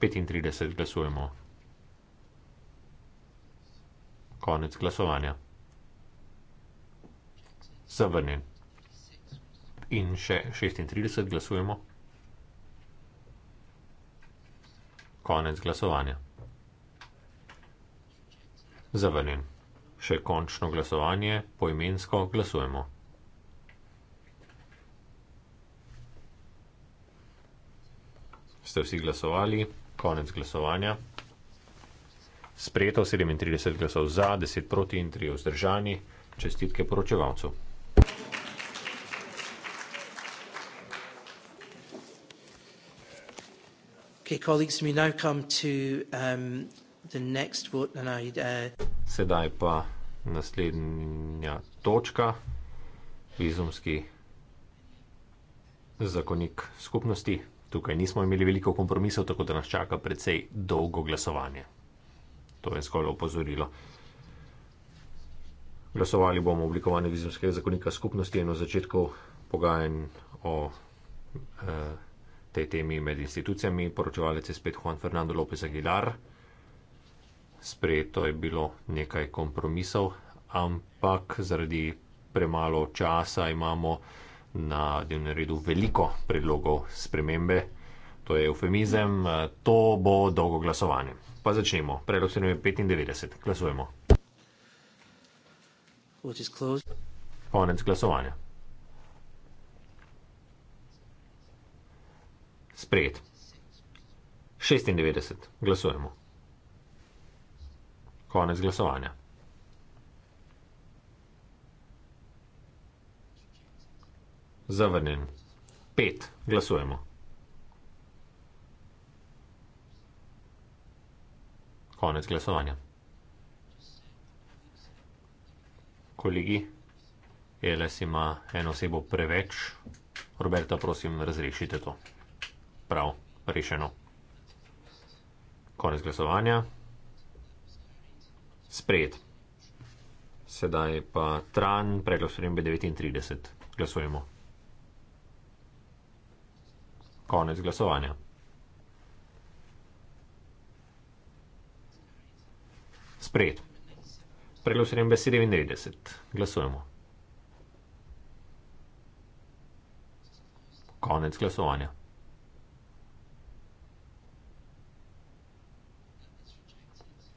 35, glasujemo. Konec glasovanja. Zavrnjen. In še 36 glasujemo. Konec glasovanja. Zavrnjen. Še končno glasovanje, poimensko glasujemo. Ste vsi glasovali? Konec glasovanja sprejeto 37 glasov za, 10 proti in 3 vzdržani. Čestitke poročevalcu. Okay, colleagues, we now come to um, the next vote, and I. Uh... Sedaj pa naslednja točka, vizumski zakonik skupnosti. Tukaj nismo imeli veliko kompromisov, tako da nas čaka precej dolgo glasovanje. To je zgolj opozorilo. Glasovali bomo o oblikovanju vizumskega zakonika skupnosti in o začetku pogajanj o eh, tej temi med institucijami. Poročevalec je spet Juan Fernando López Aguilar. Sprejeto je bilo nekaj kompromisov, ampak zaradi premalo časa imamo na dnevnem redu veliko predlogov spremembe. To je eufemizem, to bo dolgo glasovanje pa začnemo. Predlog se nume 95. Glasujemo. Konec glasovanja. Sprejet. 96. Glasujemo. Konec glasovanja. Zavrnjen. 5. Glasujemo. Konec glasovanja. Kolegi, LS ima eno osebo preveč. Roberta, prosim, razrešite to. Prav, rešeno. Konec glasovanja. Sprejet. Sedaj pa Tran, predlog spremembe 39. Glasujemo. Konec glasovanja. Sprejet. Preglasujem besede 99. Glasujemo. Konec glasovanja.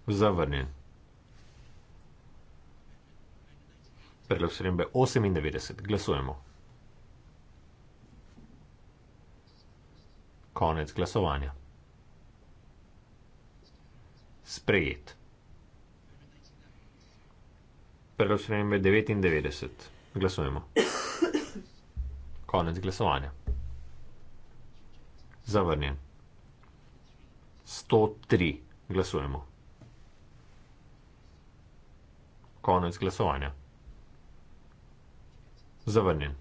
Zavrnjen. Predlog sprejembe 98. Glasujemo. Konec glasovanja. Sprejet preložbe 99. Glasujemo. Konec glasovanja. Zavrnjen. 103. Glasujemo. Konec glasovanja. Zavrnjen.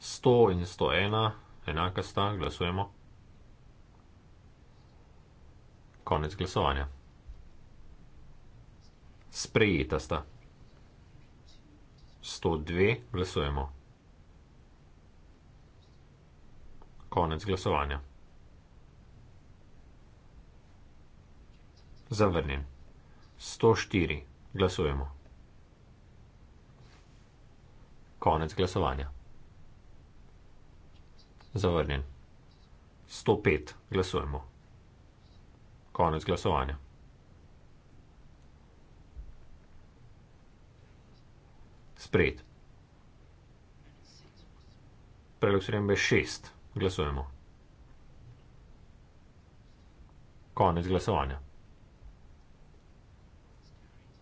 100 in 101, enaka sta, glasujemo. Konec glasovanja sprejeta sta. 102 glasujemo. Konec glasovanja. Zavrnjen. 104 glasujemo. Konec glasovanja. Zavrnjen. 105 glasujemo. Konec glasovanja. sprejet. Predlog sprejembe 6. Glasujemo. Konec glasovanja.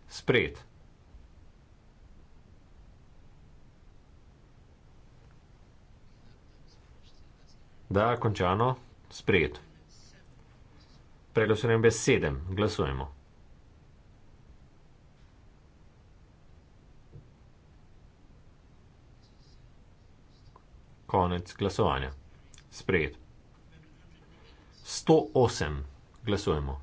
Sprejet. Da, končano. Sprejet. Predlog sprejembe 7. Glasujemo. konec glasovanja. Sprejet. 108 glasujemo.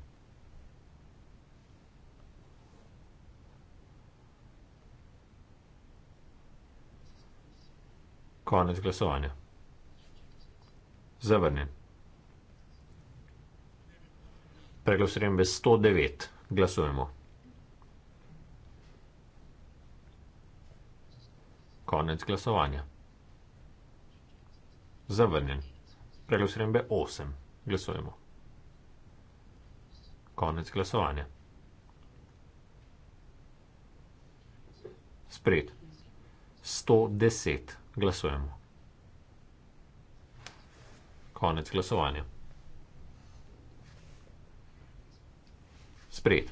Konec glasovanja. Zavrnjen. Preglasujem bez 109 glasujemo. Konec glasovanja. Zavrnjen. Predlog srembe 8. Glasujemo. Konec glasovanja. Spred. 110. Glasujemo. Konec glasovanja. Spred.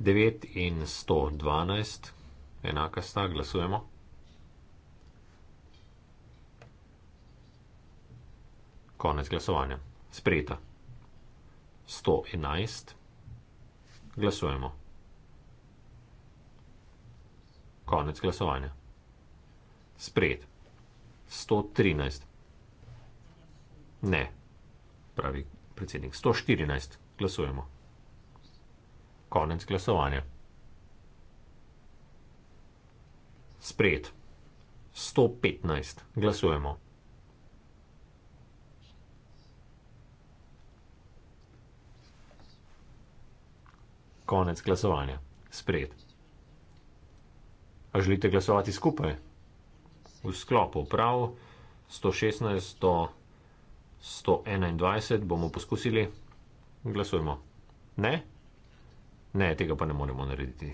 9 in 112. Enaka sta. Glasujemo. Glasujemo. konec glasovanja. Sprejeta. 111. Glasujemo. Konec glasovanja. Sprejet. 113. Ne, pravi predsednik. 114. Glasujemo. Konec glasovanja. Sprejet. 115. Glasujemo. Konec glasovanja. Sprejet. A želite glasovati skupaj? V sklopu prav 116 do 121 bomo poskusili. Glasujmo. Ne? Ne, tega pa ne moremo narediti.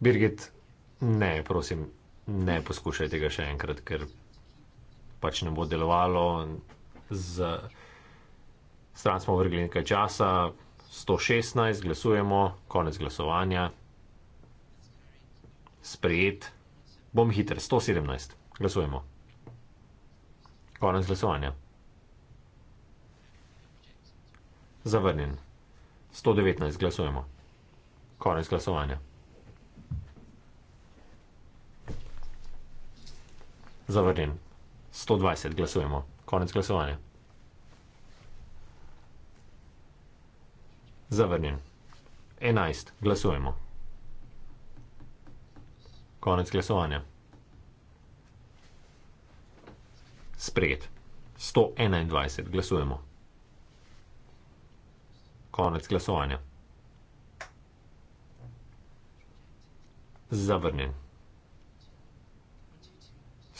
Birgit, ne, prosim, ne poskušaj tega še enkrat, ker pač ne bo delovalo. Z stran smo vrgli nekaj časa, 116, glasujemo, konec glasovanja, sprejet, bom hiter, 117, glasujemo, konec glasovanja, zavrnjen, 119, glasujemo, konec glasovanja, zavrnjen, 120 glasujemo. Konec glasovanja. Zavrnjen. 11 glasujemo. Konec glasovanja. Sprejet. 121 glasujemo. Konec glasovanja. Zavrnjen.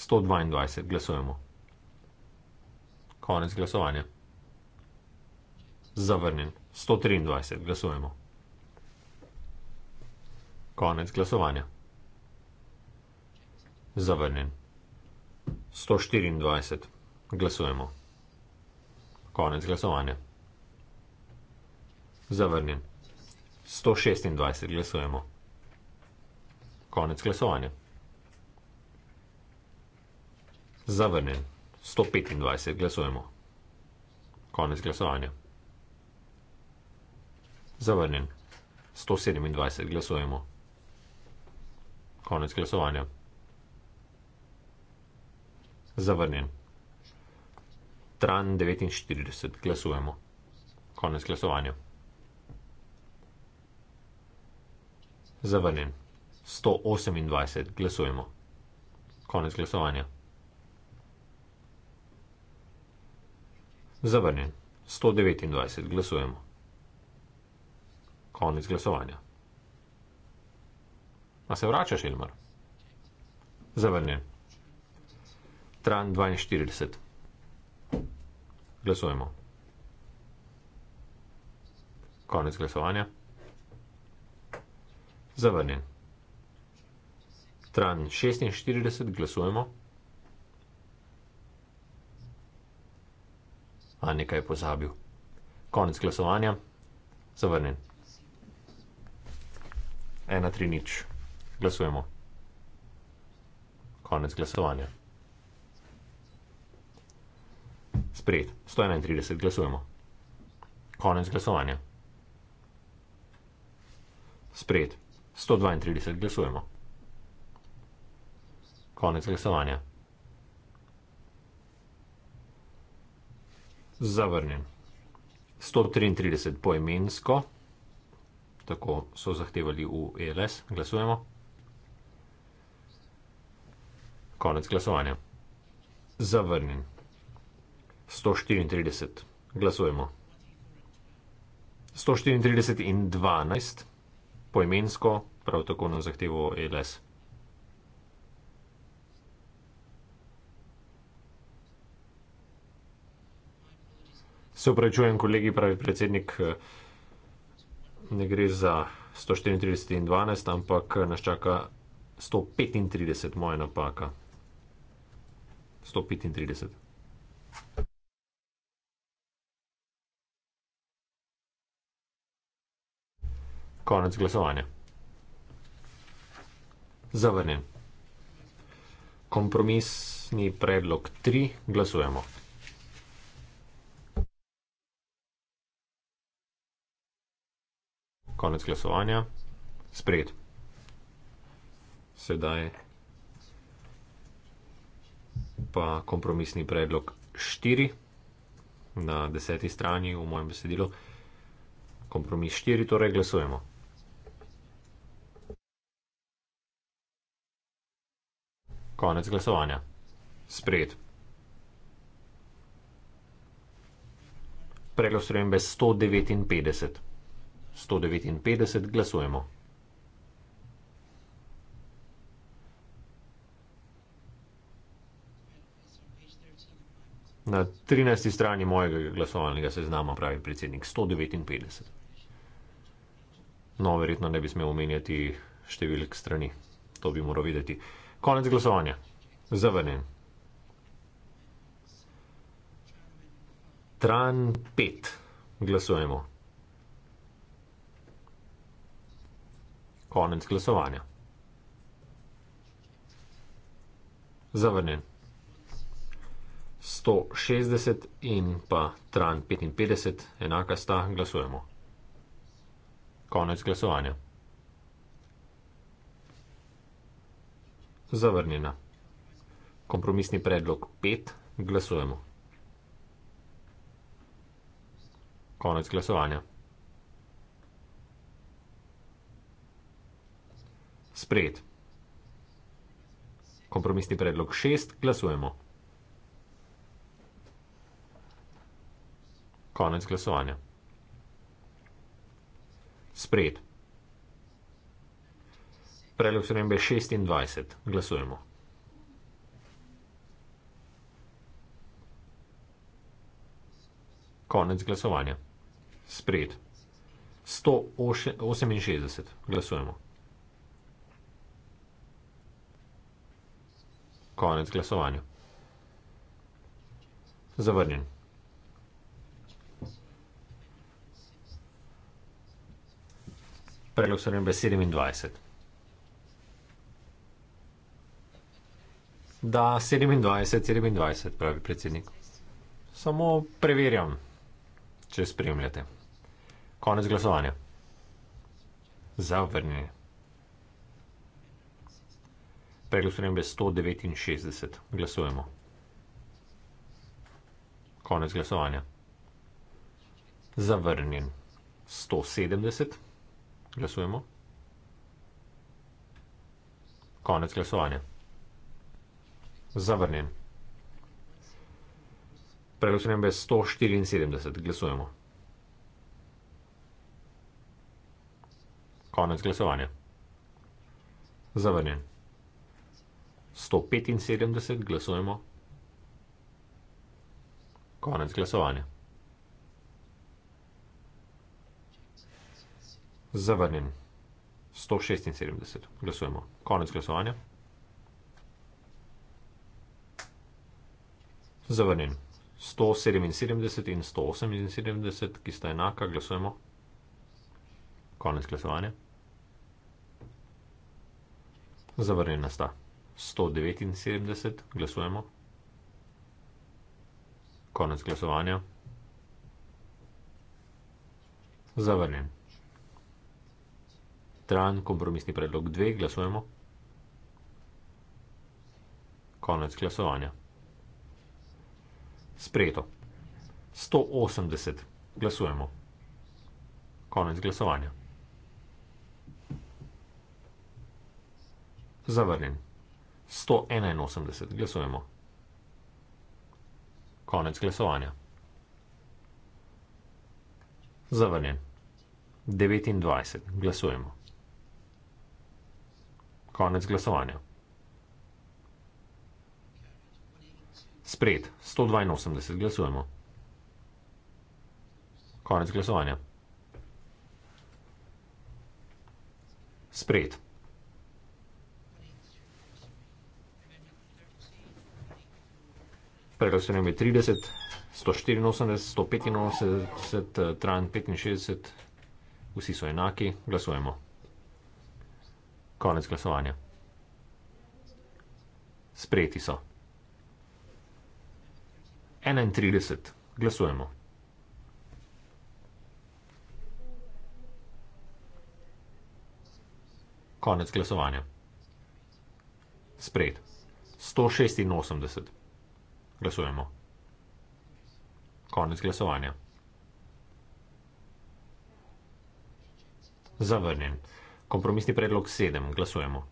122, glasujemo. Konec glasovanja. Zavrnjen. 123, glasujemo. Konec glasovanja. Zavrnjen. 124, glasujemo. Konec glasovanja. Zavrnjen. 126, glasujemo. Konec glasovanja. zavrnjen. 125 glasujemo. Konec glasovanja. Zavrnjen. 127 glasujemo. Konec glasovanja. Zavrnjen. Tran 49 glasujemo. Konec glasovanja. Zavrnjen. 128 glasujemo. Konec glasovanja. Zavrnjen. 129. Glasujemo. Konec glasovanja. A se vračaš, Ilmar? Zavrnjen. Tran 42. Glasujemo. Konec glasovanja. Zavrnjen. Tran 46. Glasujemo. Zavrnjen. a nekaj je pozabil. Konec glasovanja, zavrnjen. 1, 3, nič, glasujemo. Konec glasovanja. Sprejet, 131, glasujemo. Konec glasovanja. Sprejet, 132, glasujemo. Konec glasovanja. zavrnjen. 133 poimensko, tako so zahtevali v ELS, glasujemo. Konec glasovanja. Zavrnjen. 134 glasujemo. 134 in 12 poimensko, prav tako na zahtevo ELS. Se upravičujem, kolegi, pravi predsednik, eh, ne gre za 134 in 12, ampak eh, nas čaka 135, moja napaka. 135. Konec glasovanja. Zavrnjen. Kompromisni predlog 3, glasujemo. konec glasovanja, spred. Sedaj pa kompromisni predlog 4 na deseti strani v mojem besedilu. Kompromis 4, torej glasujemo. Konec glasovanja. Spred. Predlog sprejem bez 159. 159 glasujemo. Na 13. strani mojega glasovalnega seznama pravi predsednik 159. No, verjetno ne bi smel omenjati številk strani. To bi moral videti. Konec glasovanja. Zavrnen. Tran 5. Glasujemo. Konec glasovanja. Zavrnjen. 160 in pa tran 55, enaka sta, glasujemo. Konec glasovanja. Zavrnjena. Kompromisni predlog 5, glasujemo. Konec glasovanja. Sprejet. Kompromisni predlog šest. Glasujemo. Konec glasovanja. Sprejet. Predlog spremembe 26. Glasujemo. Konec glasovanja. Sprejet. 168. Glasujemo. Konec glasovanja. Zavrnjen. Predlog sprememb je 27. Da, 27, 27, pravi predsednik. Samo preverjam, če spremljate. Konec glasovanja. Zavrnjen. Predlog spremembe 169. Glasujemo. Konec glasovanja. Zavrnjen 170. Glasujemo. Konec glasovanja. Zavrnjen. Predlog spremembe 174. Glasujemo. Konec glasovanja. Zavrnjen. 175 glasujemo. Konec glasovanja. Zavrnjen. 176 glasujemo. Konec glasovanja. Zavrnjen. 177 in 178, ki sta enaka, glasujemo. Konec glasovanja. Zavrnjena sta. 179 glasujemo. Konec glasovanja. Zavrnjen. Tran kompromisni predlog 2 glasujemo. Konec glasovanja. Sprejeto. 180 glasujemo. Konec glasovanja. Zavrnjen. 181. Glasujemo. Konec glasovanja. Zavrnjen. 29. Glasujemo. Konec glasovanja. Spred. 182. Glasujemo. Konec glasovanja. Spred. Predal se nam je 30, 184, 185, 365, vsi so enaki, glasujemo. Konec glasovanja. Sprejeti so. 31, glasujemo. Konec glasovanja. Sprejet. 186. Glasujemo. Konec glasovanja. Zavrnjen. Kompromisni predlog 7. Glasujemo.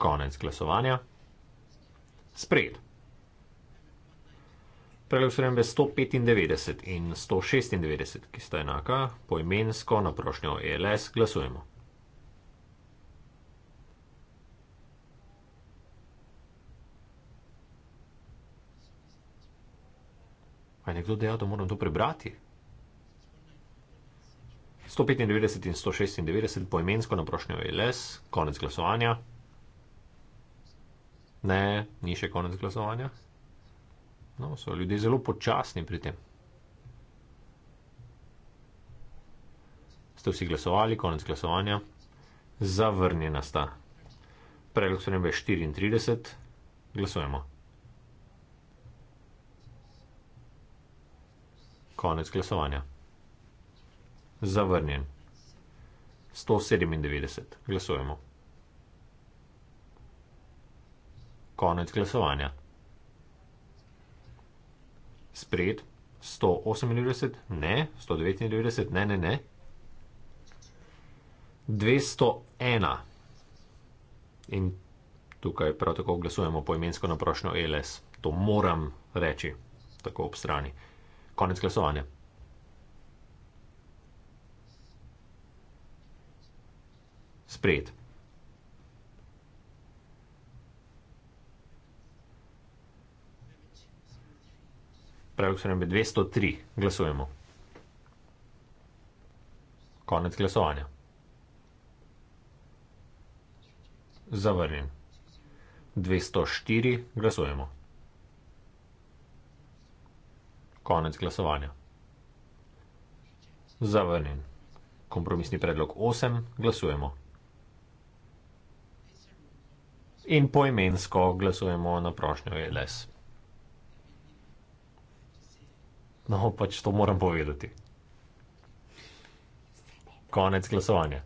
Konec glasovanja. Sprejet. Predlog spremembe 195 in 196, ki sta enaka, poimensko na prošnjo ELS glasujemo. Pa je nekdo dejal, da moram to prebrati. 195 in 196 poimensko na prošnjo je les, konec glasovanja. Ne, ni še konec glasovanja. No, so ljudje zelo počasni pri tem. Ste vsi glasovali, konec glasovanja. Zavrnjena sta. Predlog sprememb je 34, glasujemo. Konec glasovanja. Zavrnjen. 197. Glasujemo. Konec glasovanja. Sprejet. 198. Ne. 199. Ne, ne, ne. 201. In tukaj prav tako glasujemo poimensko na prošnjo e LS. To moram reči. Tako ob strani konec glasovanja. Sprejet. Predlog se nam je 203. Glasujemo. Konec glasovanja. Zavrnjen. 204. Glasujemo. Konec glasovanja. Zavrnjen. Kompromisni predlog 8. Glasujemo. In poimensko glasujemo na prošnjo LS. No, pač to moram povedati. Konec glasovanja.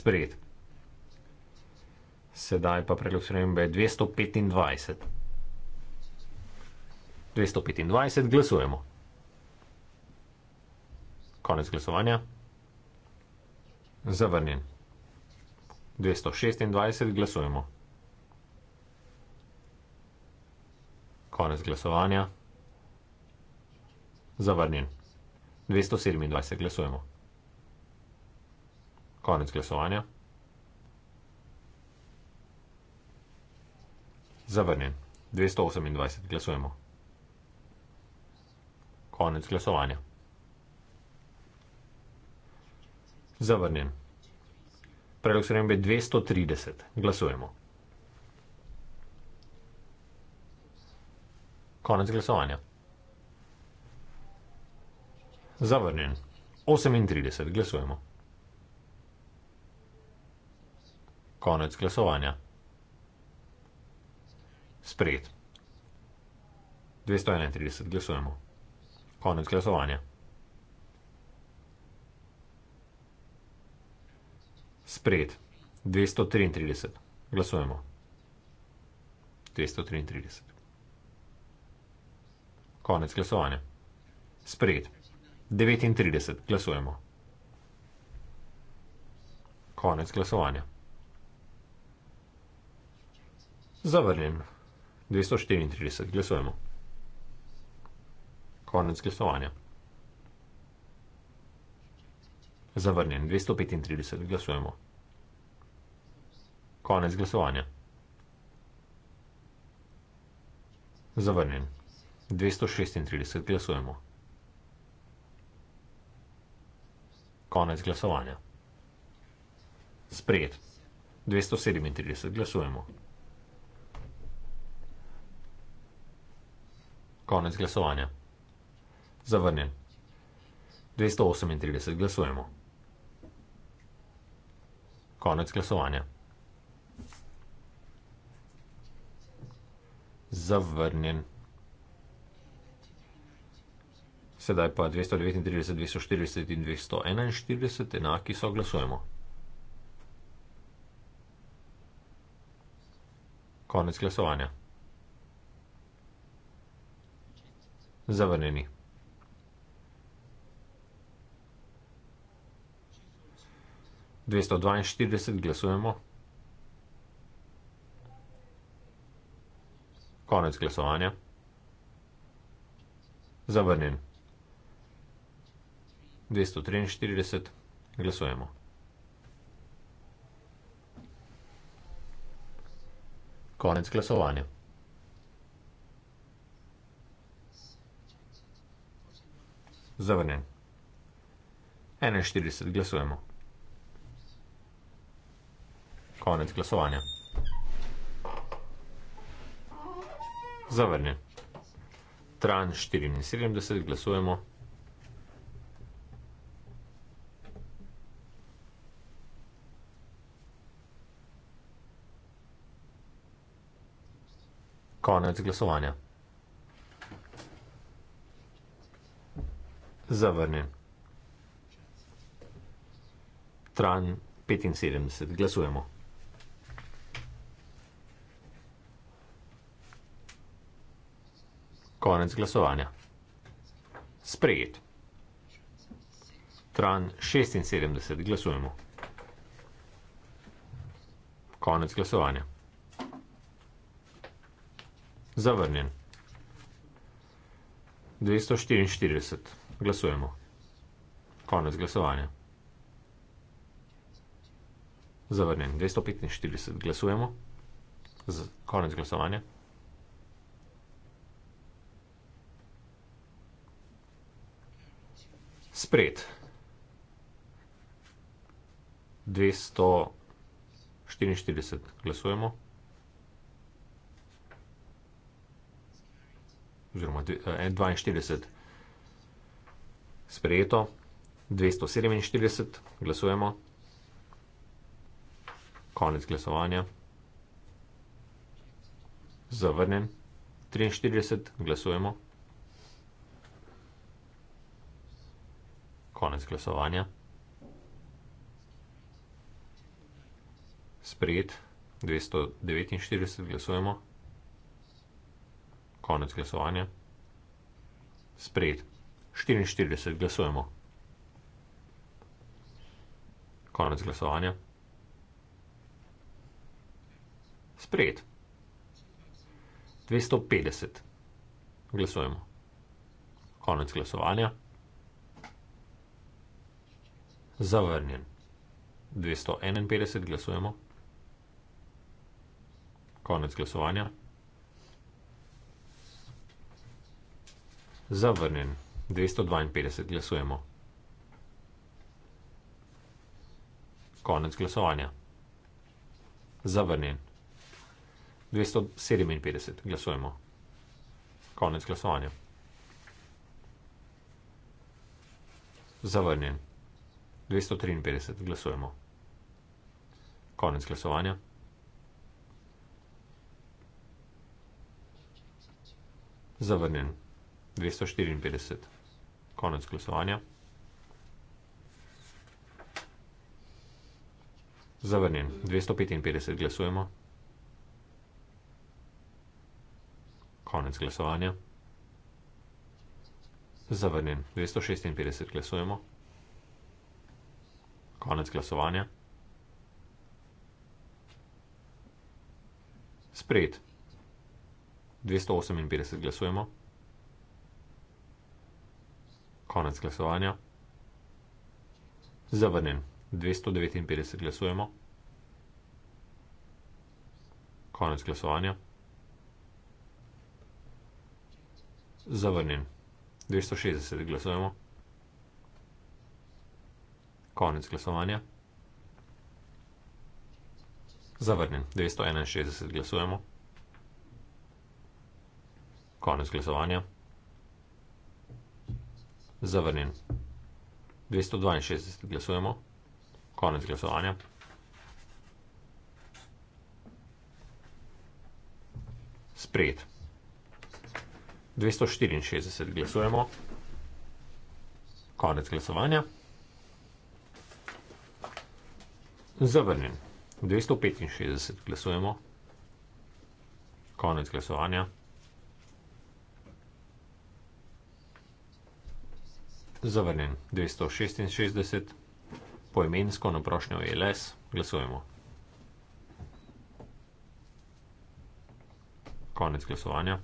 Sprejet. Sedaj pa predlog srednjega je 225. 225, glasujemo. Konec glasovanja. Zavrnjen. 226, glasujemo. Konec glasovanja. Zavrnjen. 227, glasujemo. Konec glasovanja. Zavrnjen. 228, glasujemo konec glasovanja. Zavrnjen. Predlog srembe 230. Glasujemo. Konec glasovanja. Zavrnjen. 38. Glasujemo. Konec glasovanja. Sprejet. 231. Glasujemo. Konec glasovanja. Sprejet. 233. Glasujemo. 233. Konec glasovanja. Sprejet. 39. Glasujemo. Konec glasovanja. Zavrnjen. 234. Glasujemo. 234. Konec glasovanja. Zavrnjen. 235. Glasujemo. Konec glasovanja. Zavrnjen. 236. Glasujemo. Konec glasovanja. Sprejet. 237. Glasujemo. Konec glasovanja. Zavrnjen. 238 glasujemo. Konec glasovanja. Zavrnjen. Sedaj pa 239, 240 in 241, enaki so glasujemo. Konec glasovanja. Zavrnjeni. 242 glasujemo. Konec glasovanja. Zavrnjen. 243 glasujemo. Konec glasovanja. Zavrnjen. 41 glasujemo. Konec glasovanja. Zavrnjen. Tran 74, glasujemo. Konec glasovanja. Zavrnjen. Tran 75, glasujemo. Konec glasovanja. Sprejet. Tran 76. Glasujemo. Konec glasovanja. Zavrnjen. 244. Glasujemo. Konec glasovanja. Zavrnjen. 245. Glasujemo. Z konec glasovanja. spred. 244 glasujemo. Oziroma 42 eh, sprejeto. 247 glasujemo. Konec glasovanja. Zavrnen. 43 glasujemo. Konec glasovanja. Sprejet 249 glasujemo. Konec glasovanja. Sprejet 44 glasujemo. Konec glasovanja. Sprejet 250 glasujemo. Konec glasovanja zavrnjen. 251 glasujemo. Konec glasovanja. Zavrnjen. 252 glasujemo. Konec glasovanja. Zavrnjen. 257 glasujemo. Konec glasovanja. Zavrnjen. 253, glasujemo. Konec glasovanja. Zavrnjen. 254. Konec glasovanja. Zavrnjen. 255 glasujemo. Konec glasovanja. Zavrnjen. 256 glasujemo konec glasovanja. Sprejet. 258 glasujemo. Konec glasovanja. Zavrnjen. 259 glasujemo. Konec glasovanja. Zavrnjen. 260 glasujemo. Konec glasovanja. Zavrnjen. 261 glasujemo. Konec glasovanja. Zavrnjen. 262 glasujemo. Konec glasovanja. Sprejet. 264 glasujemo. Konec glasovanja. Zavrnjen. 265 glasujemo. Konec glasovanja. Zavrnjen. 266. Poimensko na prošnjo je les. Glasujemo. Konec glasovanja.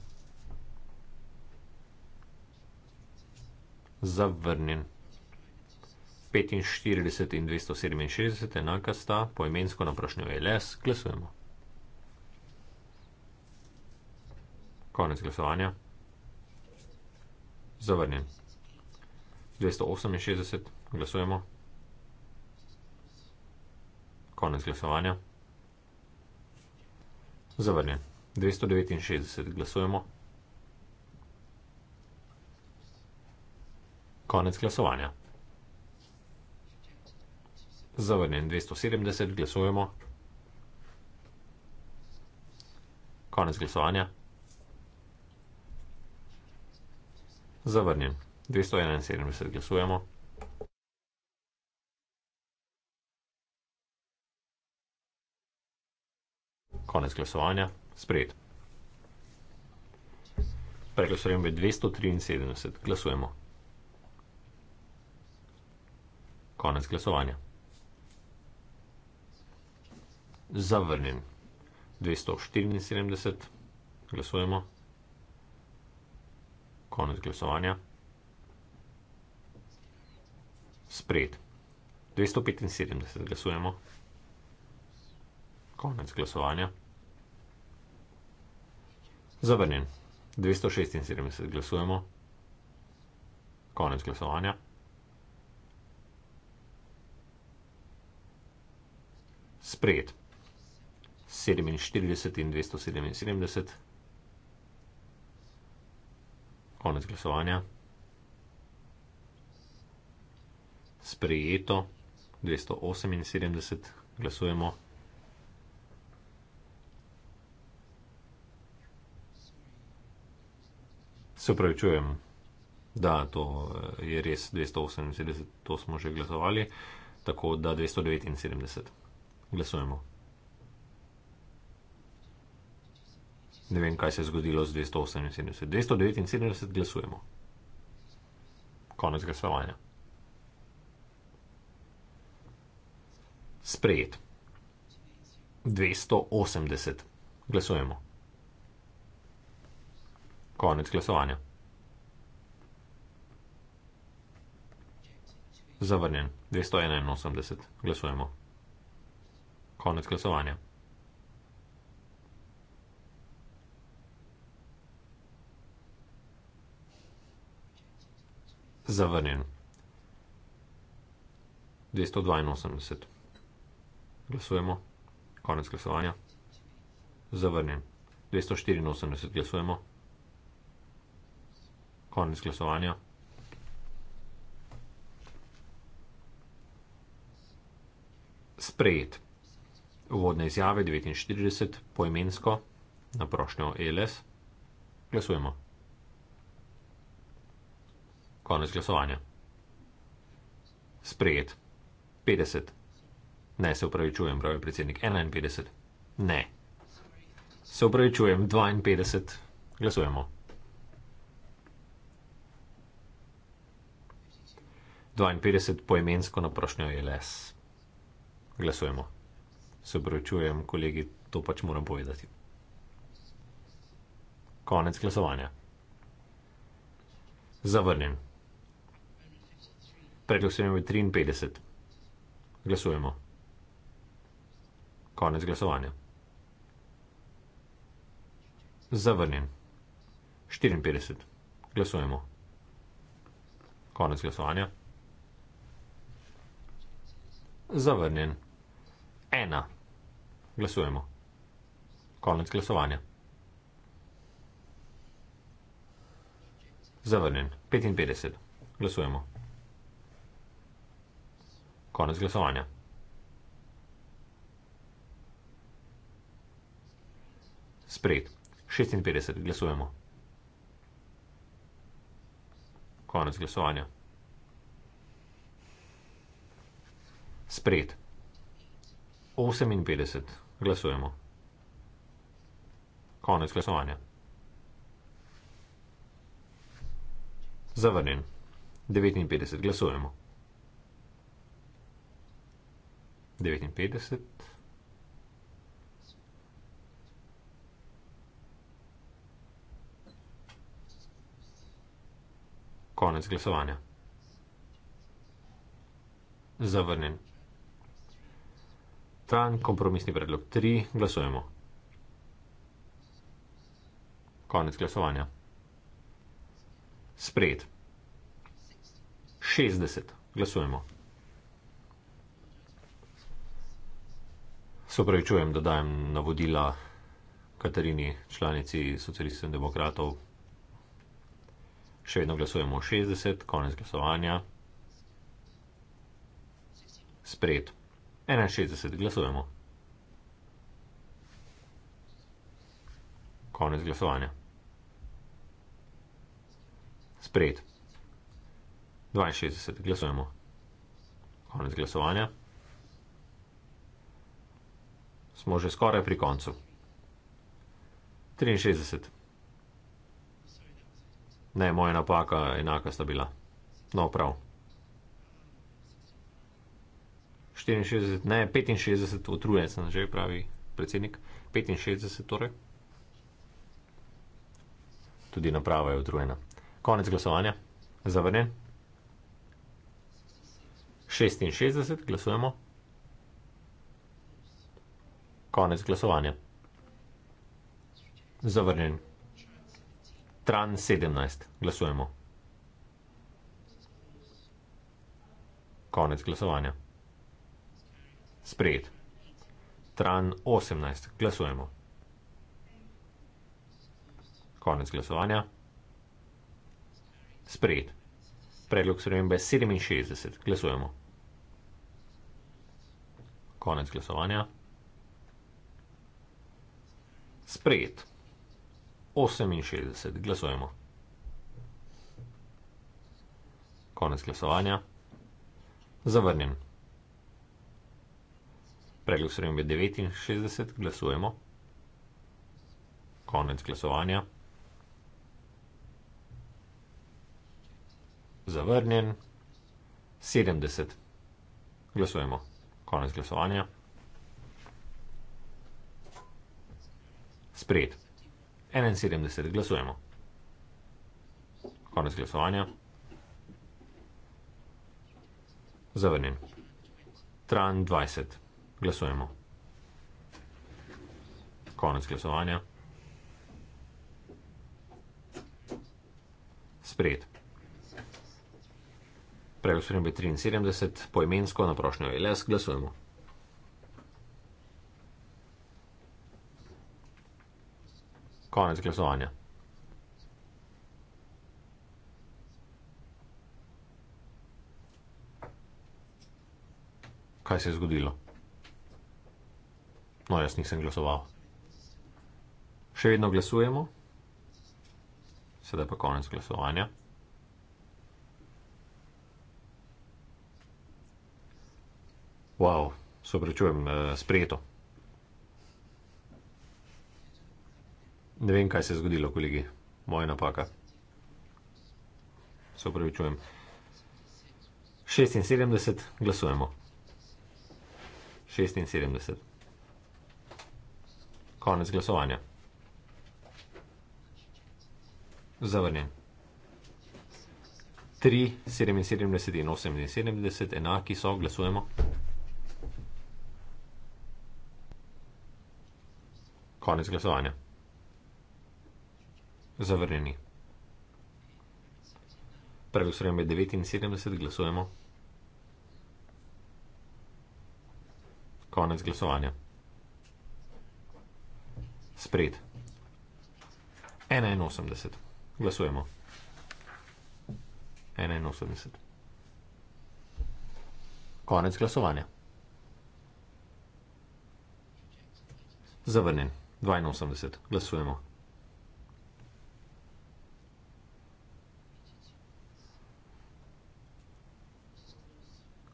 Zavrnjen. 45 in 267 enaka sta, poimensko na prošnjo e LS, glasujemo. Konec glasovanja. Zavrnjen. 268, glasujemo. Konec glasovanja. Zavrnjen. 269, glasujemo. Konec glasovanja zavrnjen 270, glasujemo. Konec glasovanja. Zavrnjen 271, glasujemo. Konec glasovanja, sprejet. Preglasujemo 273, glasujemo. Konec glasovanja zavrnjen. 274 glasujemo. Konec glasovanja. Spred. 275 glasujemo. Konec glasovanja. Zavrnjen. 276 glasujemo. Konec glasovanja. Spred. 47 in 277. Konec glasovanja. Sprejeto 278, glasujemo. Se upravičujem, da to eh, je res 278, to smo že glasovali, tako da 279, glasujemo. ne vem, kaj se je zgodilo z 278. 279 glasujemo. Konec glasovanja. Sprejet. 280. Glasujemo. Konec glasovanja. Zavrnjen. 281. Glasujemo. Konec glasovanja. zavrnjen. 282. Glasujemo. Konec glasovanja. Zavrnjen. 284. Glasujemo. Konec glasovanja. Sprejet. Uvodne izjave 49, poimensko, na prošnjo ELS. Glasujemo. Konec glasovanja. Sprejet. 50. Ne, se upravičujem, pravi predsednik. 51. Ne. Se upravičujem, 52. Glasujemo. 52 poemensko na prošnjo je les. Glasujemo. Se upravičujem, kolegi, to pač moram povedati. Konec glasovanja. Zavrnjen predlogom je 53. Glasujemo. Konec glasovanja. Zavrnjen. 54. Glasujemo. Konec glasovanja. Zavrnjen. 1. Glasujemo. Konec glasovanja. Zavrnjen. 55. Glasujemo. Konec glasovanja. Sprejet. 56. Glasujemo. Konec glasovanja. Sprejet. 58. Glasujemo. Konec glasovanja. Zavrnjen. 59. Glasujemo. 59. Konec glasovanja. Zavrnjen. Tan kompromisni predlog 3. Glasujemo. Konec glasovanja. Spred. 60. Glasujemo. Se pravi, čujem, da dajem navodila Katarini, članici socialistov in demokratov. Še vedno glasujemo 60, konec glasovanja. Spred. 61, glasujemo. Konec glasovanja. Spred. 62, glasujemo. Konec glasovanja smo že skoraj pri koncu. 63. Ne, moja napaka enaka sta bila. No, prav. 64, ne, 65, utrujen sem že, pravi predsednik. 65 torej. Tudi naprava je utrujena. Konec glasovanja. Zavrnjen. 66, glasujemo. 66 konec glasovanja. Zavrnjen. Tran 17. Glasujemo. Konec glasovanja. Sprejet. Tran 18. Glasujemo. Konec glasovanja. Sprejet. Predlog spremembe 67. Glasujemo. Konec glasovanja. Sprejet. 68. Glasujemo. Konec glasovanja. Zavrnjen. Predlog spremembe 69. Glasujemo. Konec glasovanja. Zavrnjen. 70. Glasujemo. Konec glasovanja. Sprejet. 71 glasujemo. Konec glasovanja. Zavrnjen. 23 glasujemo. Konec glasovanja. Sprejet. Preglasujem B73, poimensko na prošnjo LS glasujemo. konec glasovanja. Kaj se je zgodilo? No, jaz nisem glasoval. Še vedno glasujemo. Sedaj pa konec glasovanja. Wow, se oprečujem, eh, sprejeto. Ne vem, kaj se je zgodilo, kolegi. Moja napaka. Se upravičujem. 76 glasujemo. 76. Konec glasovanja. Zavrnjen. 3, 77 in 78, enaki so, glasujemo. Konec glasovanja. Zavrnjeni. Prvi ustrojem je 79, glasujemo. Konec glasovanja. Spred. 81. Glasujemo. 81. Konec glasovanja. Zavrnjen. 82. Glasujemo.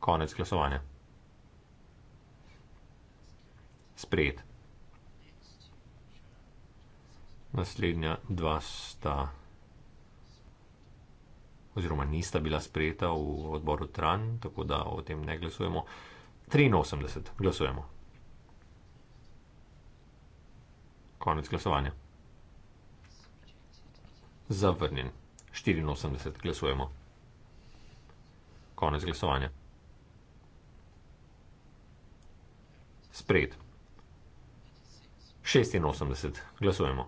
Konec glasovanja. Sprejet. Naslednja dva sta, oziroma nista bila sprejeta v odboru Tran, tako da o tem ne glasujemo. 83 glasujemo. Konec glasovanja. Zavrnjen. 84 glasujemo. Konec glasovanja. Sprejet. 86. Glasujemo.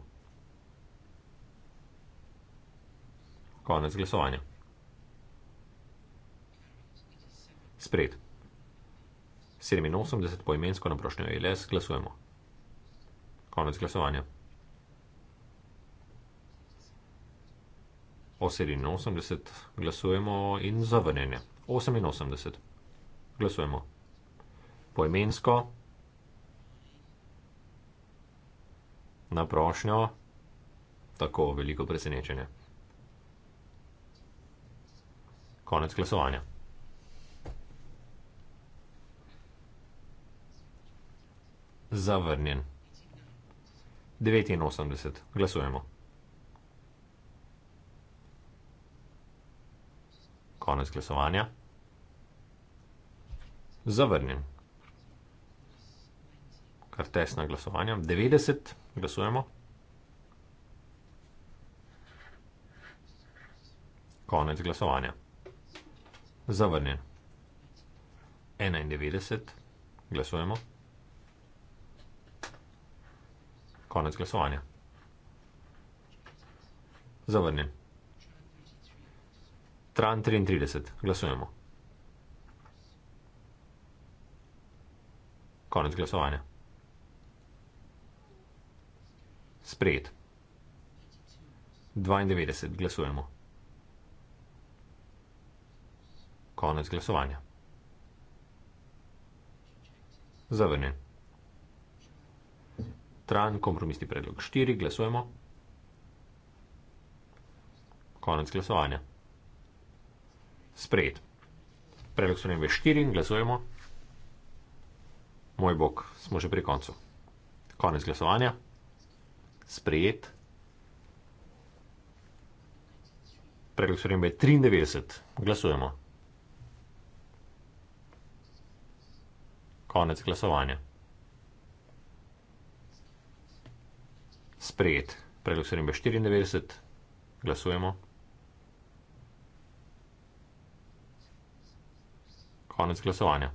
Konec glasovanja. Sprejet. 87 poimensko na prošnjo ILS glasujemo. Konec glasovanja. 87 glasujemo in zavrnjenje. 88 glasujemo. Poimensko na prošnjo, tako veliko presenečenje. Konec glasovanja. Zavrnjen. 89. Glasujemo. Konec glasovanja. Zavrnjen. Kar tesna glasovanja. 90. 90. Glasujemo. Konec glasovanja. Zavrnjen. 91. Glasujemo. Konec glasovanja. Zavrnjen. Tran 33. Glasujemo. Konec glasovanja. Sprejet. 92 glasujemo. Konec glasovanja. Zavrnjen. Tran, kompromisni predlog 4, glasujemo. Konec glasovanja. Sprejet. Predlog so nebe 4 in glasujemo. Moj bog, smo že pri koncu. Konec glasovanja sprejet. Predlog spremembe je 93. Glasujemo. Konec glasovanja. Sprejet. Predlog spremembe je 94. Glasujemo. Konec glasovanja.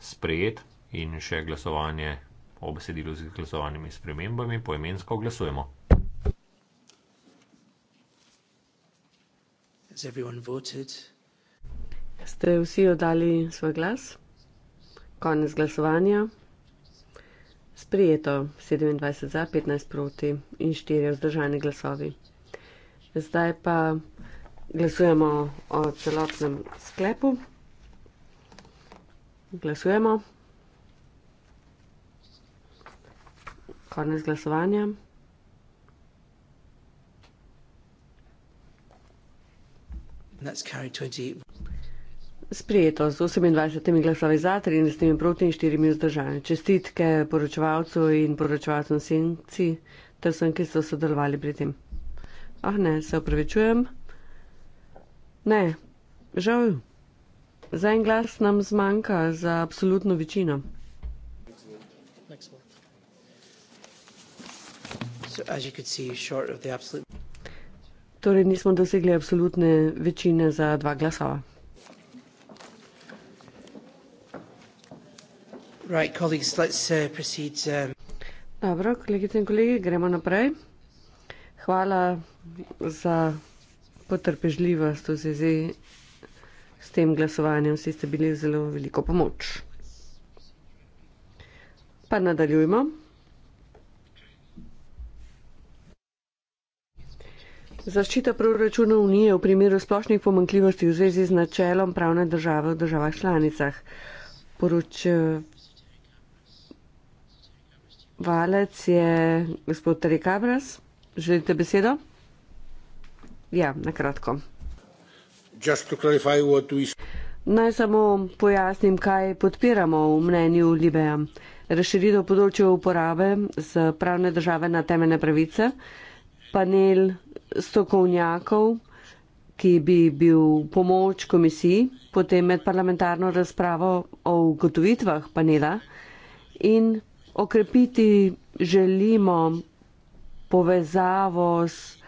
Sprejet in še glasovanje o besedilu z glasovanimi spremembami poimensko glasujemo. Ste vsi oddali svoj glas? Konec glasovanja. Sprijeto 27 za, 15 proti in 4 vzdržani glasovi. Zdaj pa glasujemo o celotnem sklepu. Glasujemo. konec glasovanja. Sprijeto z 28 glasovi za, 13 proti in 4 vzdržanje. Čestitke poročevalcu in poročevalcu na senci, ter sem, ki so sodelovali pri tem. Ah, ne, se upravičujem. Ne, žal, za en glas nam zmanjka za absolutno večino. Torej nismo dosegli absolutne večine za dva glasova. Right, colleagues, let's, uh, proceed, um. Dobro, kolegice in kolegi, gremo naprej. Hvala za potrpežljivost v zvezi s tem glasovanjem. Vsi ste bili zelo veliko pomoč. Pa nadaljujmo. Zaščita proračuna Unije v primeru splošnih pomankljivosti v zvezi z načelom pravne države v državah članicah. Poroč valec je gospod Rekabras. Želite besedo? Ja, na kratko. Naj samo pojasnim, kaj podpiramo v mnenju Libeja. Razširitev področja uporabe z pravne države na temene pravice panel strokovnjakov, ki bi bil pomoč komisiji, potem med parlamentarno razpravo o ugotovitvah panela in okrepiti želimo povezavo s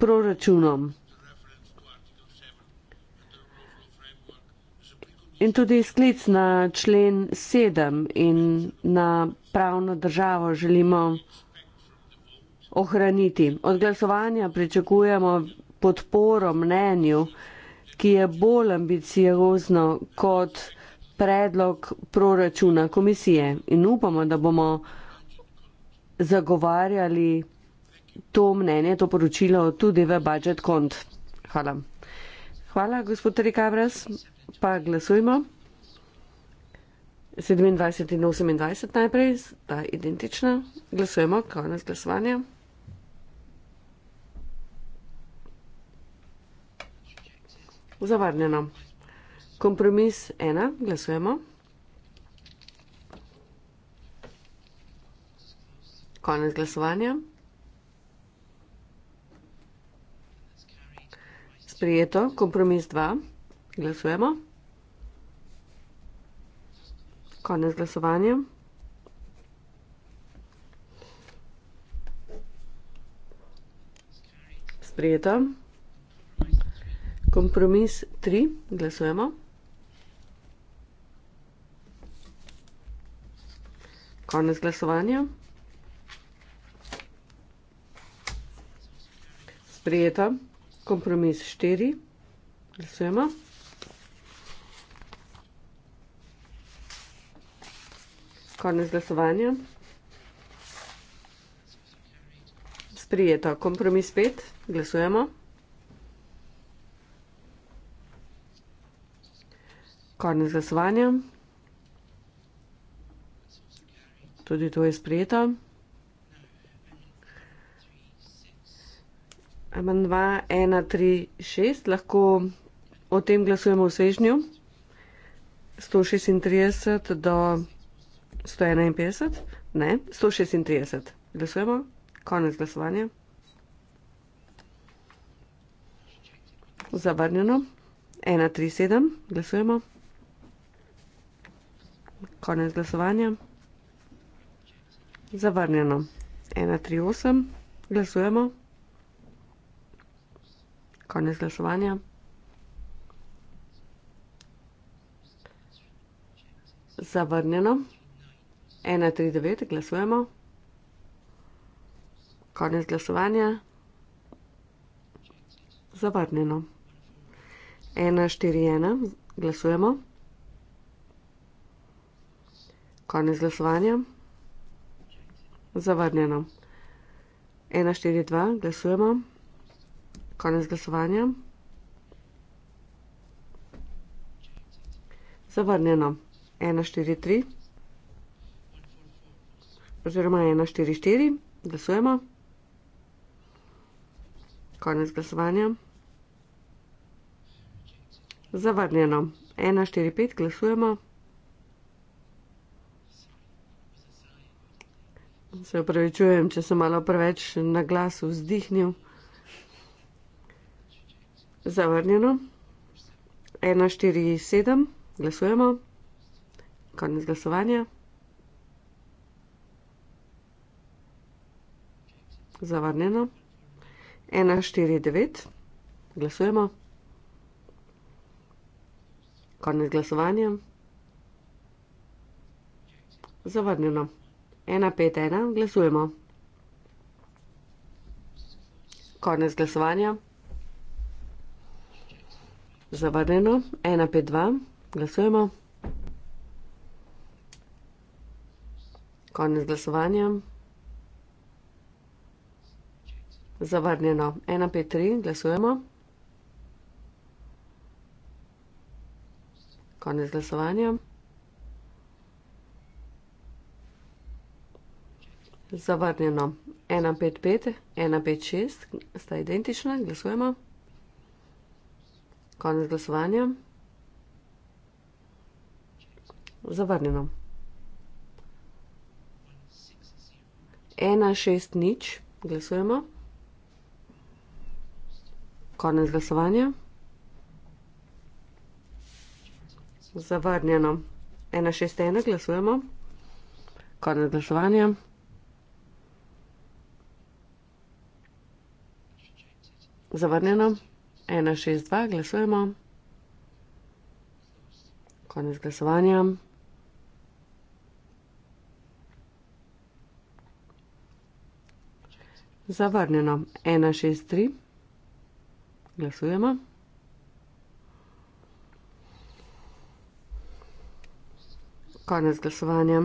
proračunom. In tudi sklic na člen 7 in na pravno državo želimo povezavo ohraniti. Od glasovanja pričakujemo podporo mnenju, ki je bolj ambiciozno kot predlog proračuna komisije in upamo, da bomo zagovarjali to mnenje, to poročilo tudi v budget kont. Hvala. Hvala, gospod Rikavras. Pa glasujmo. 27 in 28 najprej, ta identična. Glasujemo, konec glasovanja. zavrnjeno. Kompromis ena, glasujemo. Konec glasovanja. Sprijeto, kompromis dva, glasujemo. Konec glasovanja. Sprijeto. Kompromis 3, glasujemo. Konec glasovanja. Sprejeta. Kompromis 4, glasujemo. Konec glasovanja. Sprijeta kompromis 5, glasujemo. Konec glasovanja. Tudi to je sprejeto. Amandma 1, 3, 6. Lahko o tem glasujemo v svežnju. 136 do 151. Ne, 136. Glasujemo. Konec glasovanja. Zavrnjeno. 1, 3, 7. Glasujemo. Konec glasovanja. Zavrnjeno. 138. Glasujemo. Konec glasovanja. Zavrnjeno. 139. Glasujemo. Konec glasovanja. Zavrnjeno. 141. Glasujemo. Konec glasovanja. Zavrnjeno. 1-4-2, glasujemo. Konec glasovanja. Zavrnjeno. 1-4-3. Oziroma 1-4-4, glasujemo. Konec glasovanja. Zavrnjeno. 1-4-5, glasujemo. Se opravičujem, če sem malo preveč na glasu vzdihnil. Zavrnjeno. 1, 4, 7. Glasujemo. Konec glasovanja. Zavrnjeno. 1, 4, 9. Glasujemo. Konec glasovanja. Zavrnjeno ena, pet, ena, glasujemo. Konec glasovanja. Zavrnjeno, ena, pet, dva, glasujemo. Konec glasovanja. Zavrnjeno, ena, pet, tri, glasujemo. Konec glasovanja. zavrnjeno. 155, 156 sta identična, glasujemo. Konec glasovanja. Zavrnjeno. 160, nič, glasujemo. Konec glasovanja. Zavrnjeno. 161, glasujemo. Konec glasovanja. zavrnjeno. 1, 6, 2, glasujemo. Konec glasovanja. Zavrnjeno. 1, 6, 3, glasujemo. Konec glasovanja.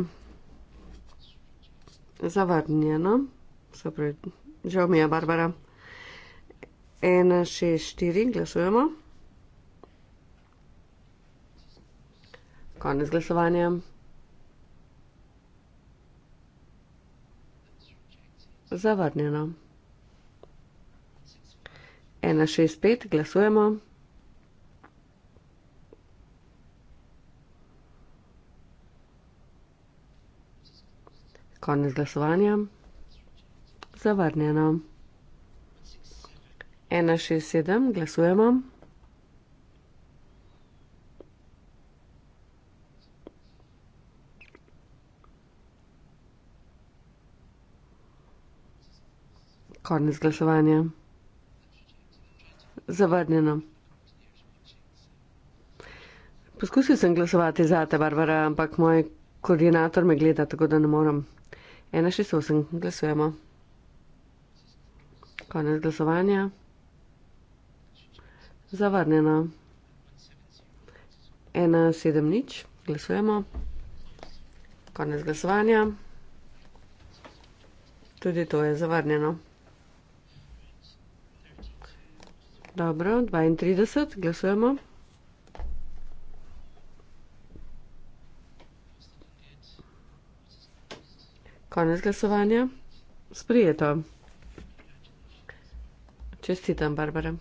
Zavrnjeno. Se pravi, žal mi je Barbara ena, šest, štiri, glasujemo. Konec glasovanja. Zavrnjeno. Ena, šest, pet, glasujemo. Konec glasovanja. Zavrnjeno. 167, glasujemo. Konec glasovanja. Zavrnjeno. Poskusil sem glasovati za te, Barbara, ampak moj koordinator me gleda, tako da ne morem. 168 glasujemo. Konec glasovanja. Zavrnjeno. Ena, sedem, nič. Glasujemo. Konec glasovanja. Tudi to je zavrnjeno. Dobro, 32, glasujemo. Konec glasovanja. Sprijeto. Čestitam, Barbara.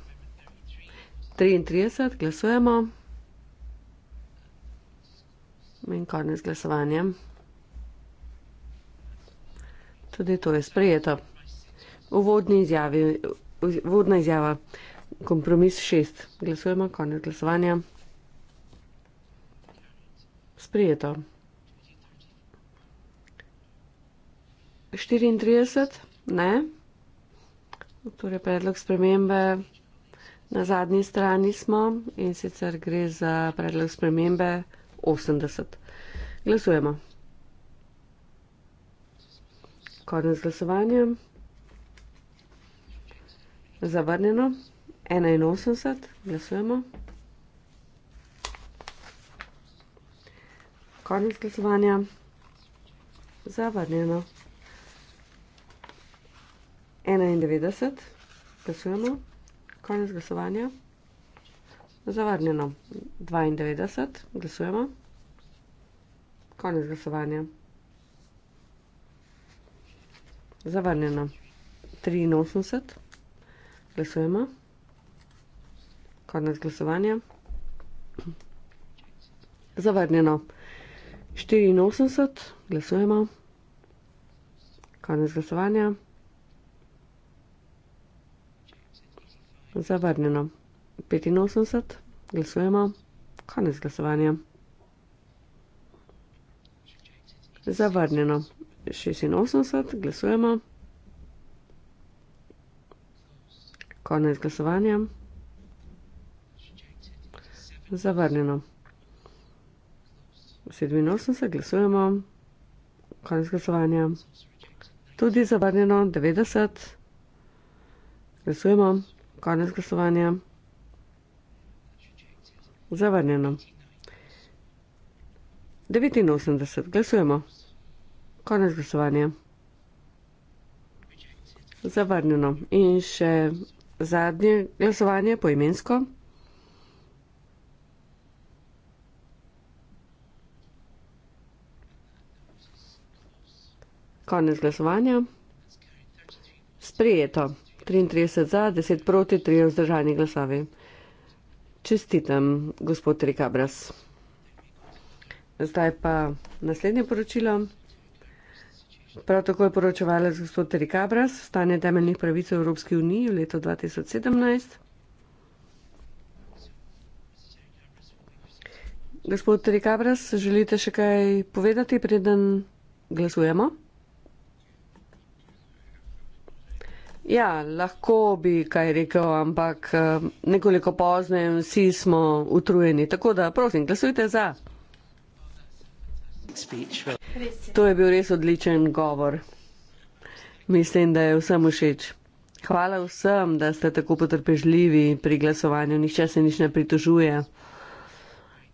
33, glasujemo. In konec glasovanja. Tudi to je sprejeto. Uvodni izjavi, uvodna izjava, kompromis 6. Glasujemo, konec glasovanja. Sprijeto. 34, ne. Torej predlog spremembe Na zadnji strani smo in sicer gre za predlog spremembe 80. Glasujemo. Konec glasovanja. Zavrnjeno. 81. Glasujemo. Konec glasovanja. Zavrnjeno. 91. Glasujemo. Konec glasovanja. Zavrnjeno 92, glasujemo. Konec glasovanja. Zavrnjeno 83, glasujemo. Konec glasovanja. Zavrnjeno 84, glasujemo. Konec glasovanja. Zavrnjeno. 85. Glasujemo. Konec glasovanja. Zavrnjeno. 86. Glasujemo. Konec glasovanja. Zavrnjeno. 87. Glasujemo. Konec glasovanja. Tudi zavrnjeno. 90. Glasujemo. Konec glasovanja. Zavrnjeno. 89. Glasujemo. Konec glasovanja. Zavrnjeno. In še zadnje glasovanje poimensko. Konec glasovanja. Sprijeto. 33 za, 10 proti, 3 vzdržani glasovi. Čestitam, gospod Rikabras. Zdaj pa naslednje poročilo. Prav tako je poročevala z gospod Rikabras, stanje temeljnih pravic v Evropski uniji v letu 2017. Gospod Rikabras, želite še kaj povedati, preden glasujemo? Ja, lahko bi kaj rekel, ampak eh, nekoliko pozno in vsi smo utrujeni. Tako da prosim, glasujte za. To je bil res odličen govor. Mislim, da je vsem všeč. Hvala vsem, da ste tako potrpežljivi pri glasovanju. Nihče se nič ne pritožuje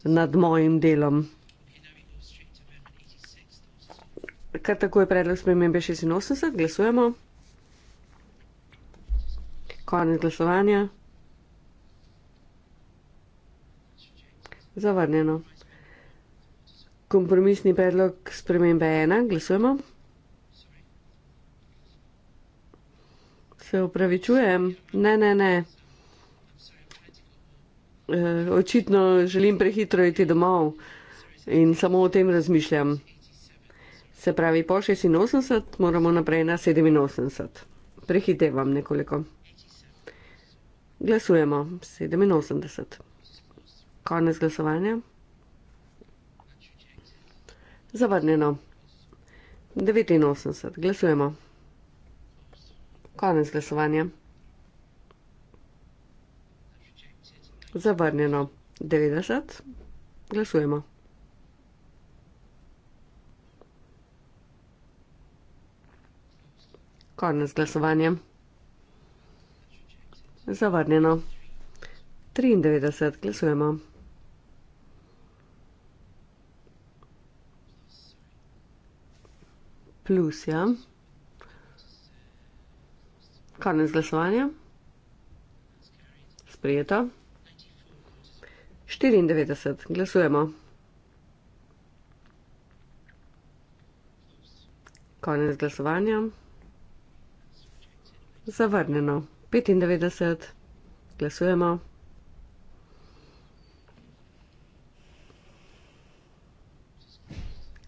nad mojim delom. Kar tako je predlog spremembe 86, glasujemo konec glasovanja. Zavrnjeno. Kompromisni predlog spremembe ena, glasujemo. Se upravičujem, ne, ne, ne. E, očitno želim prehitro iti domov in samo o tem razmišljam. Se pravi, po 86 moramo naprej na 87. Prehitevam nekoliko. Glasujemo 87. Konec glasovanja. Zavrnjeno 89. Glasujemo. Konec glasovanja. Zavrnjeno 90. Glasujemo. Konec glasovanja. Zavrnjeno. 93, glasujemo. Plus, ja. Konec glasovanja. Sprijeto. 94, glasujemo. Konec glasovanja. Zavrnjeno. 95, glasujemo.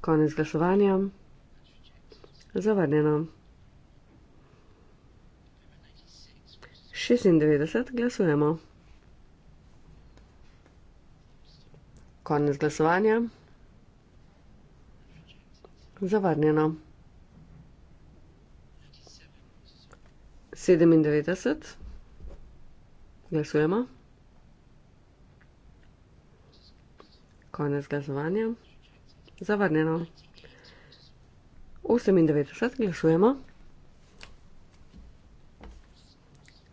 Konec glasovanja. Zavrnjeno. 96, glasujemo. Konec glasovanja. Zavrnjeno. 97. Glasujemo. Konec glasovanja. Zavrnjeno. 98. Glasujemo.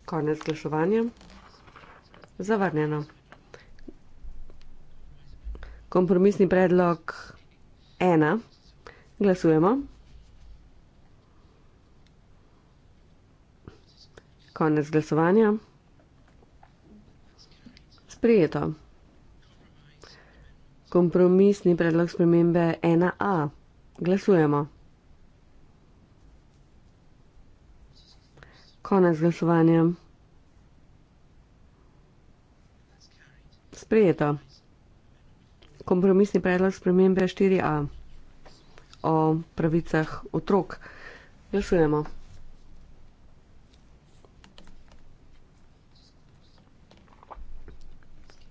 Konec glasovanja. Zavrnjeno. Kompromisni predlog 1. Glasujemo. Konec glasovanja. Sprejeto. Kompromisni predlog spremembe 1a. Glasujemo. Konec glasovanja. Sprejeto. Kompromisni predlog spremembe 4a o pravicah otrok. Glasujemo. Ja,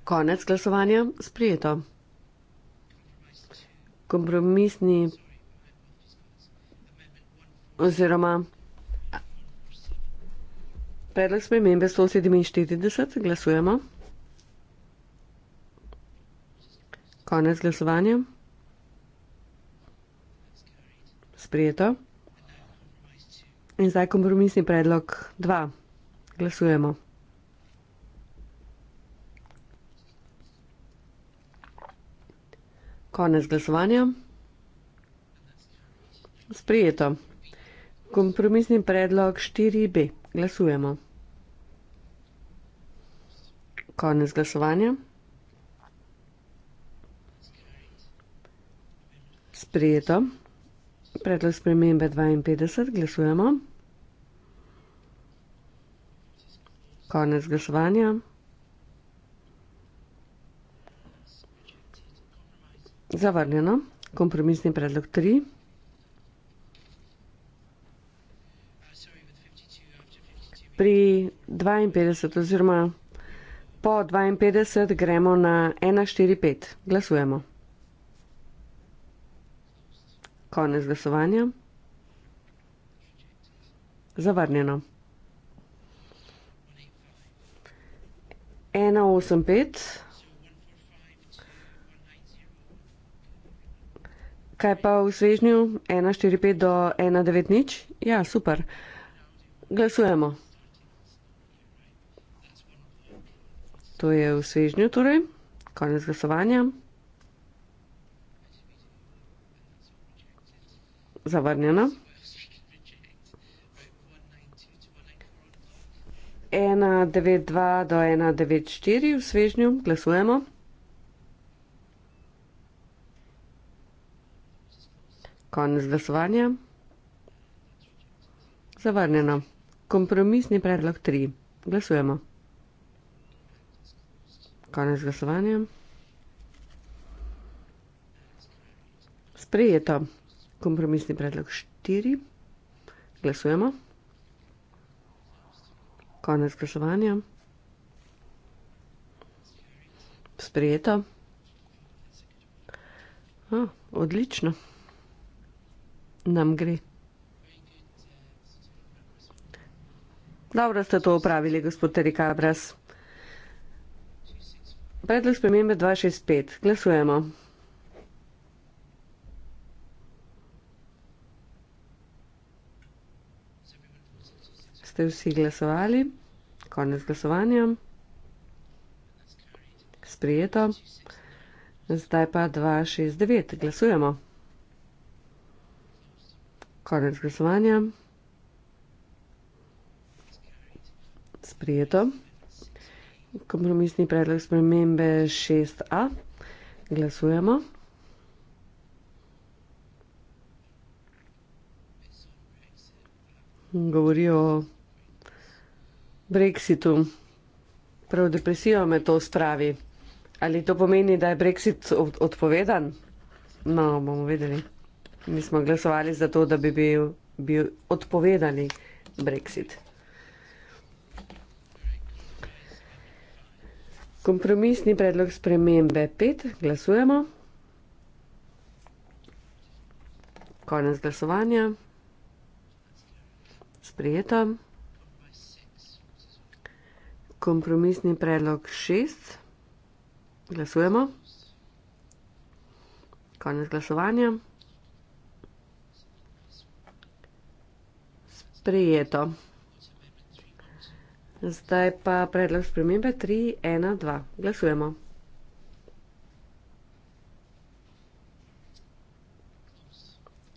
Konec glasovanja sprijeto. Kompromisni oziroma predlog spremembe 147 glasujemo. Konec glasovanja. Sprijeto. In zdaj kompromisni predlog 2. Glasujemo. Konec glasovanja. Sprijeto. Kompromisni predlog 4b. Glasujemo. Konec glasovanja. Sprijeto. Predlog spremembe 52. Glasujemo. Konec glasovanja. Zavrnjeno. Kompromisni predlog 3. Pri 52 oziroma po 52 gremo na 145. Glasujemo. Konec glasovanja. Zavrnjeno. 185. Kaj pa v svežnju 145 do 190? Ja, super. Glasujemo. To je v svežnju, torej. Konec glasovanja. Zavrnjeno. 192 do 194 v svežnju, glasujemo. Konec glasovanja. Zavrnjeno. Kompromisni predlog 3. Glasujemo. Konec glasovanja. Sprejeto. Kompromisni predlog 4. Glasujemo. Konec glasovanja. Sprejeto. Oh, odlično nam gre. Dobro ste to upravili, gospod Terikabras. Predlog spremembe 265. Glasujemo. Ste vsi glasovali? Konec glasovanja. Sprijeto. Zdaj pa 269. Glasujemo. Konec glasovanja. Sprijeto. Kompromisni predlog spremembe 6a. Glasujemo. Govori o Brexitu. Prav depresijo me to spravi. Ali to pomeni, da je Brexit odpovedan? No, bomo vedeli. Mi smo glasovali za to, da bi bil, bil odpovedani brexit. Kompromisni predlog spremembe 5, glasujemo. Konec glasovanja. Sprijeto. Kompromisni predlog 6, glasujemo. Konec glasovanja. Prijeto. Zdaj pa predlog spremembe 3, 1, 2. Glasujemo.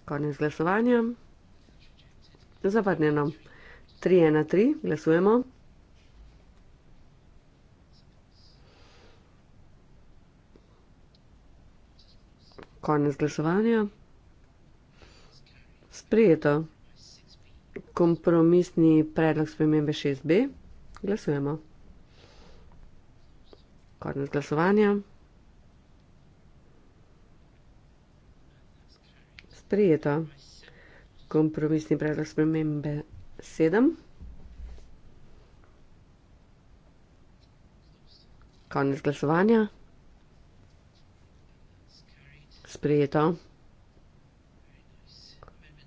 Konec glasovanja. Zavrnjeno. 3, 1, 3. Glasujemo. Konec glasovanja. Sprijeto kompromisni predlog spremembe 6b. Glasujemo. Konec glasovanja. Sprijeto. Kompromisni predlog spremembe 7. Konec glasovanja. Sprijeto.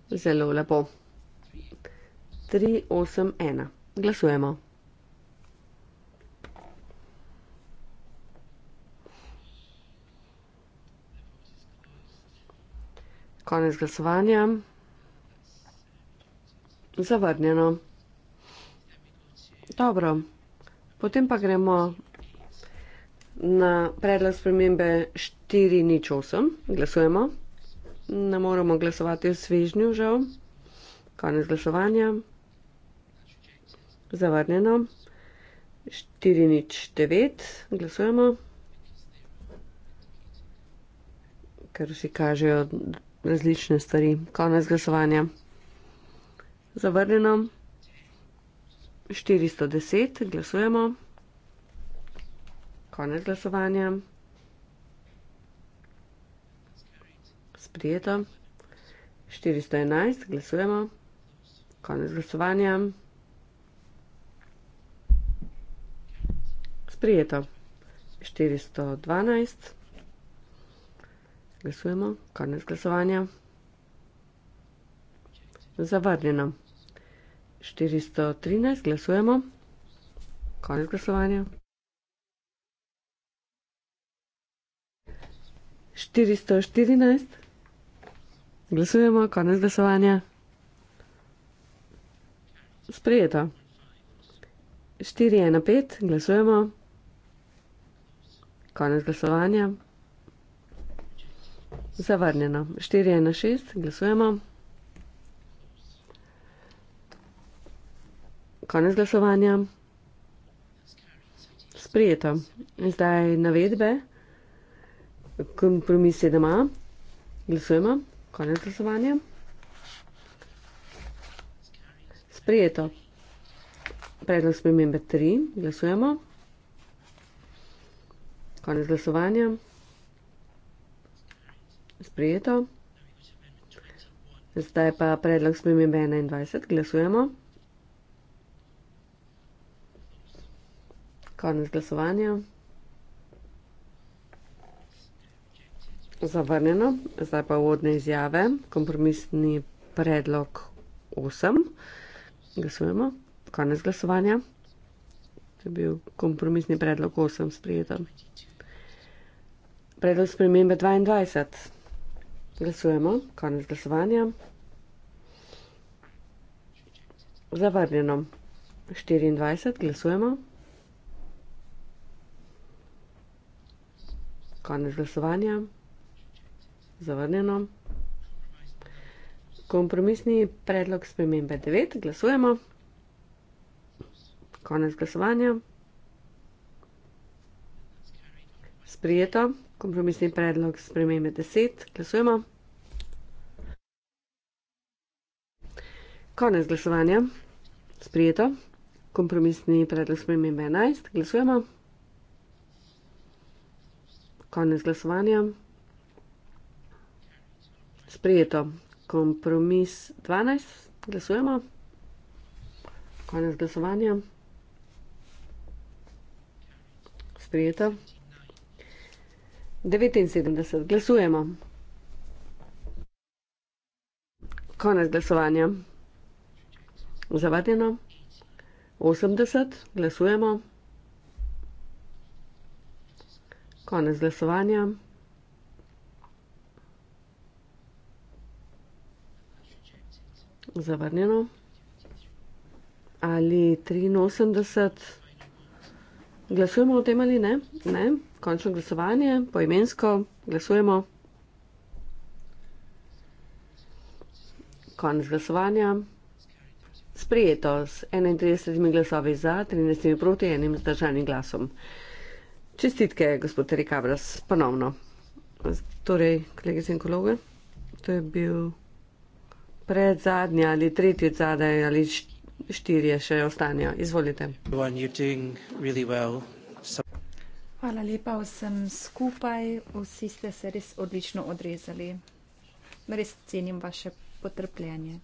Zelo lepo tri, osem, ena. Glasujemo. Konec glasovanja. Zavrnjeno. Dobro. Potem pa gremo na predlog spremembe 4 nič 8. Glasujemo. Ne moramo glasovati v svežnju, žal. Konec glasovanja zavrnjeno. 4 nič 9, glasujemo. Ker si kažejo različne stvari. Konec glasovanja. Zavrnjeno. 410, glasujemo. Konec glasovanja. Sprijeto. 411, glasujemo. Konec glasovanja. sprijeto. 412. Glasujemo. Konec glasovanja. Zavrnjeno. 413. Glasujemo. Konec glasovanja. 414. Glasujemo. Konec glasovanja. Sprijeto. 4 1 5. Glasujemo. Konec glasovanja. Zavrnjeno. 4 je na 6. Glasujemo. Konec glasovanja. Sprijeto. Zdaj navedbe. Kompromis 7a. Glasujemo. Konec glasovanja. Sprijeto. Predlog spremembe 3. Glasujemo. Glasujemo. Konec glasovanja. Sprejeto. Zdaj pa predlog spremembe 21. Glasujemo. Konec glasovanja. Zavrnjeno. Zdaj pa uvodne izjave. Kompromisni predlog 8. Glasujemo. Konec glasovanja. To je bil kompromisni predlog 8 sprejeto predlog spremembe 22. Glasujemo, konec glasovanja. Zavrnjeno. 24. Glasujemo. Konec glasovanja. Zavrnjeno. Kompromisni predlog spremembe 9. Glasujemo. Konec glasovanja. Sprijeto kompromisni predlog spremembe 10. Glasujemo. Konec glasovanja. Sprijeto. Kompromisni predlog spremembe 11. Glasujemo. Konec glasovanja. Sprijeto. Kompromis 12. Glasujemo. Konec glasovanja. Sprijeto. 79. Glasujemo. Konec glasovanja. Zavadjeno. 80. Glasujemo. Konec glasovanja. Zavrnjeno. Ali 83 glasujemo o tem ali ne? ne? Končno glasovanje, poimensko glasujemo. Konec glasovanja. Sprijeto s 31 glasovi za, 13 proti, enim zdržanim glasom. Čestitke, gospod Rikabras, ponovno. Torej, kolegice in kolege, to je bil predzadnja ali tretji od zadaj ali št štirje še ostanejo. Izvolite. Hvala lepa vsem skupaj, vsi ste se res odlično odrezali. Res cenim vaše potrpljenje.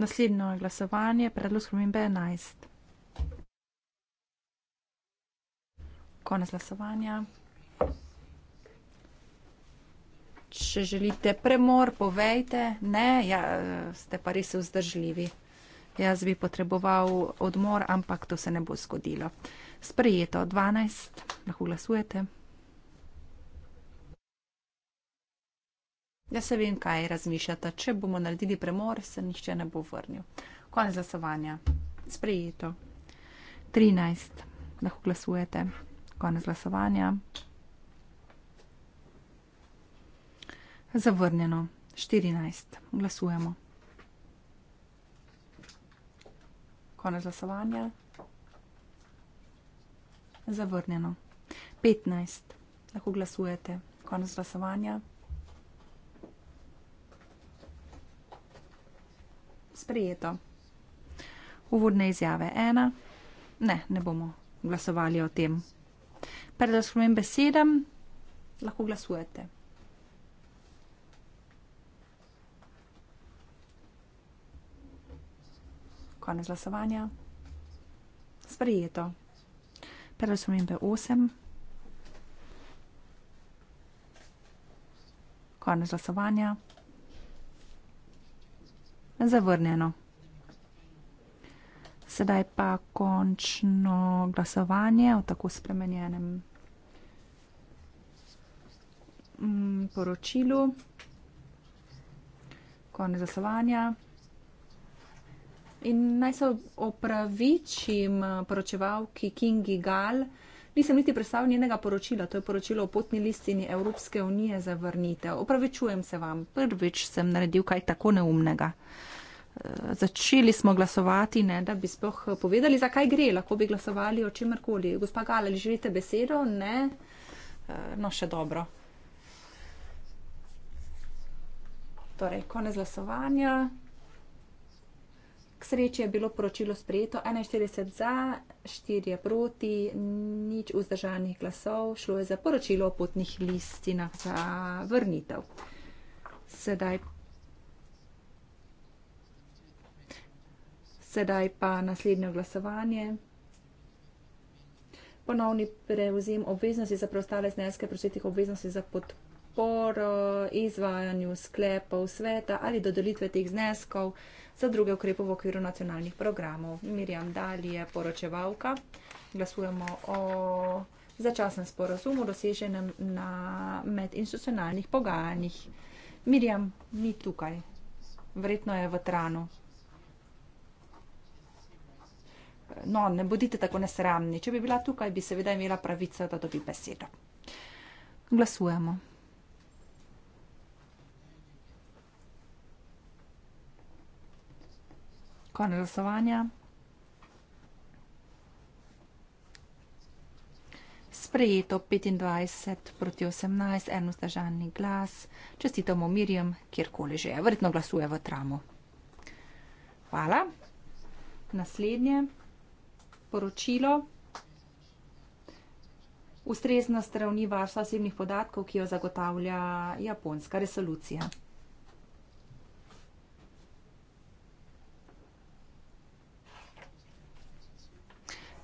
Naslednjo glasovanje, predlog spremembe 11. Konec glasovanja. če želite premor, povejte, ne, ja, ste pa res vzdržljivi. Jaz bi potreboval odmor, ampak to se ne bo zgodilo. Sprejeto, 12, lahko glasujete. Jaz se vem, kaj razmišljate. Če bomo naredili premor, se nihče ne bo vrnil. Konec glasovanja. Sprejeto. 13. Lahko glasujete. Konec glasovanja. Zavrnjeno. 14. Glasujemo. Konec glasovanja. Zavrnjeno. 15. Lahko glasujete. Konec glasovanja. Sprejeto. Uvodne izjave. Ena. Ne, ne bomo glasovali o tem. Predal spomen besedem. Lahko glasujete. konec glasovanja. Sprejeto. Prvo spremembe 8. Konec glasovanja. Zavrnjeno. Sedaj pa končno glasovanje o tako spremenjenem mm, poročilu. Konec glasovanja. In naj se opravičim eh, poročevalki Kingi Gal, nisem niti predstavil njenega poročila, to je poročilo o potni listini Evropske unije za vrnitev. Opravičujem se vam, prvič sem naredil kaj tako neumnega. Eh, začeli smo glasovati, ne, da bi spoh povedali, zakaj gre, lahko bi glasovali o čemrkoli. Gospa Gal, ali želite besedo? Ne. Eh, no, še dobro. Torej, konec glasovanja. K sreči je bilo poročilo sprejeto 41 za, 4 proti, nič vzdržanih glasov, šlo je za poročilo o potnih listinah za vrnitev. Sedaj, sedaj pa naslednjo glasovanje. Ponovni prevzem obveznosti za preostale zneske prosjetih obveznosti za podporo, izvajanju sklepov sveta ali dodelitve teh zneskov za druge ukrepe v okviru nacionalnih programov. Mirjam Dali je poročevalka. Glasujemo o začasnem sporazumu, doseženem na medinstitucionalnih pogajanjih. Mirjam ni tukaj, verjetno je v tranu. No, ne bodite tako nesramni. Če bi bila tukaj, bi seveda imela pravico, da dobi besedo. Glasujemo. konec glasovanja. Sprejeto 25 proti 18, eno zdržani glas. Čestitamo Mirjam, kjerkoli že je. Verjetno glasuje v tramu. Hvala. Naslednje poročilo. Ustreznost ravni varstva osebnih podatkov, ki jo zagotavlja japonska resolucija.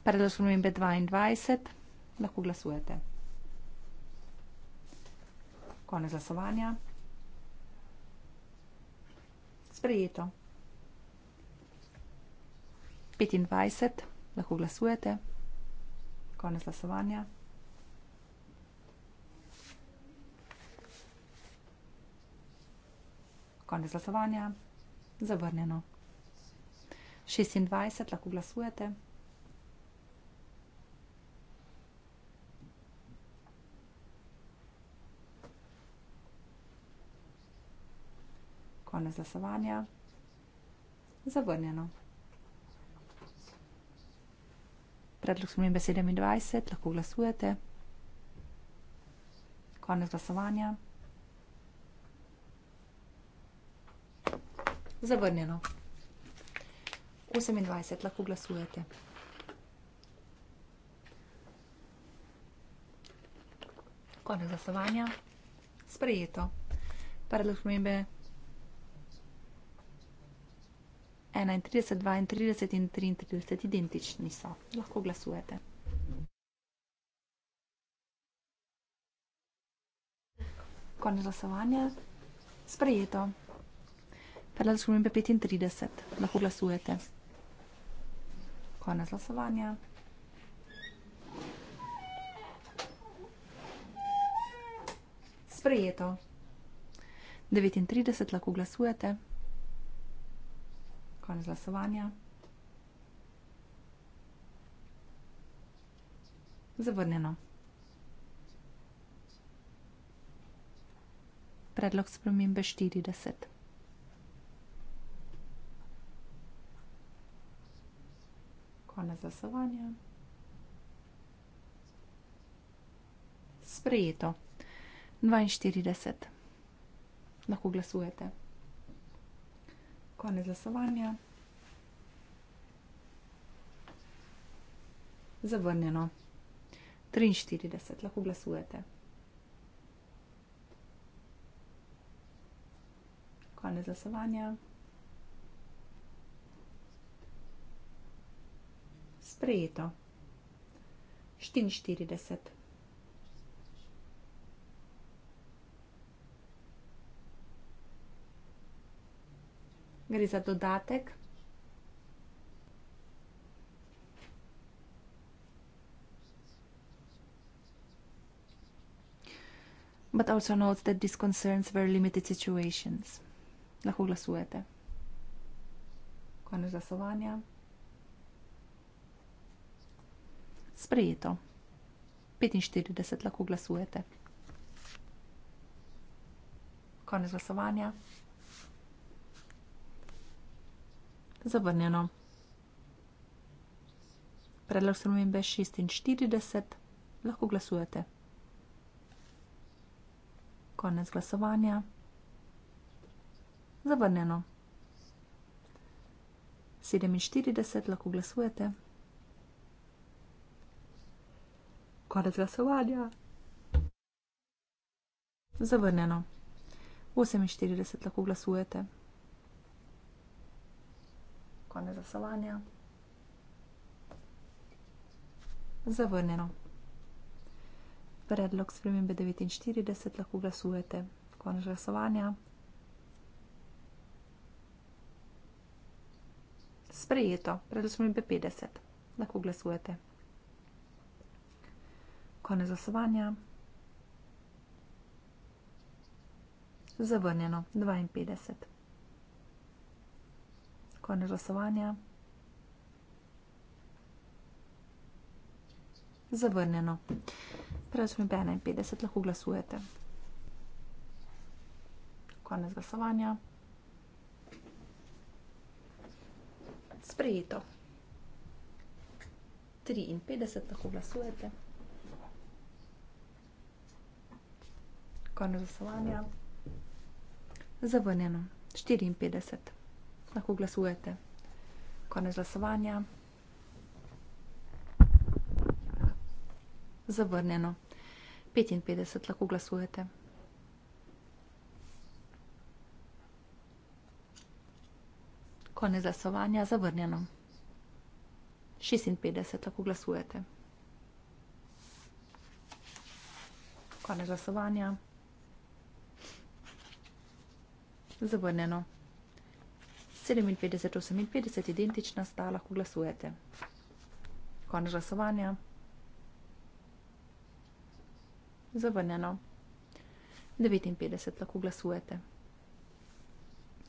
predlog spremembe 22, lahko glasujete. Konec glasovanja. Sprejeto. 25, lahko glasujete. Konec glasovanja. Konec glasovanja. Zavrnjeno. 26, lahko glasujete. danes glasovanja. Zavrnjeno. Predlog spremembe 27, lahko glasujete. Konec glasovanja. Zavrnjeno. 28, lahko glasujete. Konec glasovanja. Sprejeto. Predlog spremembe 31, 32 in 33 identični so. Lahko glasujete. Konec glasovanja. Sprejeto. Predlog spremembe 35. Lahko glasujete. Konec glasovanja. Sprejeto. 39 lahko glasujete konec glasovanja. Zavrnjeno. Predlog spremembe 40. Konec glasovanja. Sprejeto. 42. Lahko glasujete konec glasovanja. Zavrnjeno. 43, lahko glasujete. Konec glasovanja. Sprejeto. 44. gre za dodatek. But also note that this concerns very limited situations. Lahko glasujete. Konec glasovanja. Sprejeto. 45 lahko glasujete. Konec glasovanja. zavrnjeno. Predlog spremembe 46 lahko glasujete. Konec glasovanja. Zavrnjeno. 47 lahko glasujete. Konec glasovanja. Zavrnjeno. 48 lahko glasujete konec glasovanja. Zavrnjeno. Predlog spremembe 49 lahko glasujete. Konec glasovanja. Sprejeto. Predlog spremembe 50 lahko glasujete. Konec glasovanja. Zavrnjeno. 52. Konec glasovanja. Zavrnjeno. Prvo je 51, lahko glasujete. Konec glasovanja. Sprejeto. 53, lahko glasujete. Konec glasovanja. Zavrnjeno. 54 lahko glasujete. Konec glasovanja. Zavrnjeno. 55 lahko glasujete. Konec glasovanja. Zavrnjeno. 56 lahko glasujete. Konec glasovanja. Zavrnjeno. 57, 58, identična sta, lahko glasujete. Konec glasovanja. Zavrnjeno. 59, lahko glasujete.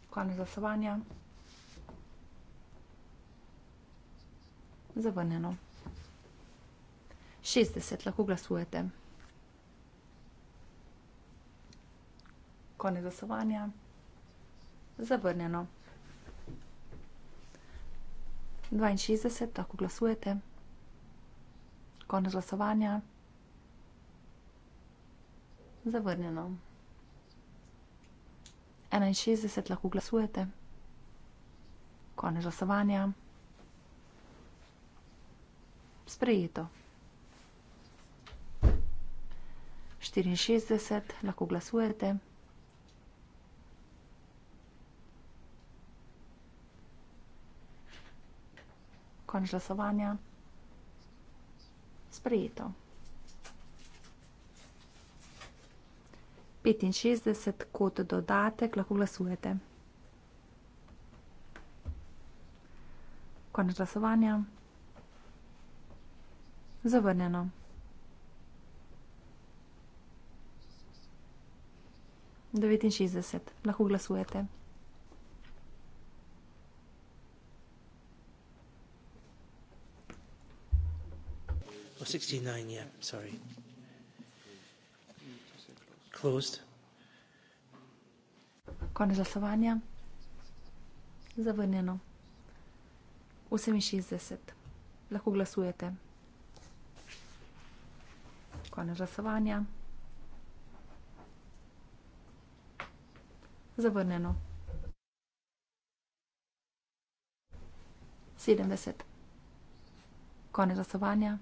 Konec glasovanja. Zavrnjeno. 60, lahko glasujete. Konec glasovanja. Zavrnjeno. 62, lahko glasujete. Konec glasovanja. Zavrnjeno. 61, lahko glasujete. Konec glasovanja. Sprejeto. 64, lahko glasujete. Konč glasovanja. Sprejeto. 65 kot dodatek lahko glasujete. Konč glasovanja. Zavrnjeno. Devetinšestdeset. Lahko glasujete. Article 69, yeah, sorry. Closed. Konec glasovanja. Zavrnjeno. 68. Lahko glasujete. Konec glasovanja. Zavrnjeno. 70. Konec glasovanja.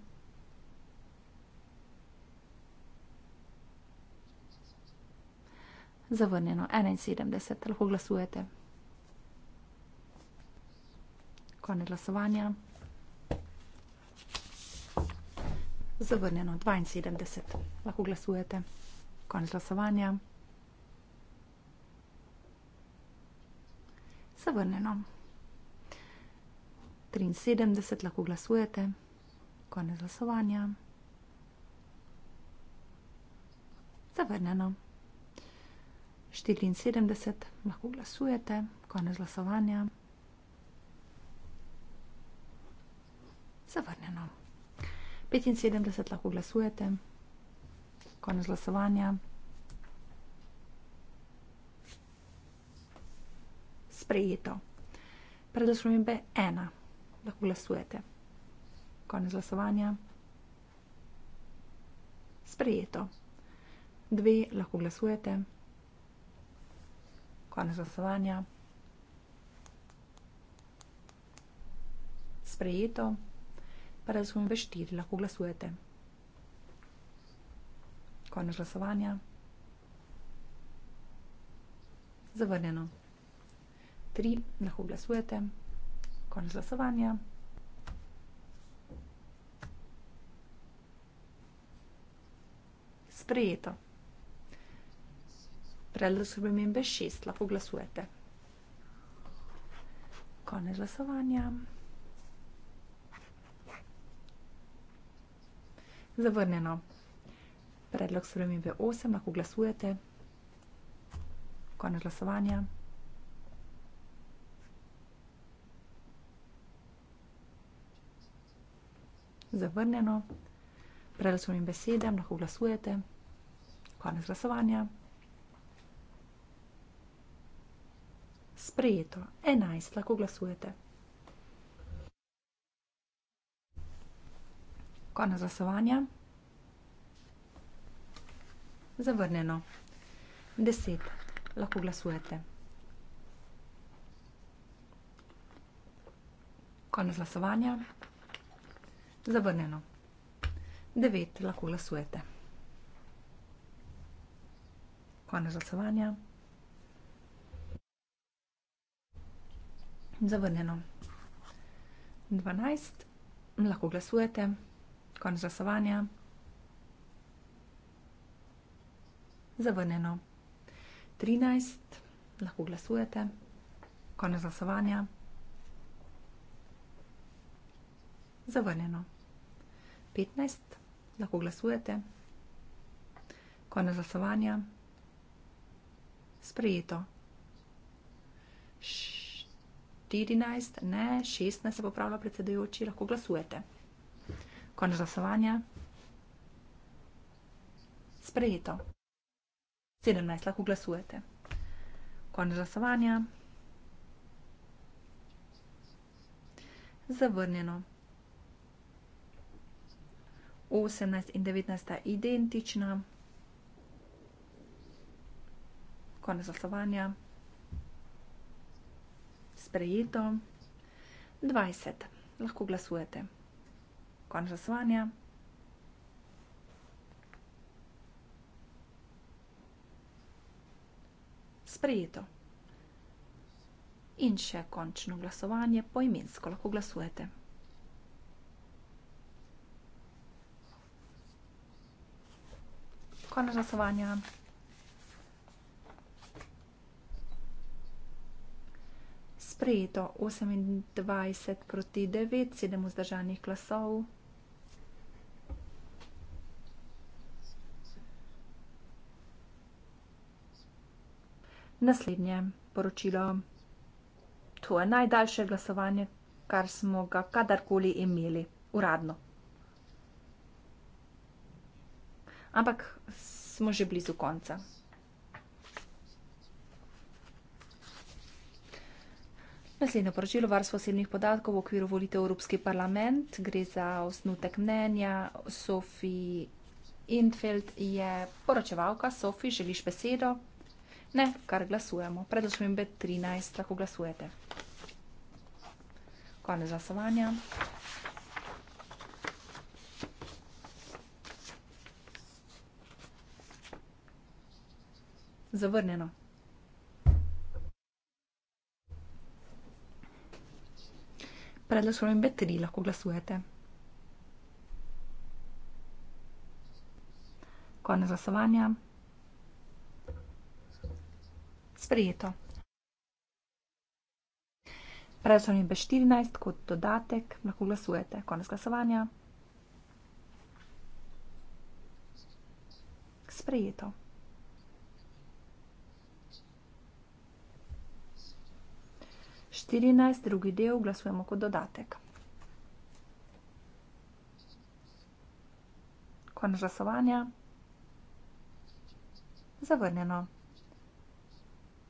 zavrnjeno 71, lahko glasujete. Konec glasovanja. Zavrnjeno 72, lahko glasujete. Konec glasovanja. Zavrnjeno 73, lahko glasujete. Konec glasovanja. Zavrnjeno 73 štiriinsedemdeset, lahko glasujete, konec glasovanja. Zavrnjeno. Petinsedemdeset, lahko glasujete, konec glasovanja. Sprejeto. Predlog spremembe ena, lahko glasujete, konec glasovanja. Sprejeto. Dve, lahko glasujete. Konec glasovanja. Sprejeto. Razumem, da štiri lahko glasujete. Konec glasovanja. Zavrnjeno. Tri lahko glasujete. Konec glasovanja. Sprejeto. Predlog spremembe šest. Lahko glasujete. Konec glasovanja. Zavrnjeno. Predlog spremembe osem. Lahko glasujete. Konec glasovanja. Zavrnjeno. Predlog spremembe sedem. Lahko glasujete. Konec glasovanja. sprejeto. 11. Lahko glasujete. Konec glasovanja. Zavrnjeno. 10. Lahko glasujete. Konec glasovanja. Zavrnjeno. 9. Lahko glasujete. Konec glasovanja. Zavrnjeno. 12. Lahko glasujete. Konec glasovanja. Zavrnjeno. 13. Lahko glasujete. Konec glasovanja. Zavrnjeno. 15. Lahko glasujete. Konec glasovanja. Sprejeto. 14, ne 16, se popravlja predsedujoči, lahko glasujete. Konec glasovanja. Sprejeto. 17, lahko glasujete. Konec glasovanja. Zavrnjeno. 18 in 19 sta identična. Konec glasovanja sprejeto. 20. Lahko glasujete. Konč glasovanja. Sprejeto. In še končno glasovanje poimensko lahko glasujete. Konec glasovanja. sprejeto 28 proti 9, 7 vzdržanih glasov. Naslednje poročilo. To je najdaljše glasovanje, kar smo ga kadarkoli imeli, uradno. Ampak smo že blizu konca. Naslednje poročilo varstva osebnih podatkov v okviru volitev Evropski parlament gre za osnutek mnenja. Sofi Infeld je poročevalka. Sofi, želiš besedo? Ne, kar glasujemo. Predlašujem B13, lahko glasujete. Konec glasovanja. Zavrnjeno. predlog spremembe 3 lahko glasujete. Konec glasovanja. Sprejeto. Predlog spremembe 14 kot dodatek lahko glasujete. Konec glasovanja. Sprejeto. 14, drugi del, glasujemo kot dodatek. Konč glasovanja. Zavrnjeno.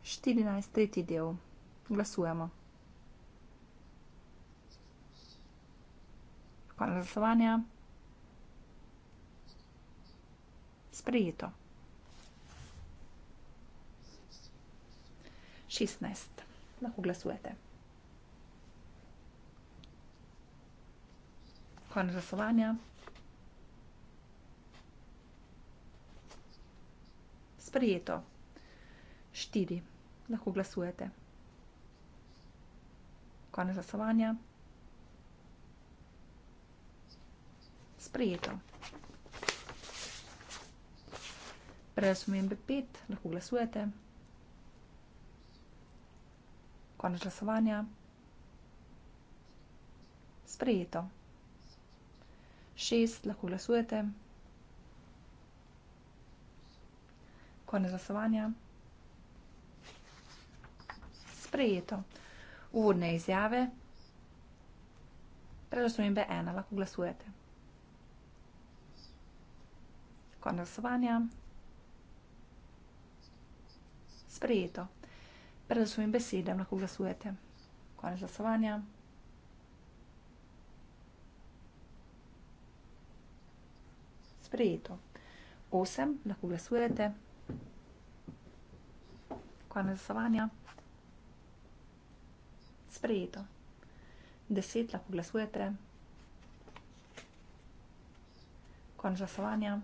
14, tretji del, glasujemo. Konč glasovanja. Sprejeto. 16 lahko glasujete. Konec glasovanja. Sprijeto. Štiri. Lahko glasujete. Konec glasovanja. Sprijeto. Prej sem imel pet, lahko glasujete. Konec glasovanja. Sprejeto. Šest, lahko glasujete. Konec glasovanja. Sprejeto. Uvodne izjave. Preglasujem B1, lahko glasujete. Konec glasovanja. Sprejeto. Predvsem svojim besedam lahko glasujete. Konec glasovanja. Sprejeto. 8 lahko glasujete. Konec glasovanja. Sprejeto. 10 lahko glasujete. Konec glasovanja.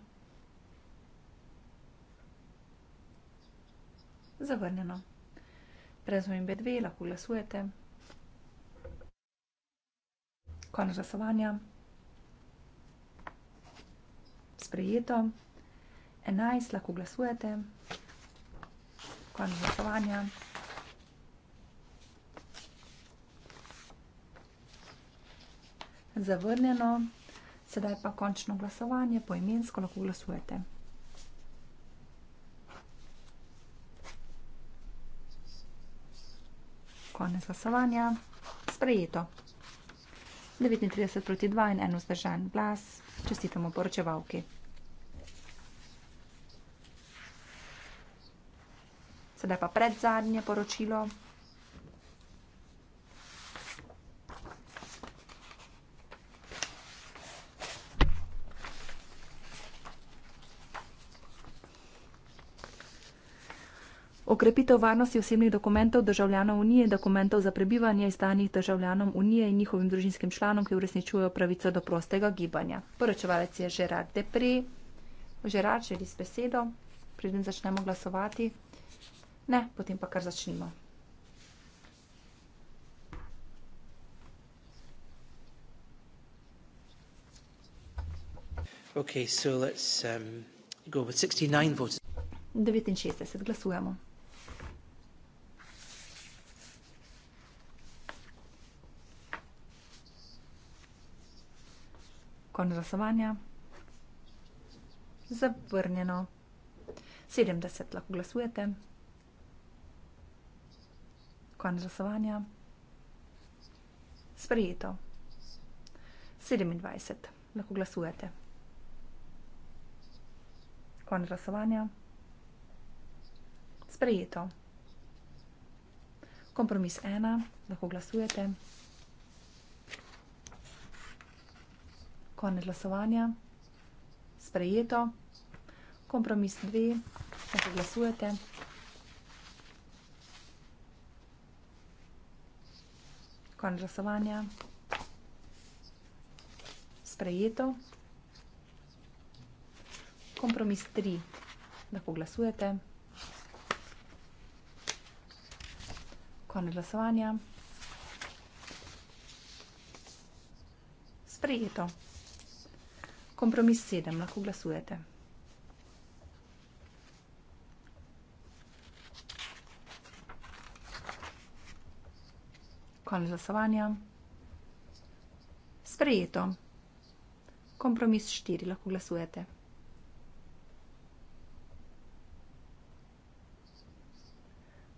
Zavrnjeno. Razumembe dve, lahko glasujete. Konec glasovanja. Sprejeto. Enajst, lahko glasujete. Konec glasovanja. Zavrnjeno. Sedaj pa končno glasovanje, poimensko lahko glasujete. Konec glasovanja. Sprejeto. 39 proti 2 in en vzdržan glas. Čestitamo poročevalki. Sedaj pa pred zadnje poročilo. okrepitev varnosti osebnih dokumentov državljanov Unije in dokumentov za prebivanje izdanih državljanom Unije in njihovim družinskim članom, ki uresničujejo pravico do prostega gibanja. Poročevalec je Žerar Depri. Žerar, želi s besedo, preden začnemo glasovati. Ne, potem pa kar začnimo. Okay, so let's, um, go with 69 votes. 69 glasujemo. Konec glasovanja. Zavrnjeno. 70 lahko glasujete. Konec glasovanja. Sprejeto. 27 lahko glasujete. Konec glasovanja. Sprejeto. Kompromis 1 lahko glasujete. Konec glasovanja. Sprejeto. Kompromis dve. Da se glasujete. Konec glasovanja. Sprejeto. Kompromis tri. Da se glasujete. Konec glasovanja. Sprejeto. Kompromis sedem, lahko glasujete. Konec glasovanja. Sprejeto. Kompromis štiri, lahko glasujete.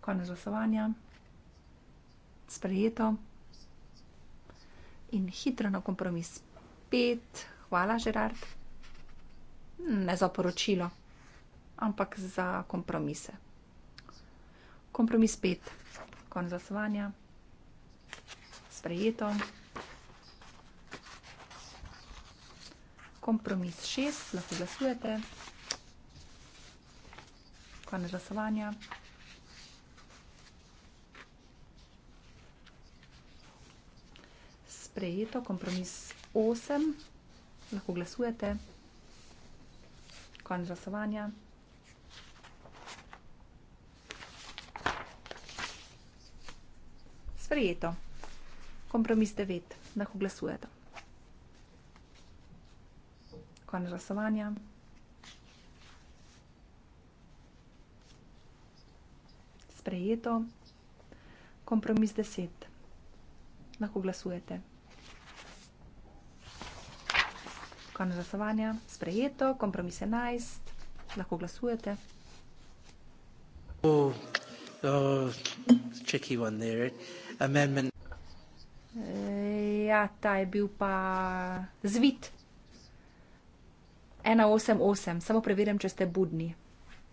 Konec glasovanja. Sprejeto. In hitro na kompromis pet, Hvala, Žerard. Ne za poročilo, ampak za kompromise. Kompromis pet. Konec glasovanja. Sprejeto. Kompromis šest. Lahko glasujete. Konec glasovanja. Sprejeto. Kompromis osem lahko glasujete. Konec glasovanja. Sprejeto. Kompromis 9. Lahko glasujete. Konec glasovanja. Sprejeto. Kompromis 10. Lahko glasujete. Konec glasovanja. Sprejeto, kompromis 11. Lahko glasujete. Oh, oh, ja, ta je bil pa zvit. 1,88. Samo preverjam, če ste budni.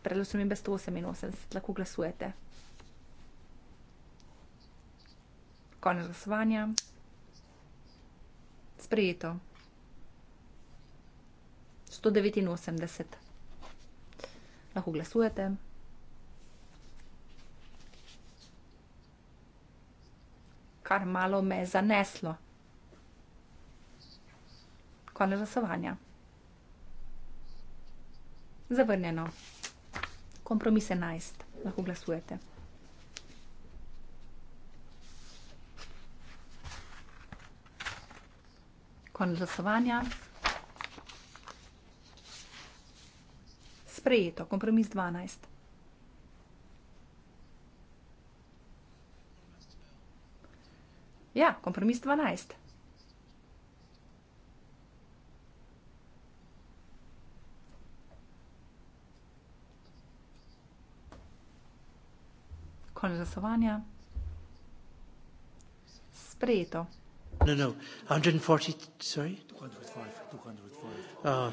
Predlog sem jim bez 188. Lahko glasujete. Konec glasovanja. Sprejeto. 189. Lahko glasujete. Kar malo me je zaneslo. Konec glasovanja. Zavrnjeno. Kompromis 11. Lahko glasujete. Konec glasovanja. Sprejeto. Kompromis 12. Ja, kompromis 12. Konec glasovanja. Sprejeto. No, no. 140, sorry? 205. 205. Uh,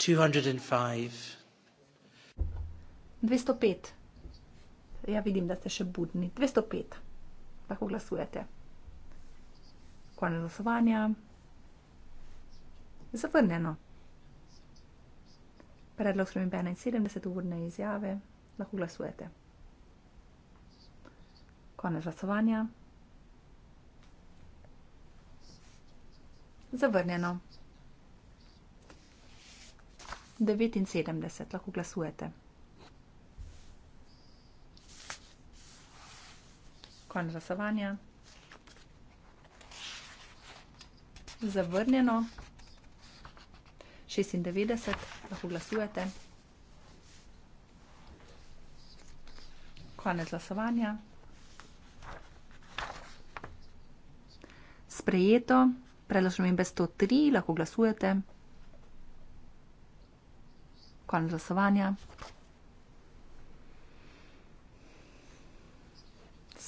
205. Dvesto pet. Ja, vidim, da ste še budni. Dvesto pet. Lahko glasujete. Konec glasovanja. Zavrnjeno. Predlog spremembe 71 urne izjave. Lahko glasujete. Konec glasovanja. Zavrnjeno. 79. Lahko glasujete. konj rasovanja. Zavrnjeno. 96, lahko glasujete. Konec glasovanja. Sprejeto, predložno imen 103, lahko glasujete. Konec glasovanja.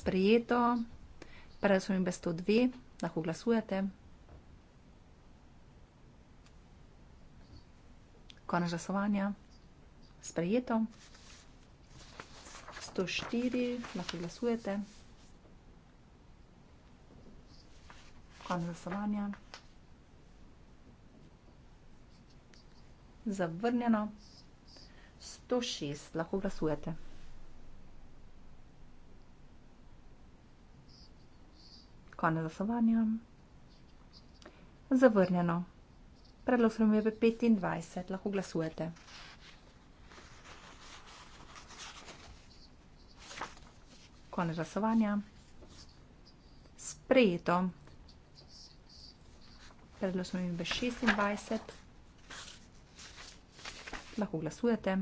sprejeto. Prej so imeli 102, lahko glasujete. Konec glasovanja. Sprejeto. 104, lahko glasujete. Konec glasovanja. Zavrnjeno. 106, lahko glasujete. Konec glasovanja. Zavrnjeno. Predlog sprememe 25. Lahko glasujete. Konec glasovanja. Sprejeto. Predlog sprememe 26. Lahko glasujete.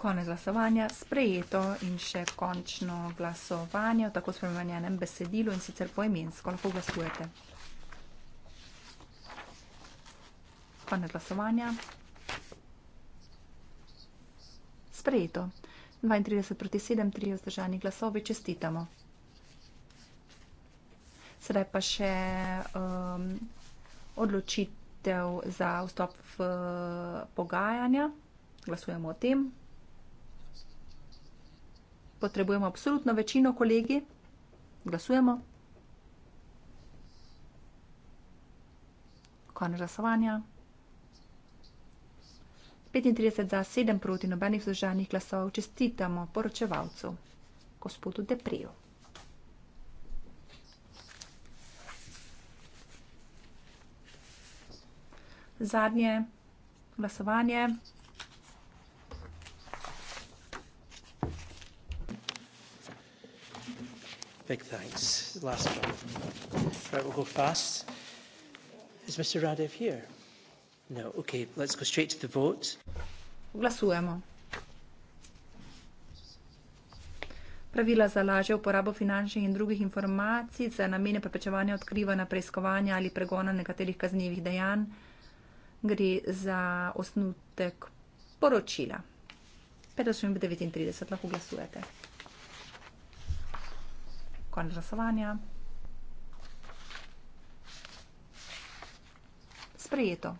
konec glasovanja sprejeto in še končno glasovanje o tako spremenjenem besedilu in sicer poimensko lahko glasujete. Konec glasovanja sprejeto. 32 proti 7, 3 vzdržani glasovi, čestitamo. Sedaj pa še um, odločitev za vstop v uh, pogajanja. Glasujemo o tem potrebujemo absolutno večino kolegi. Glasujemo. Konec glasovanja. 35 za, 7 proti nobenih vzdržanih glasov. Čestitamo poročevalcu, gospodu Depriju. Zadnje glasovanje. Big thanks. Last one. Right, we'll go fast. Is Mr. Radev here? No. Okay, let's go straight to the vote. Glasujemo. Pravila za lažjo uporabo finančnih in drugih informacij za namene preprečevanja odkrivanja, preiskovanja ali pregona nekaterih kaznjivih dejanj gre za osnutek poročila. 539 lahko glasujete. Konec glasovanja. Sprejeto.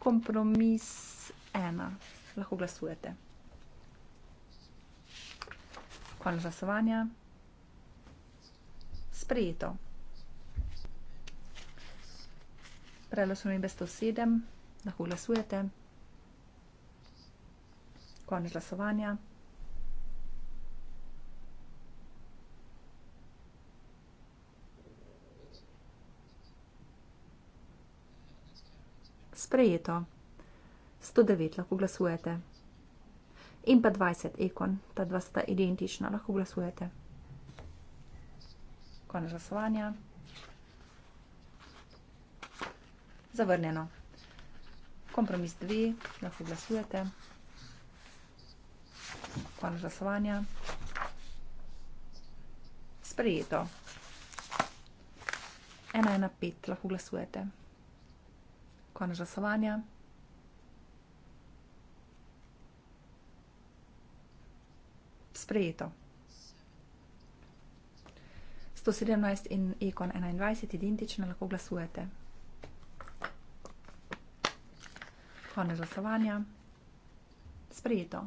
Kompromis ena. Lahko glasujete. Konec glasovanja. Sprejeto. Predlog so imeli 107. Lahko glasujete. Konec glasovanja. sprejeto. 109 lahko glasujete. In pa 20 ekon, ta dva sta identična, lahko glasujete. Konec glasovanja. Zavrnjeno. Kompromis 2, lahko glasujete. Konec glasovanja. Sprejeto. 115, lahko glasujete konec glasovanja. Sprejeto. 117 in ekon 21, identično lahko glasujete. Konec glasovanja. Sprejeto.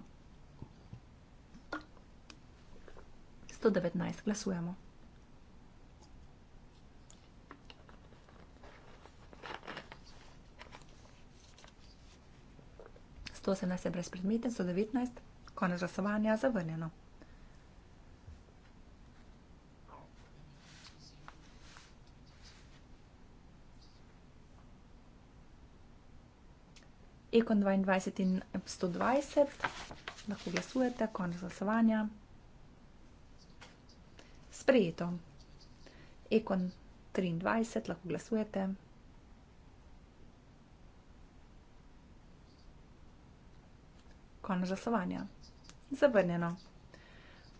119 glasujemo. 118 je brezpredmeten, 119, konec glasovanja, zavrnjeno. Ekon 22 in 120, lahko glasujete, konec glasovanja. Sprejeto. Ekon 23, lahko glasujete. Sprejeto. Konec glasovanja. Zavrnjeno.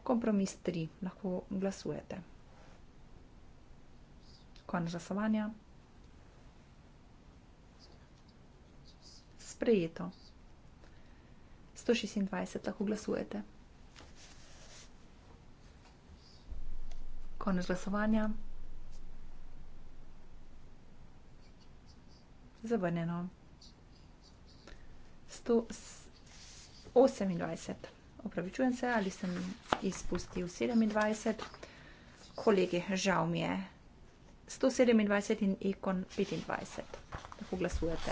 Kompromis 3. Lahko glasujete. Konec glasovanja. Sprejeto. 126. Lahko glasujete. Konec glasovanja. Zavrnjeno. 100. 28. Opravičujem se, ali sem izpustil 27. Kolegi, žal mi je. 127 in ikon 25. Tako glasujete.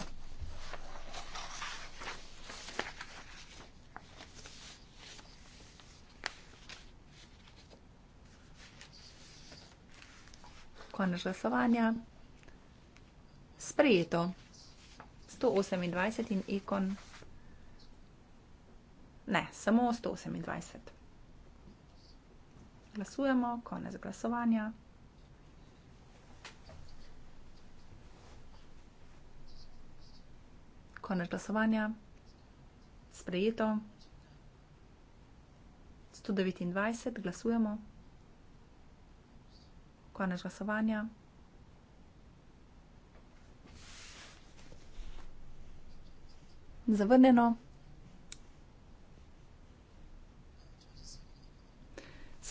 Konec glasovanja. Sprejeto. 128 in ikon 25. Ne, samo 128. Glasujemo, konec glasovanja. Konec glasovanja, sprejeto. 129, glasujemo. Konec glasovanja. Zavrnjeno.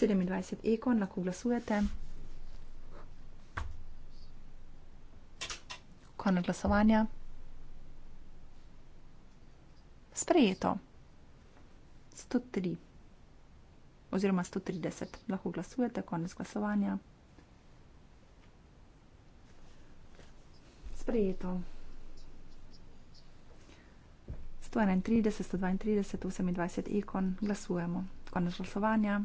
27 ekon, lahko glasujete. Konec glasovanja. Sprejeto. 103 oziroma 130 lahko glasujete, konec glasovanja. Sprejeto. 131, 132, 28 ekon, glasujemo. Konec glasovanja.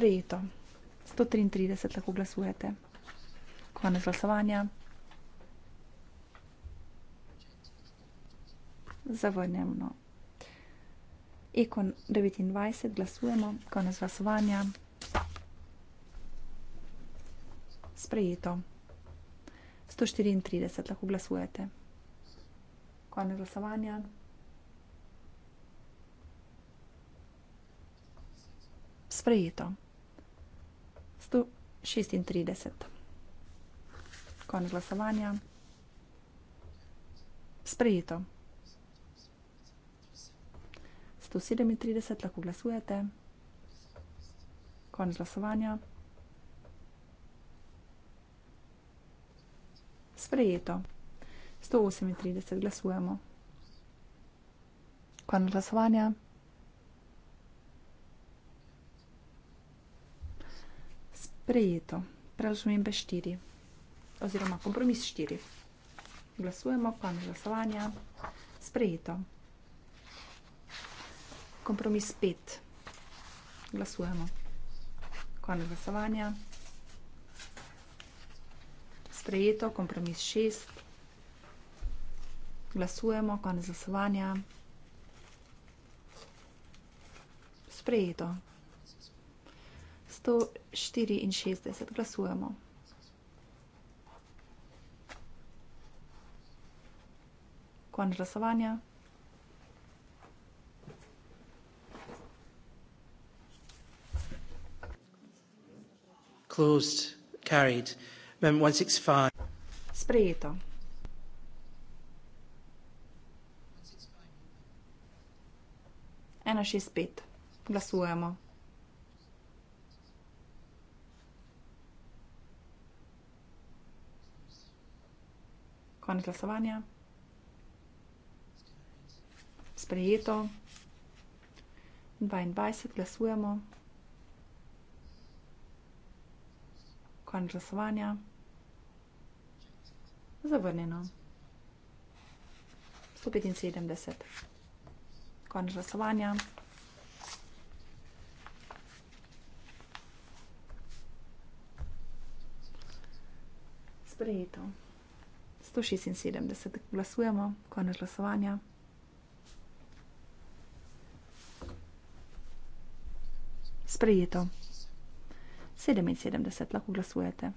sprejeto. 133 lahko glasujete. Konec glasovanja. Zavrnjeno. No. Ekon 29, glasujemo, konec glasovanja. Sprejeto. 134 lahko glasujete. Konec glasovanja. Sprejeto tekstu 36. Konec glasovanja. Sprejeto. 137 lahko glasujete. Konec glasovanja. Sprejeto. 138 glasujemo. Konec glasovanja. prejeto. Pravzmembe 4. Oziroma kompromis 4. Glasujemo, konec glasovanja. Sprejeto. Kompromis 5. Glasujemo. Konec glasovanja. Sprejeto. Kompromis 6. Glasujemo, konec glasovanja. Sprejeto. 164 glasujemo. Konec glasovanja. Closed, carried. Amendment 165. Sprejeto. Ena šest pet. Glasujemo. Konec glasovanja. Sprejeto. 22 glasujemo. Konec glasovanja. Zavrnjeno. 175. Konec glasovanja. Sprejeto. 176. Glasujemo, konec glasovanja. Sprejeto. 77 lahko glasujete.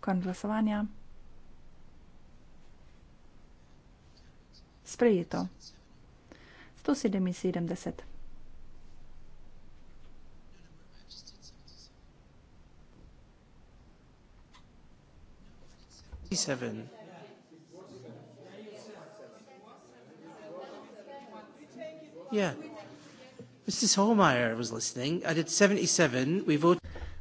Konec glasovanja. Sprejeto. 177. 27. Yeah. Mrs. Holmeyer was listening. I did 77. We voted.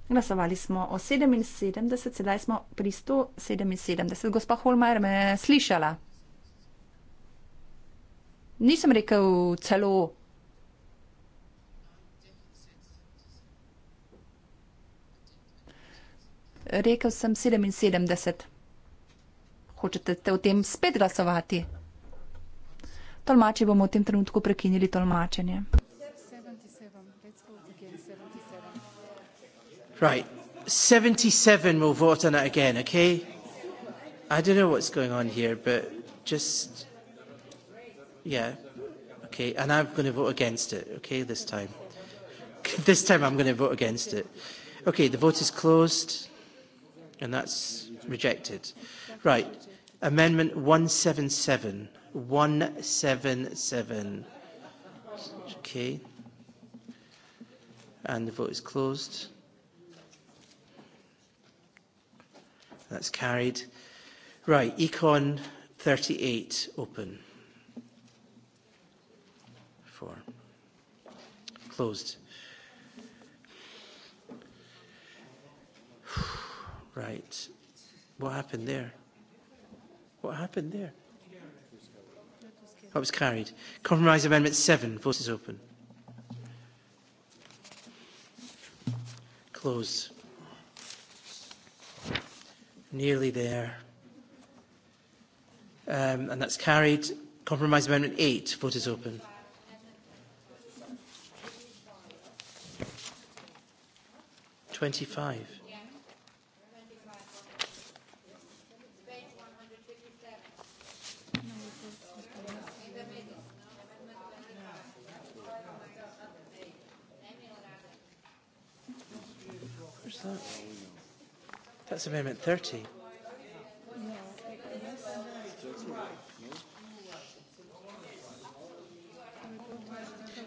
Glasovali smo o 77, sedaj smo pri 177. Gospa Holmeyer me je slišala. Nisem rekel celo. Rekel sem 77 hočete o tem spet glasovati? Tolmači bomo v tem trenutku prekinili tolmačenje. Right. 77 will vote on it again, okay? I don't know what's going on here, but just. Yeah. Okay, and I'm going to vote against it, okay, this time. this time I'm going to vote against it. Okay, the vote is closed, and that's rejected. Right. Amendment 177. 177. Okay. And the vote is closed. That's carried. Right. Econ 38 open. Four. Closed. Right. What happened there? What happened there? That oh, was carried. Compromise Amendment 7, voices open. Close. Nearly there. Um, and that's carried. Compromise Amendment 8, vote is open. Twenty-five. Amendment 30.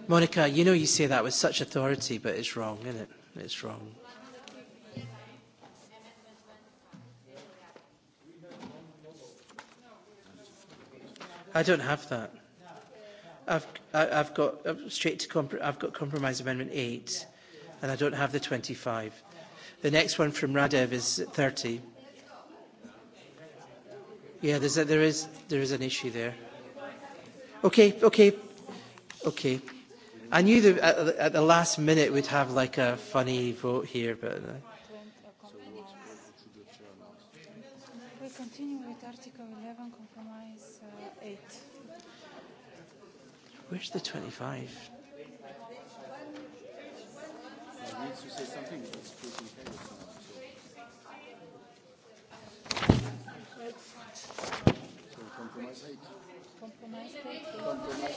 Monica, you know you say that with such authority, but it's wrong, isn't it? It's wrong. I don't have that. I've, I've got uh, straight to compr I've got compromise amendment eight, and I don't have the 25. The next one from Radev is 30. Yeah, there's a, there, is, there is an issue there. Okay, okay, okay. I knew the, at, at the last minute we'd have like a funny vote here, but. Uh, uh Where's the 25? needs to say something. Let's please tell you someone. So. so compromise eight. Compromise eight. Compromise.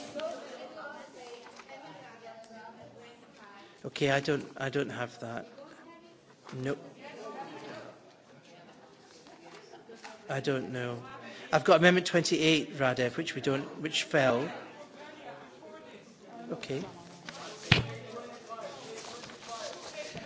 Okay, I don't, I don't have that. No. Nope. I don't know. I've got Amendment 28, Radev, which we don't, which fell. Okay.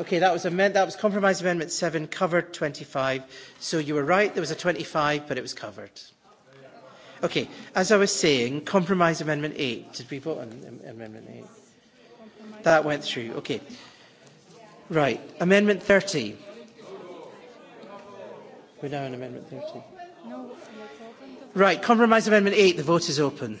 Okay, that was, amend that was compromise amendment seven covered 25. So you were right, there was a 25, but it was covered. Okay, as I was saying, compromise amendment eight. Did we vote on amendment eight? That went through, okay. Right, amendment 30. We're now on amendment 30. No, right, compromise amendment eight, the vote is open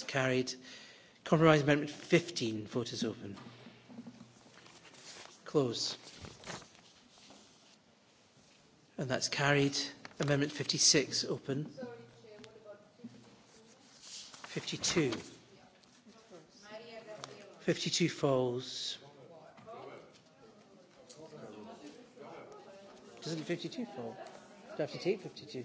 It's carried. Compromise Amendment 15, vote is open. Close. And that's carried. Amendment 56, open. Sorry, Chair, what about 52? 52. 52 falls. Doesn't 52 fall? Do I have to take 52?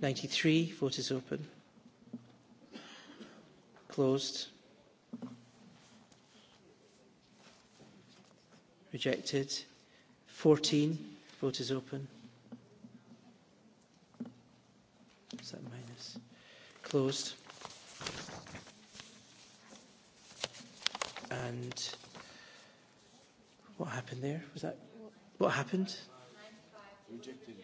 93. Vote is open. Closed. Rejected. 14. Vote is open. Is that minus? Closed. And what happened there? Was that what happened? Rejected.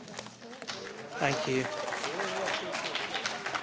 Thank you.